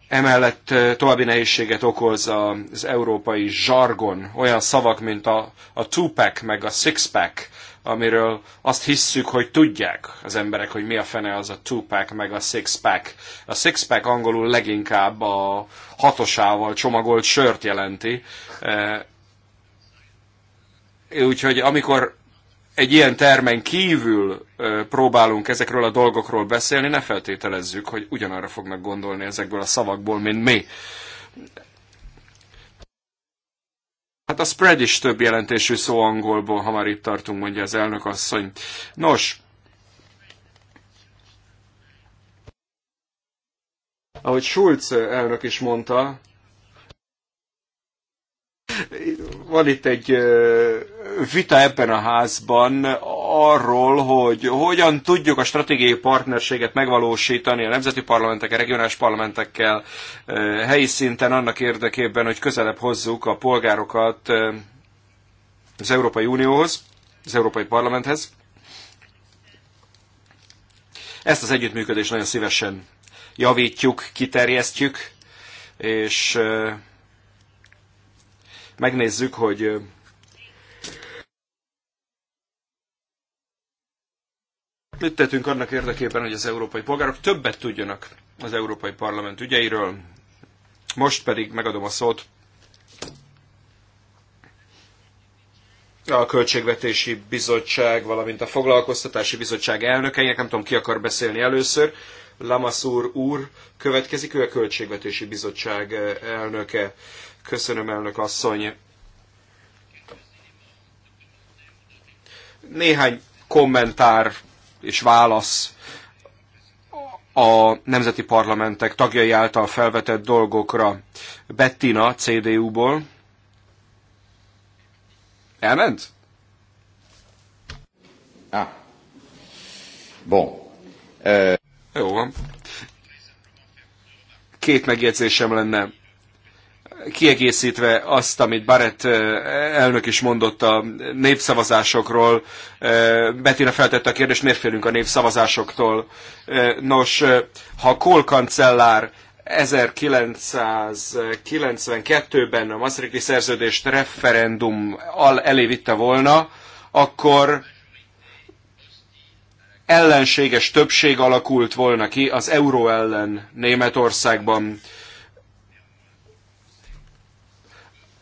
Emellett eh, további nehézséget okoz az európai zsargon, olyan szavak, mint a, a two-pack, meg a six-pack, amiről azt hisszük, hogy tudják az emberek, hogy mi a fene az a two-pack meg a six-pack. A six-pack angolul leginkább a hatosával csomagolt sört jelenti. Eh, úgyhogy amikor egy ilyen termen kívül eh, próbálunk ezekről a dolgokról beszélni, ne feltételezzük, hogy ugyanarra fognak gondolni ezekből a szavakból, mint mi. Hát a spread is több jelentésű szó angolból, ha már itt tartunk, mondja az elnök asszony. Nos, ahogy Schulz elnök is mondta, van itt egy vita ebben a házban arról, hogy hogyan tudjuk a stratégiai partnerséget megvalósítani a nemzeti parlamentekkel, regionális parlamentekkel eh, helyi szinten annak érdekében, hogy közelebb hozzuk a polgárokat eh, az Európai Unióhoz, az Európai Parlamenthez. Ezt az együttműködést nagyon szívesen javítjuk, kiterjesztjük, és eh, megnézzük, hogy Mit tettünk annak érdekében, hogy az európai polgárok többet tudjanak az Európai Parlament ügyeiről? Most pedig megadom a szót a Költségvetési Bizottság, valamint a Foglalkoztatási Bizottság elnökeinek, nem tudom ki akar beszélni először, Lamassur úr következik, ő a Költségvetési Bizottság elnöke. Köszönöm, elnök asszony. Néhány kommentár és válasz a nemzeti parlamentek tagjai által felvetett dolgokra. Bettina CDU-ból. Elment? Ah. Bon. Uh... Jó van. Két megjegyzésem lenne kiegészítve azt, amit Barrett elnök is mondott a népszavazásokról, Bettina feltette a kérdést, miért félünk a népszavazásoktól. Nos, ha Kohl kancellár 1992-ben a Maastrichti szerződést referendum elé vitte volna, akkor ellenséges többség alakult volna ki az euró ellen Németországban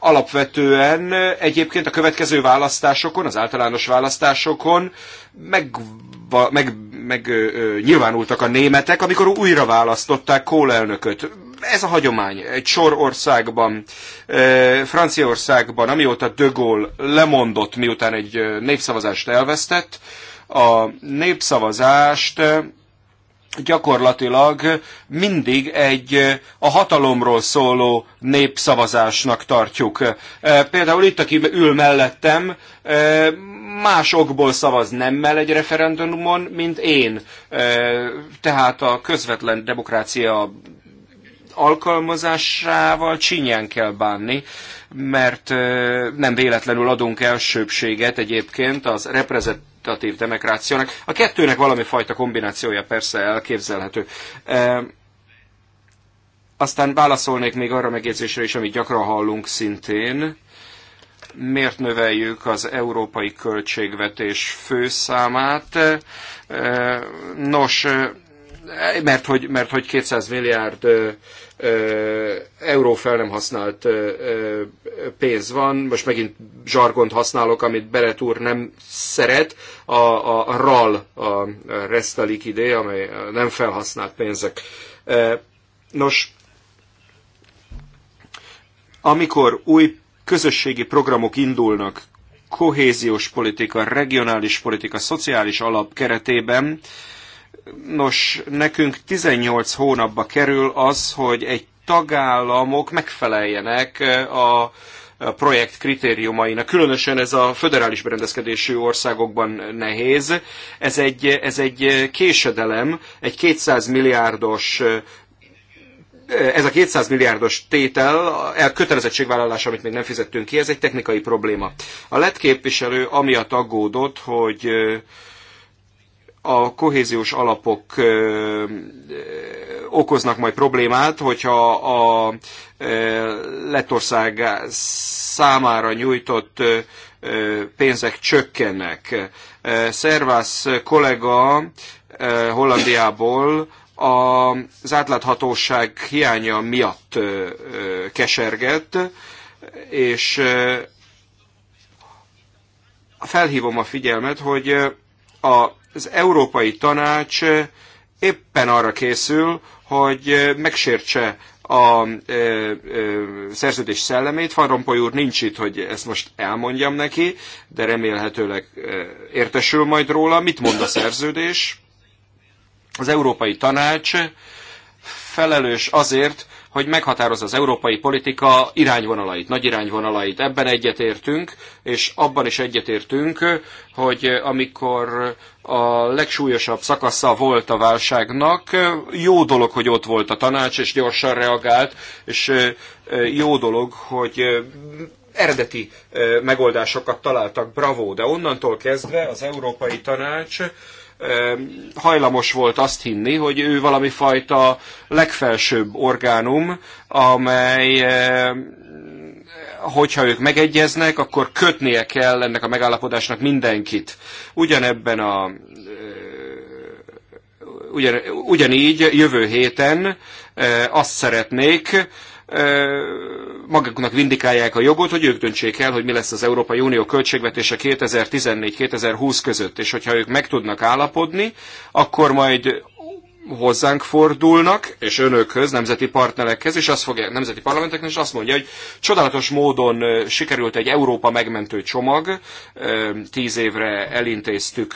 alapvetően egyébként a következő választásokon, az általános választásokon meg, meg, meg ö, nyilvánultak a németek, amikor újra választották Kohl elnököt. Ez a hagyomány egy sor országban, Franciaországban, amióta De Gaulle lemondott, miután egy népszavazást elvesztett, a népszavazást gyakorlatilag mindig egy a hatalomról szóló népszavazásnak tartjuk. Például itt, aki ül mellettem, másokból szavaz nemmel egy referendumon, mint én. Tehát a közvetlen demokrácia alkalmazásával csinyán kell bánni, mert nem véletlenül adunk elsőbséget egyébként az reprezent reprezentatív demokráciának. A kettőnek valami fajta kombinációja persze elképzelhető. Aztán válaszolnék még arra megjegyzésre is, amit gyakran hallunk szintén. Miért növeljük az európai költségvetés főszámát? Nos, mert hogy, mert hogy 200 milliárd euró fel nem használt pénz van, most megint zsargont használok, amit Beretúr nem szeret, a, a, a RAL, a resztelik idé, amely nem felhasznált pénzek. Nos, amikor új közösségi programok indulnak, kohéziós politika, regionális politika, szociális alap keretében, Nos, nekünk 18 hónapba kerül az, hogy egy tagállamok megfeleljenek a projekt kritériumainak. Különösen ez a föderális berendezkedésű országokban nehéz. Ez egy, ez egy késedelem, egy 200 milliárdos ez a 200 milliárdos tétel, kötelezettségvállalás, amit még nem fizettünk ki, ez egy technikai probléma. A lett képviselő amiatt aggódott, hogy a kohéziós alapok okoznak majd problémát, hogyha a Letország számára nyújtott pénzek csökkennek. Szervász kollega Hollandiából az átláthatóság hiánya miatt keserget, és felhívom a figyelmet, hogy a az Európai Tanács éppen arra készül, hogy megsértse a ö, ö, szerződés szellemét. Van Rompoly úr nincs itt, hogy ezt most elmondjam neki, de remélhetőleg ö, értesül majd róla. Mit mond a szerződés? Az Európai Tanács felelős azért, hogy meghatározza az európai politika irányvonalait, nagy irányvonalait. Ebben egyetértünk, és abban is egyetértünk, hogy amikor a legsúlyosabb szakasza volt a válságnak, jó dolog, hogy ott volt a tanács, és gyorsan reagált, és jó dolog, hogy eredeti megoldásokat találtak, bravo, de onnantól kezdve az Európai Tanács hajlamos volt azt hinni, hogy ő valami fajta legfelsőbb orgánum, amely hogyha ők megegyeznek, akkor kötnie kell ennek a megállapodásnak mindenkit. Ugyanebben a ugyan, ugyanígy jövő héten azt szeretnék, maguknak vindikálják a jogot, hogy ők döntsék el, hogy mi lesz az Európai Unió költségvetése 2014-2020 között, és hogyha ők meg tudnak állapodni, akkor majd hozzánk fordulnak, és önökhöz, nemzeti partnerekhez, és azt fogja, nemzeti parlamenteknek, és azt mondja, hogy csodálatos módon sikerült egy Európa megmentő csomag, tíz évre elintéztük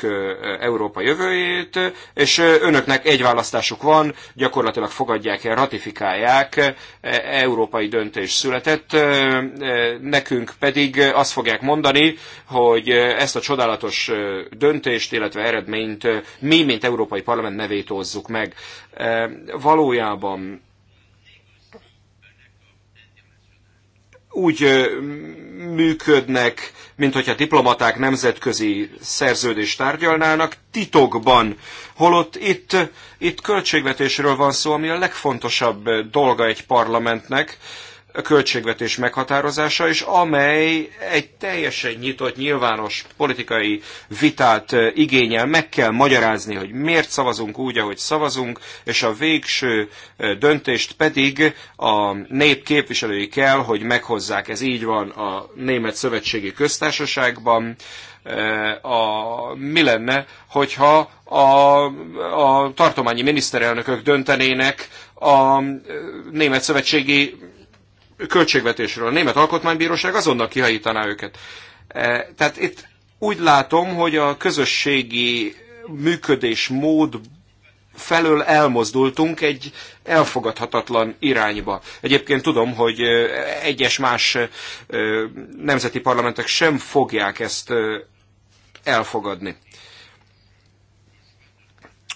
Európa jövőjét, és önöknek egy választásuk van, gyakorlatilag fogadják el, ratifikálják, európai döntés született, nekünk pedig azt fogják mondani, hogy ezt a csodálatos döntést, illetve eredményt mi, mint Európai Parlament nevét vétózzuk meg meg. E, valójában úgy működnek, mint hogyha diplomaták nemzetközi szerződést tárgyalnának titokban, holott itt, itt költségvetésről van szó, ami a legfontosabb dolga egy parlamentnek, költségvetés meghatározása, és amely egy teljesen nyitott, nyilvános politikai vitát igényel. Meg kell magyarázni, hogy miért szavazunk úgy, ahogy szavazunk, és a végső döntést pedig a nép képviselői kell, hogy meghozzák. Ez így van a Német Szövetségi Köztársaságban a, mi lenne, hogyha a, a tartományi miniszterelnökök döntenének a német szövetségi költségvetésről. A Német Alkotmánybíróság azonnal kihajítaná őket. E, tehát itt úgy látom, hogy a közösségi működés mód felől elmozdultunk egy elfogadhatatlan irányba. Egyébként tudom, hogy e, egyes más e, nemzeti parlamentek sem fogják ezt elfogadni.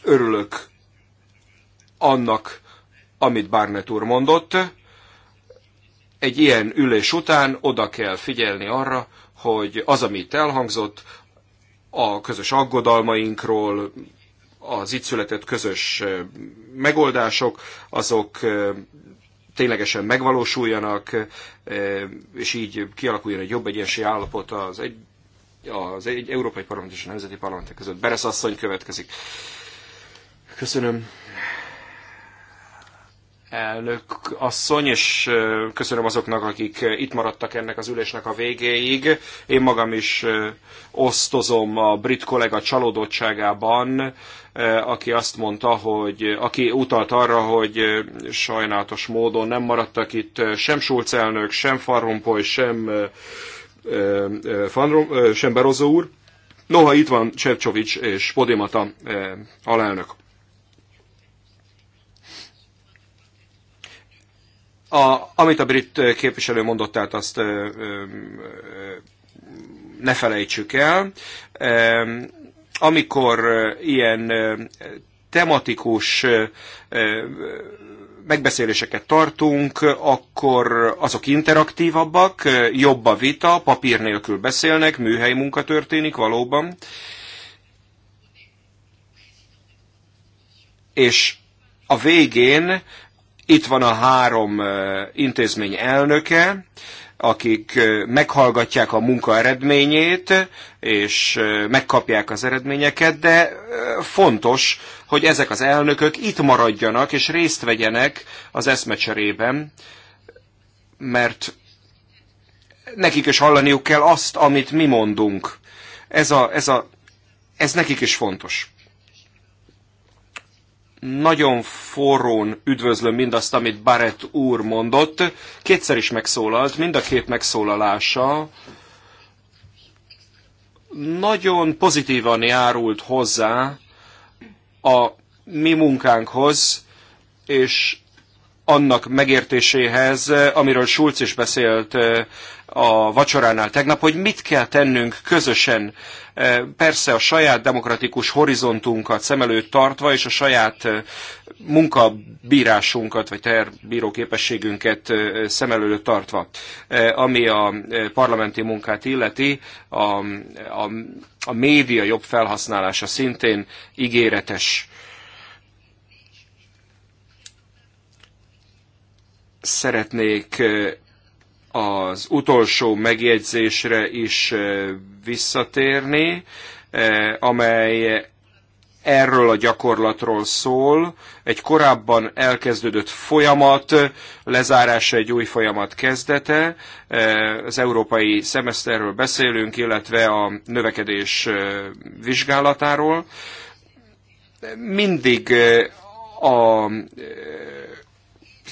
Örülök annak, amit Barnett úr mondott, egy ilyen ülés után oda kell figyelni arra, hogy az, amit elhangzott, a közös aggodalmainkról, az itt született közös megoldások, azok ténylegesen megvalósuljanak, és így kialakuljon egy jobb egyensi állapot az egy, az egy Európai Parlament és a Nemzeti Parlamentek között. Beresz asszony következik. Köszönöm elnök asszony, és köszönöm azoknak, akik itt maradtak ennek az ülésnek a végéig. Én magam is osztozom a brit kollega csalódottságában, aki azt mondta, hogy aki utalt arra, hogy sajnálatos módon nem maradtak itt sem Schulz elnök, sem Farrompoly, sem, Fanrom, sem Berozó úr. Noha itt van Csepcsovics és Podimata alelnök. A, amit a brit képviselő mondott, tehát azt ö, ö, ne felejtsük el. Ö, amikor ilyen tematikus megbeszéléseket tartunk, akkor azok interaktívabbak, jobb a vita, papír nélkül beszélnek, műhely munka történik valóban. És a végén itt van a három intézmény elnöke, akik meghallgatják a munka eredményét, és megkapják az eredményeket, de fontos, hogy ezek az elnökök itt maradjanak, és részt vegyenek az eszmecserében, mert nekik is hallaniuk kell azt, amit mi mondunk. Ez, a, ez, a, ez nekik is fontos nagyon forrón üdvözlöm mindazt, amit Barrett úr mondott. Kétszer is megszólalt, mind a két megszólalása nagyon pozitívan járult hozzá a mi munkánkhoz, és annak megértéséhez, eh, amiről Schulz is beszélt eh, a vacsoránál tegnap, hogy mit kell tennünk közösen, eh, persze a saját demokratikus horizontunkat szem előtt tartva, és a saját munkabírásunkat, vagy terbíróképességünket szem előtt tartva. Ami a parlamenti munkát illeti, a, a, a média jobb felhasználása szintén ígéretes szeretnék az utolsó megjegyzésre is visszatérni, amely erről a gyakorlatról szól. Egy korábban elkezdődött folyamat, lezárása egy új folyamat kezdete. Az európai szemeszterről beszélünk, illetve a növekedés vizsgálatáról. Mindig a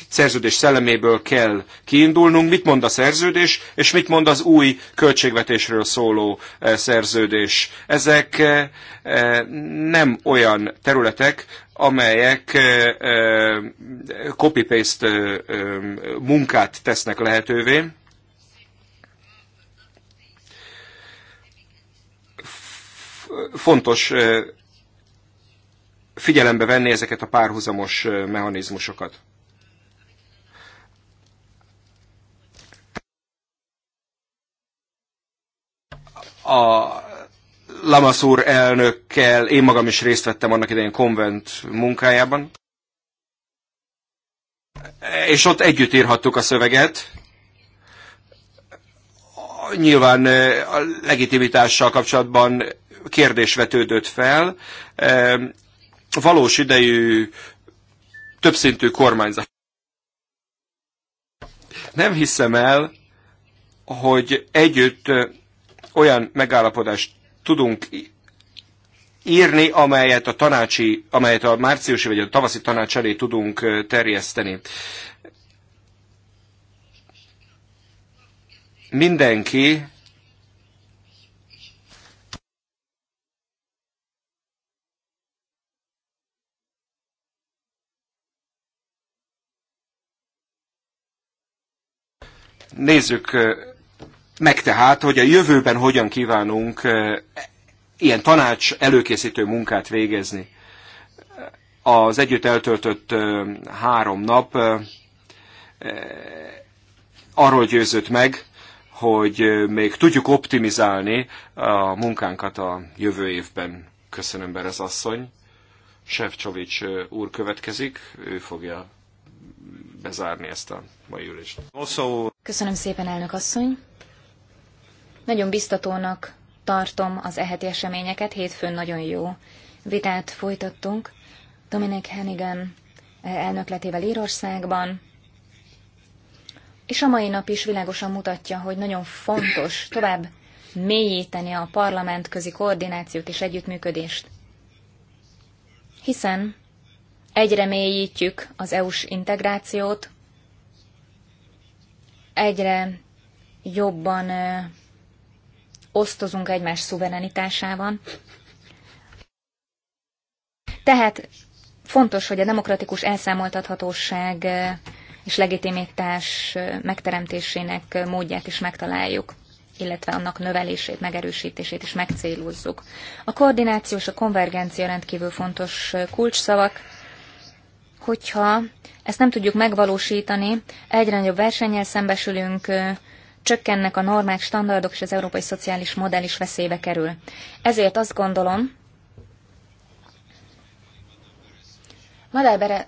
szerződés szelleméből kell kiindulnunk, mit mond a szerződés, és mit mond az új költségvetésről szóló eh, szerződés. Ezek eh, eh, nem olyan területek, amelyek copy-paste munkát tesznek lehetővé, fontos figyelembe venni ezeket a párhuzamos mechanizmusokat. a Lamaszúr elnökkel, én magam is részt vettem annak idején konvent munkájában, és ott együtt írhattuk a szöveget. Nyilván a legitimitással kapcsolatban kérdés vetődött fel. Valós idejű többszintű kormányzat. Nem hiszem el, hogy együtt olyan megállapodást tudunk írni, amelyet a tanácsi, amelyet a márciusi vagy a tavaszi tanács elé tudunk terjeszteni. Mindenki Nézzük meg tehát, hogy a jövőben hogyan kívánunk ilyen tanács előkészítő munkát végezni. Az együtt eltöltött három nap arról győzött meg, hogy még tudjuk optimizálni a munkánkat a jövő évben. Köszönöm, Berez asszony. Sevcsovics úr következik, ő fogja bezárni ezt a mai ülést. Köszönöm szépen, elnök asszony. Nagyon biztatónak tartom az eheti eseményeket, hétfőn nagyon jó vitát folytattunk Dominic Hennigan eh, elnökletével Írországban, és a mai nap is világosan mutatja, hogy nagyon fontos tovább mélyíteni a parlamentközi koordinációt és együttműködést. Hiszen egyre mélyítjük az EU-s integrációt, egyre jobban eh, osztozunk egymás szuverenitásában. Tehát fontos, hogy a demokratikus elszámoltathatóság eh, és legitimitás eh, megteremtésének módját is megtaláljuk illetve annak növelését, megerősítését is megcélozzuk. A koordináció és a konvergencia rendkívül fontos eh, kulcsszavak, hogyha ezt nem tudjuk megvalósítani, egyre nagyobb versennyel szembesülünk, csökkennek a normák, standardok, és az európai szociális modell is veszélybe kerül. Ezért azt gondolom,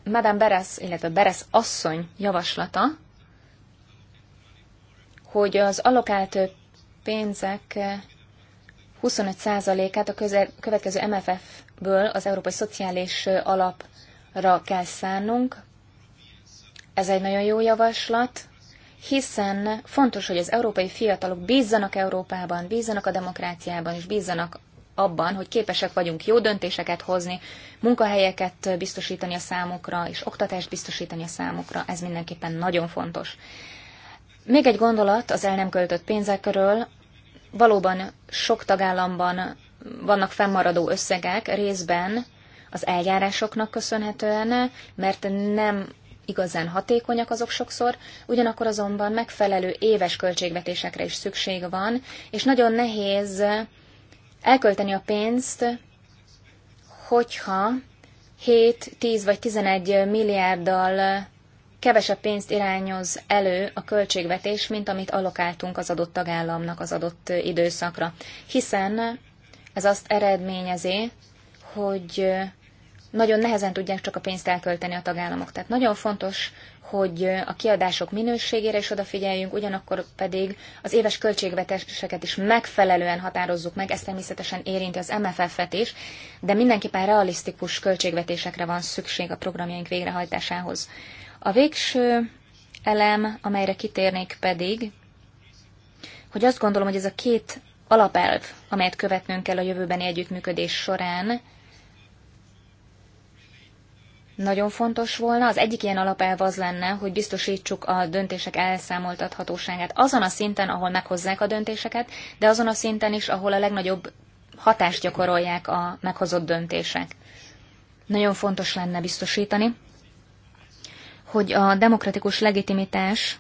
Madame Beres, illetve Beres asszony javaslata, hogy az allokált pénzek 25%-át a közel, következő MFF-ből az Európai Szociális Alapra kell szánnunk. Ez egy nagyon jó javaslat, hiszen fontos, hogy az európai fiatalok bízzanak Európában, bízzanak a demokráciában, és bízzanak abban, hogy képesek vagyunk jó döntéseket hozni, munkahelyeket biztosítani a számukra, és oktatást biztosítani a számukra. Ez mindenképpen nagyon fontos. Még egy gondolat az el nem költött pénzekről. Valóban sok tagállamban vannak fennmaradó összegek, részben az eljárásoknak köszönhetően, mert nem igazán hatékonyak azok sokszor, ugyanakkor azonban megfelelő éves költségvetésekre is szükség van, és nagyon nehéz elkölteni a pénzt, hogyha 7, 10 vagy 11 milliárddal kevesebb pénzt irányoz elő a költségvetés, mint amit alokáltunk az adott tagállamnak az adott időszakra. Hiszen ez azt eredményezi, hogy nagyon nehezen tudják csak a pénzt elkölteni a tagállamok. Tehát nagyon fontos, hogy a kiadások minőségére is odafigyeljünk, ugyanakkor pedig az éves költségvetéseket is megfelelően határozzuk meg, ez természetesen érinti az MFF-et is, de mindenképpen realisztikus költségvetésekre van szükség a programjaink végrehajtásához. A végső elem, amelyre kitérnék pedig, hogy azt gondolom, hogy ez a két alapelv, amelyet követnünk kell a jövőbeni együttműködés során, nagyon fontos volna. Az egyik ilyen alapelv az lenne, hogy biztosítsuk a döntések elszámoltathatóságát azon a szinten, ahol meghozzák a döntéseket, de azon a szinten is, ahol a legnagyobb hatást gyakorolják a meghozott döntések. Nagyon fontos lenne biztosítani, hogy a demokratikus legitimitás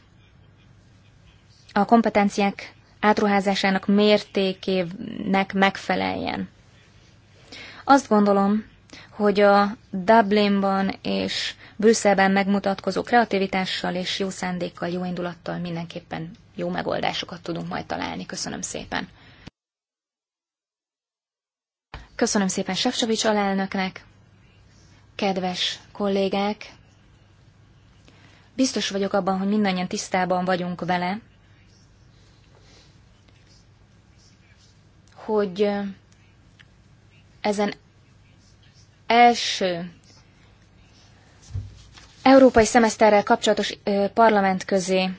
a kompetenciák átruházásának mértékének megfeleljen. Azt gondolom, hogy a Dublinban és Brüsszelben megmutatkozó kreativitással és jó szándékkal, jó indulattal mindenképpen jó megoldásokat tudunk majd találni. Köszönöm szépen! Köszönöm szépen Sefcsovics alelnöknek, kedves kollégák! Biztos vagyok abban, hogy mindannyian tisztában vagyunk vele, hogy ezen első európai szemeszterrel kapcsolatos parlamentközi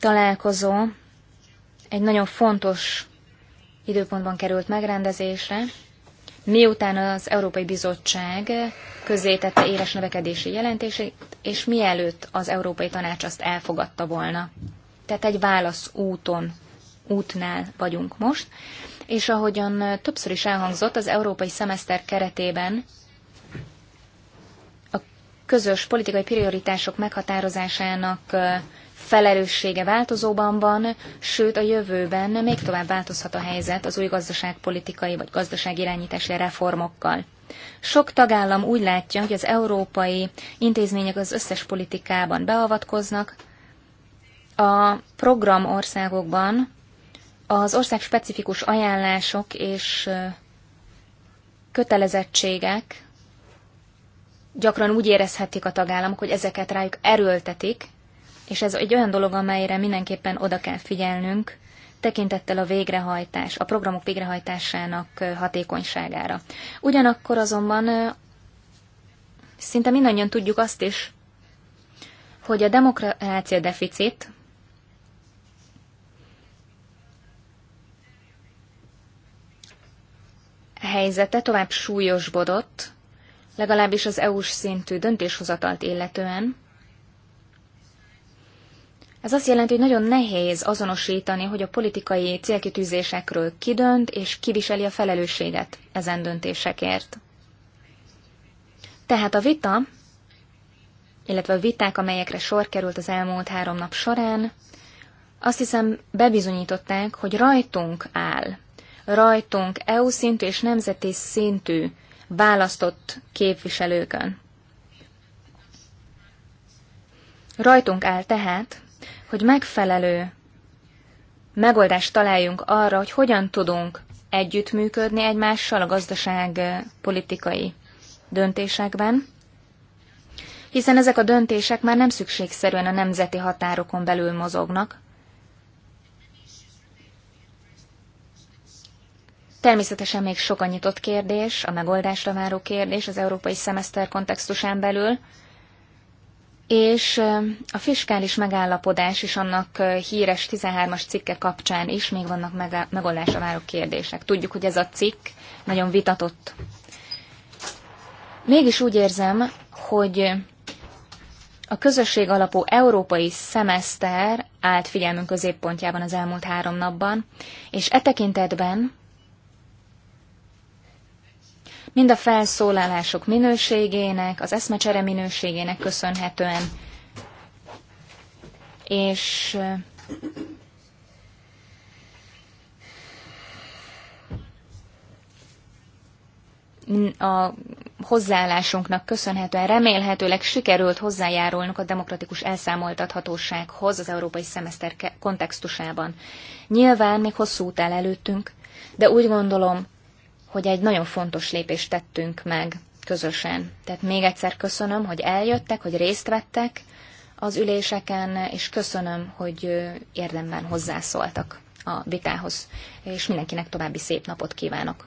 találkozó egy nagyon fontos időpontban került megrendezésre, miután az Európai Bizottság tette éles növekedési jelentését, és mielőtt az Európai Tanács azt elfogadta volna. Tehát egy válasz úton, útnál vagyunk most, és ahogyan többször is elhangzott, az Európai Szemeszter keretében közös politikai prioritások meghatározásának felelőssége változóban van, sőt a jövőben még tovább változhat a helyzet az új gazdaságpolitikai vagy gazdaságirányítási reformokkal. Sok tagállam úgy látja, hogy az európai intézmények az összes politikában beavatkoznak, a programországokban az ország specifikus ajánlások és kötelezettségek gyakran úgy érezhetik a tagállamok, hogy ezeket rájuk erőltetik, és ez egy olyan dolog, amelyre mindenképpen oda kell figyelnünk, tekintettel a végrehajtás, a programok végrehajtásának hatékonyságára. Ugyanakkor azonban szinte mindannyian tudjuk azt is, hogy a demokrácia deficit helyzete tovább súlyosbodott, legalábbis az EU-s szintű döntéshozatalt illetően. Ez azt jelenti, hogy nagyon nehéz azonosítani, hogy a politikai célkitűzésekről kidönt és kiviseli a felelősséget ezen döntésekért. Tehát a vita, illetve a viták, amelyekre sor került az elmúlt három nap során, azt hiszem bebizonyították, hogy rajtunk áll, rajtunk EU szintű és nemzeti szintű választott képviselőkön. Rajtunk áll tehát, hogy megfelelő megoldást találjunk arra, hogy hogyan tudunk együttműködni egymással a gazdaság eh, politikai döntésekben, hiszen ezek a döntések már nem szükségszerűen a nemzeti határokon belül mozognak, Természetesen még sok a nyitott kérdés, a megoldásra váró kérdés az európai szemeszter kontextusán belül, és a fiskális megállapodás is annak híres 13-as cikke kapcsán is még vannak megoldásra váró kérdések. Tudjuk, hogy ez a cikk nagyon vitatott. Mégis úgy érzem, hogy a közösség alapú európai szemeszter állt figyelmünk középpontjában az elmúlt három napban, és e tekintetben mind a felszólalások minőségének, az eszmecsere minőségének köszönhetően, és mm, a hozzáállásunknak köszönhetően remélhetőleg sikerült hozzájárulnunk a demokratikus elszámoltathatósághoz az európai szemeszter kontextusában. Nyilván még hosszú út el előttünk, de úgy gondolom, hogy egy nagyon fontos lépést tettünk meg közösen. Tehát még egyszer köszönöm, hogy eljöttek, hogy részt vettek az üléseken, és köszönöm, hogy érdemben hozzászóltak a vitához, és mindenkinek további szép napot kívánok.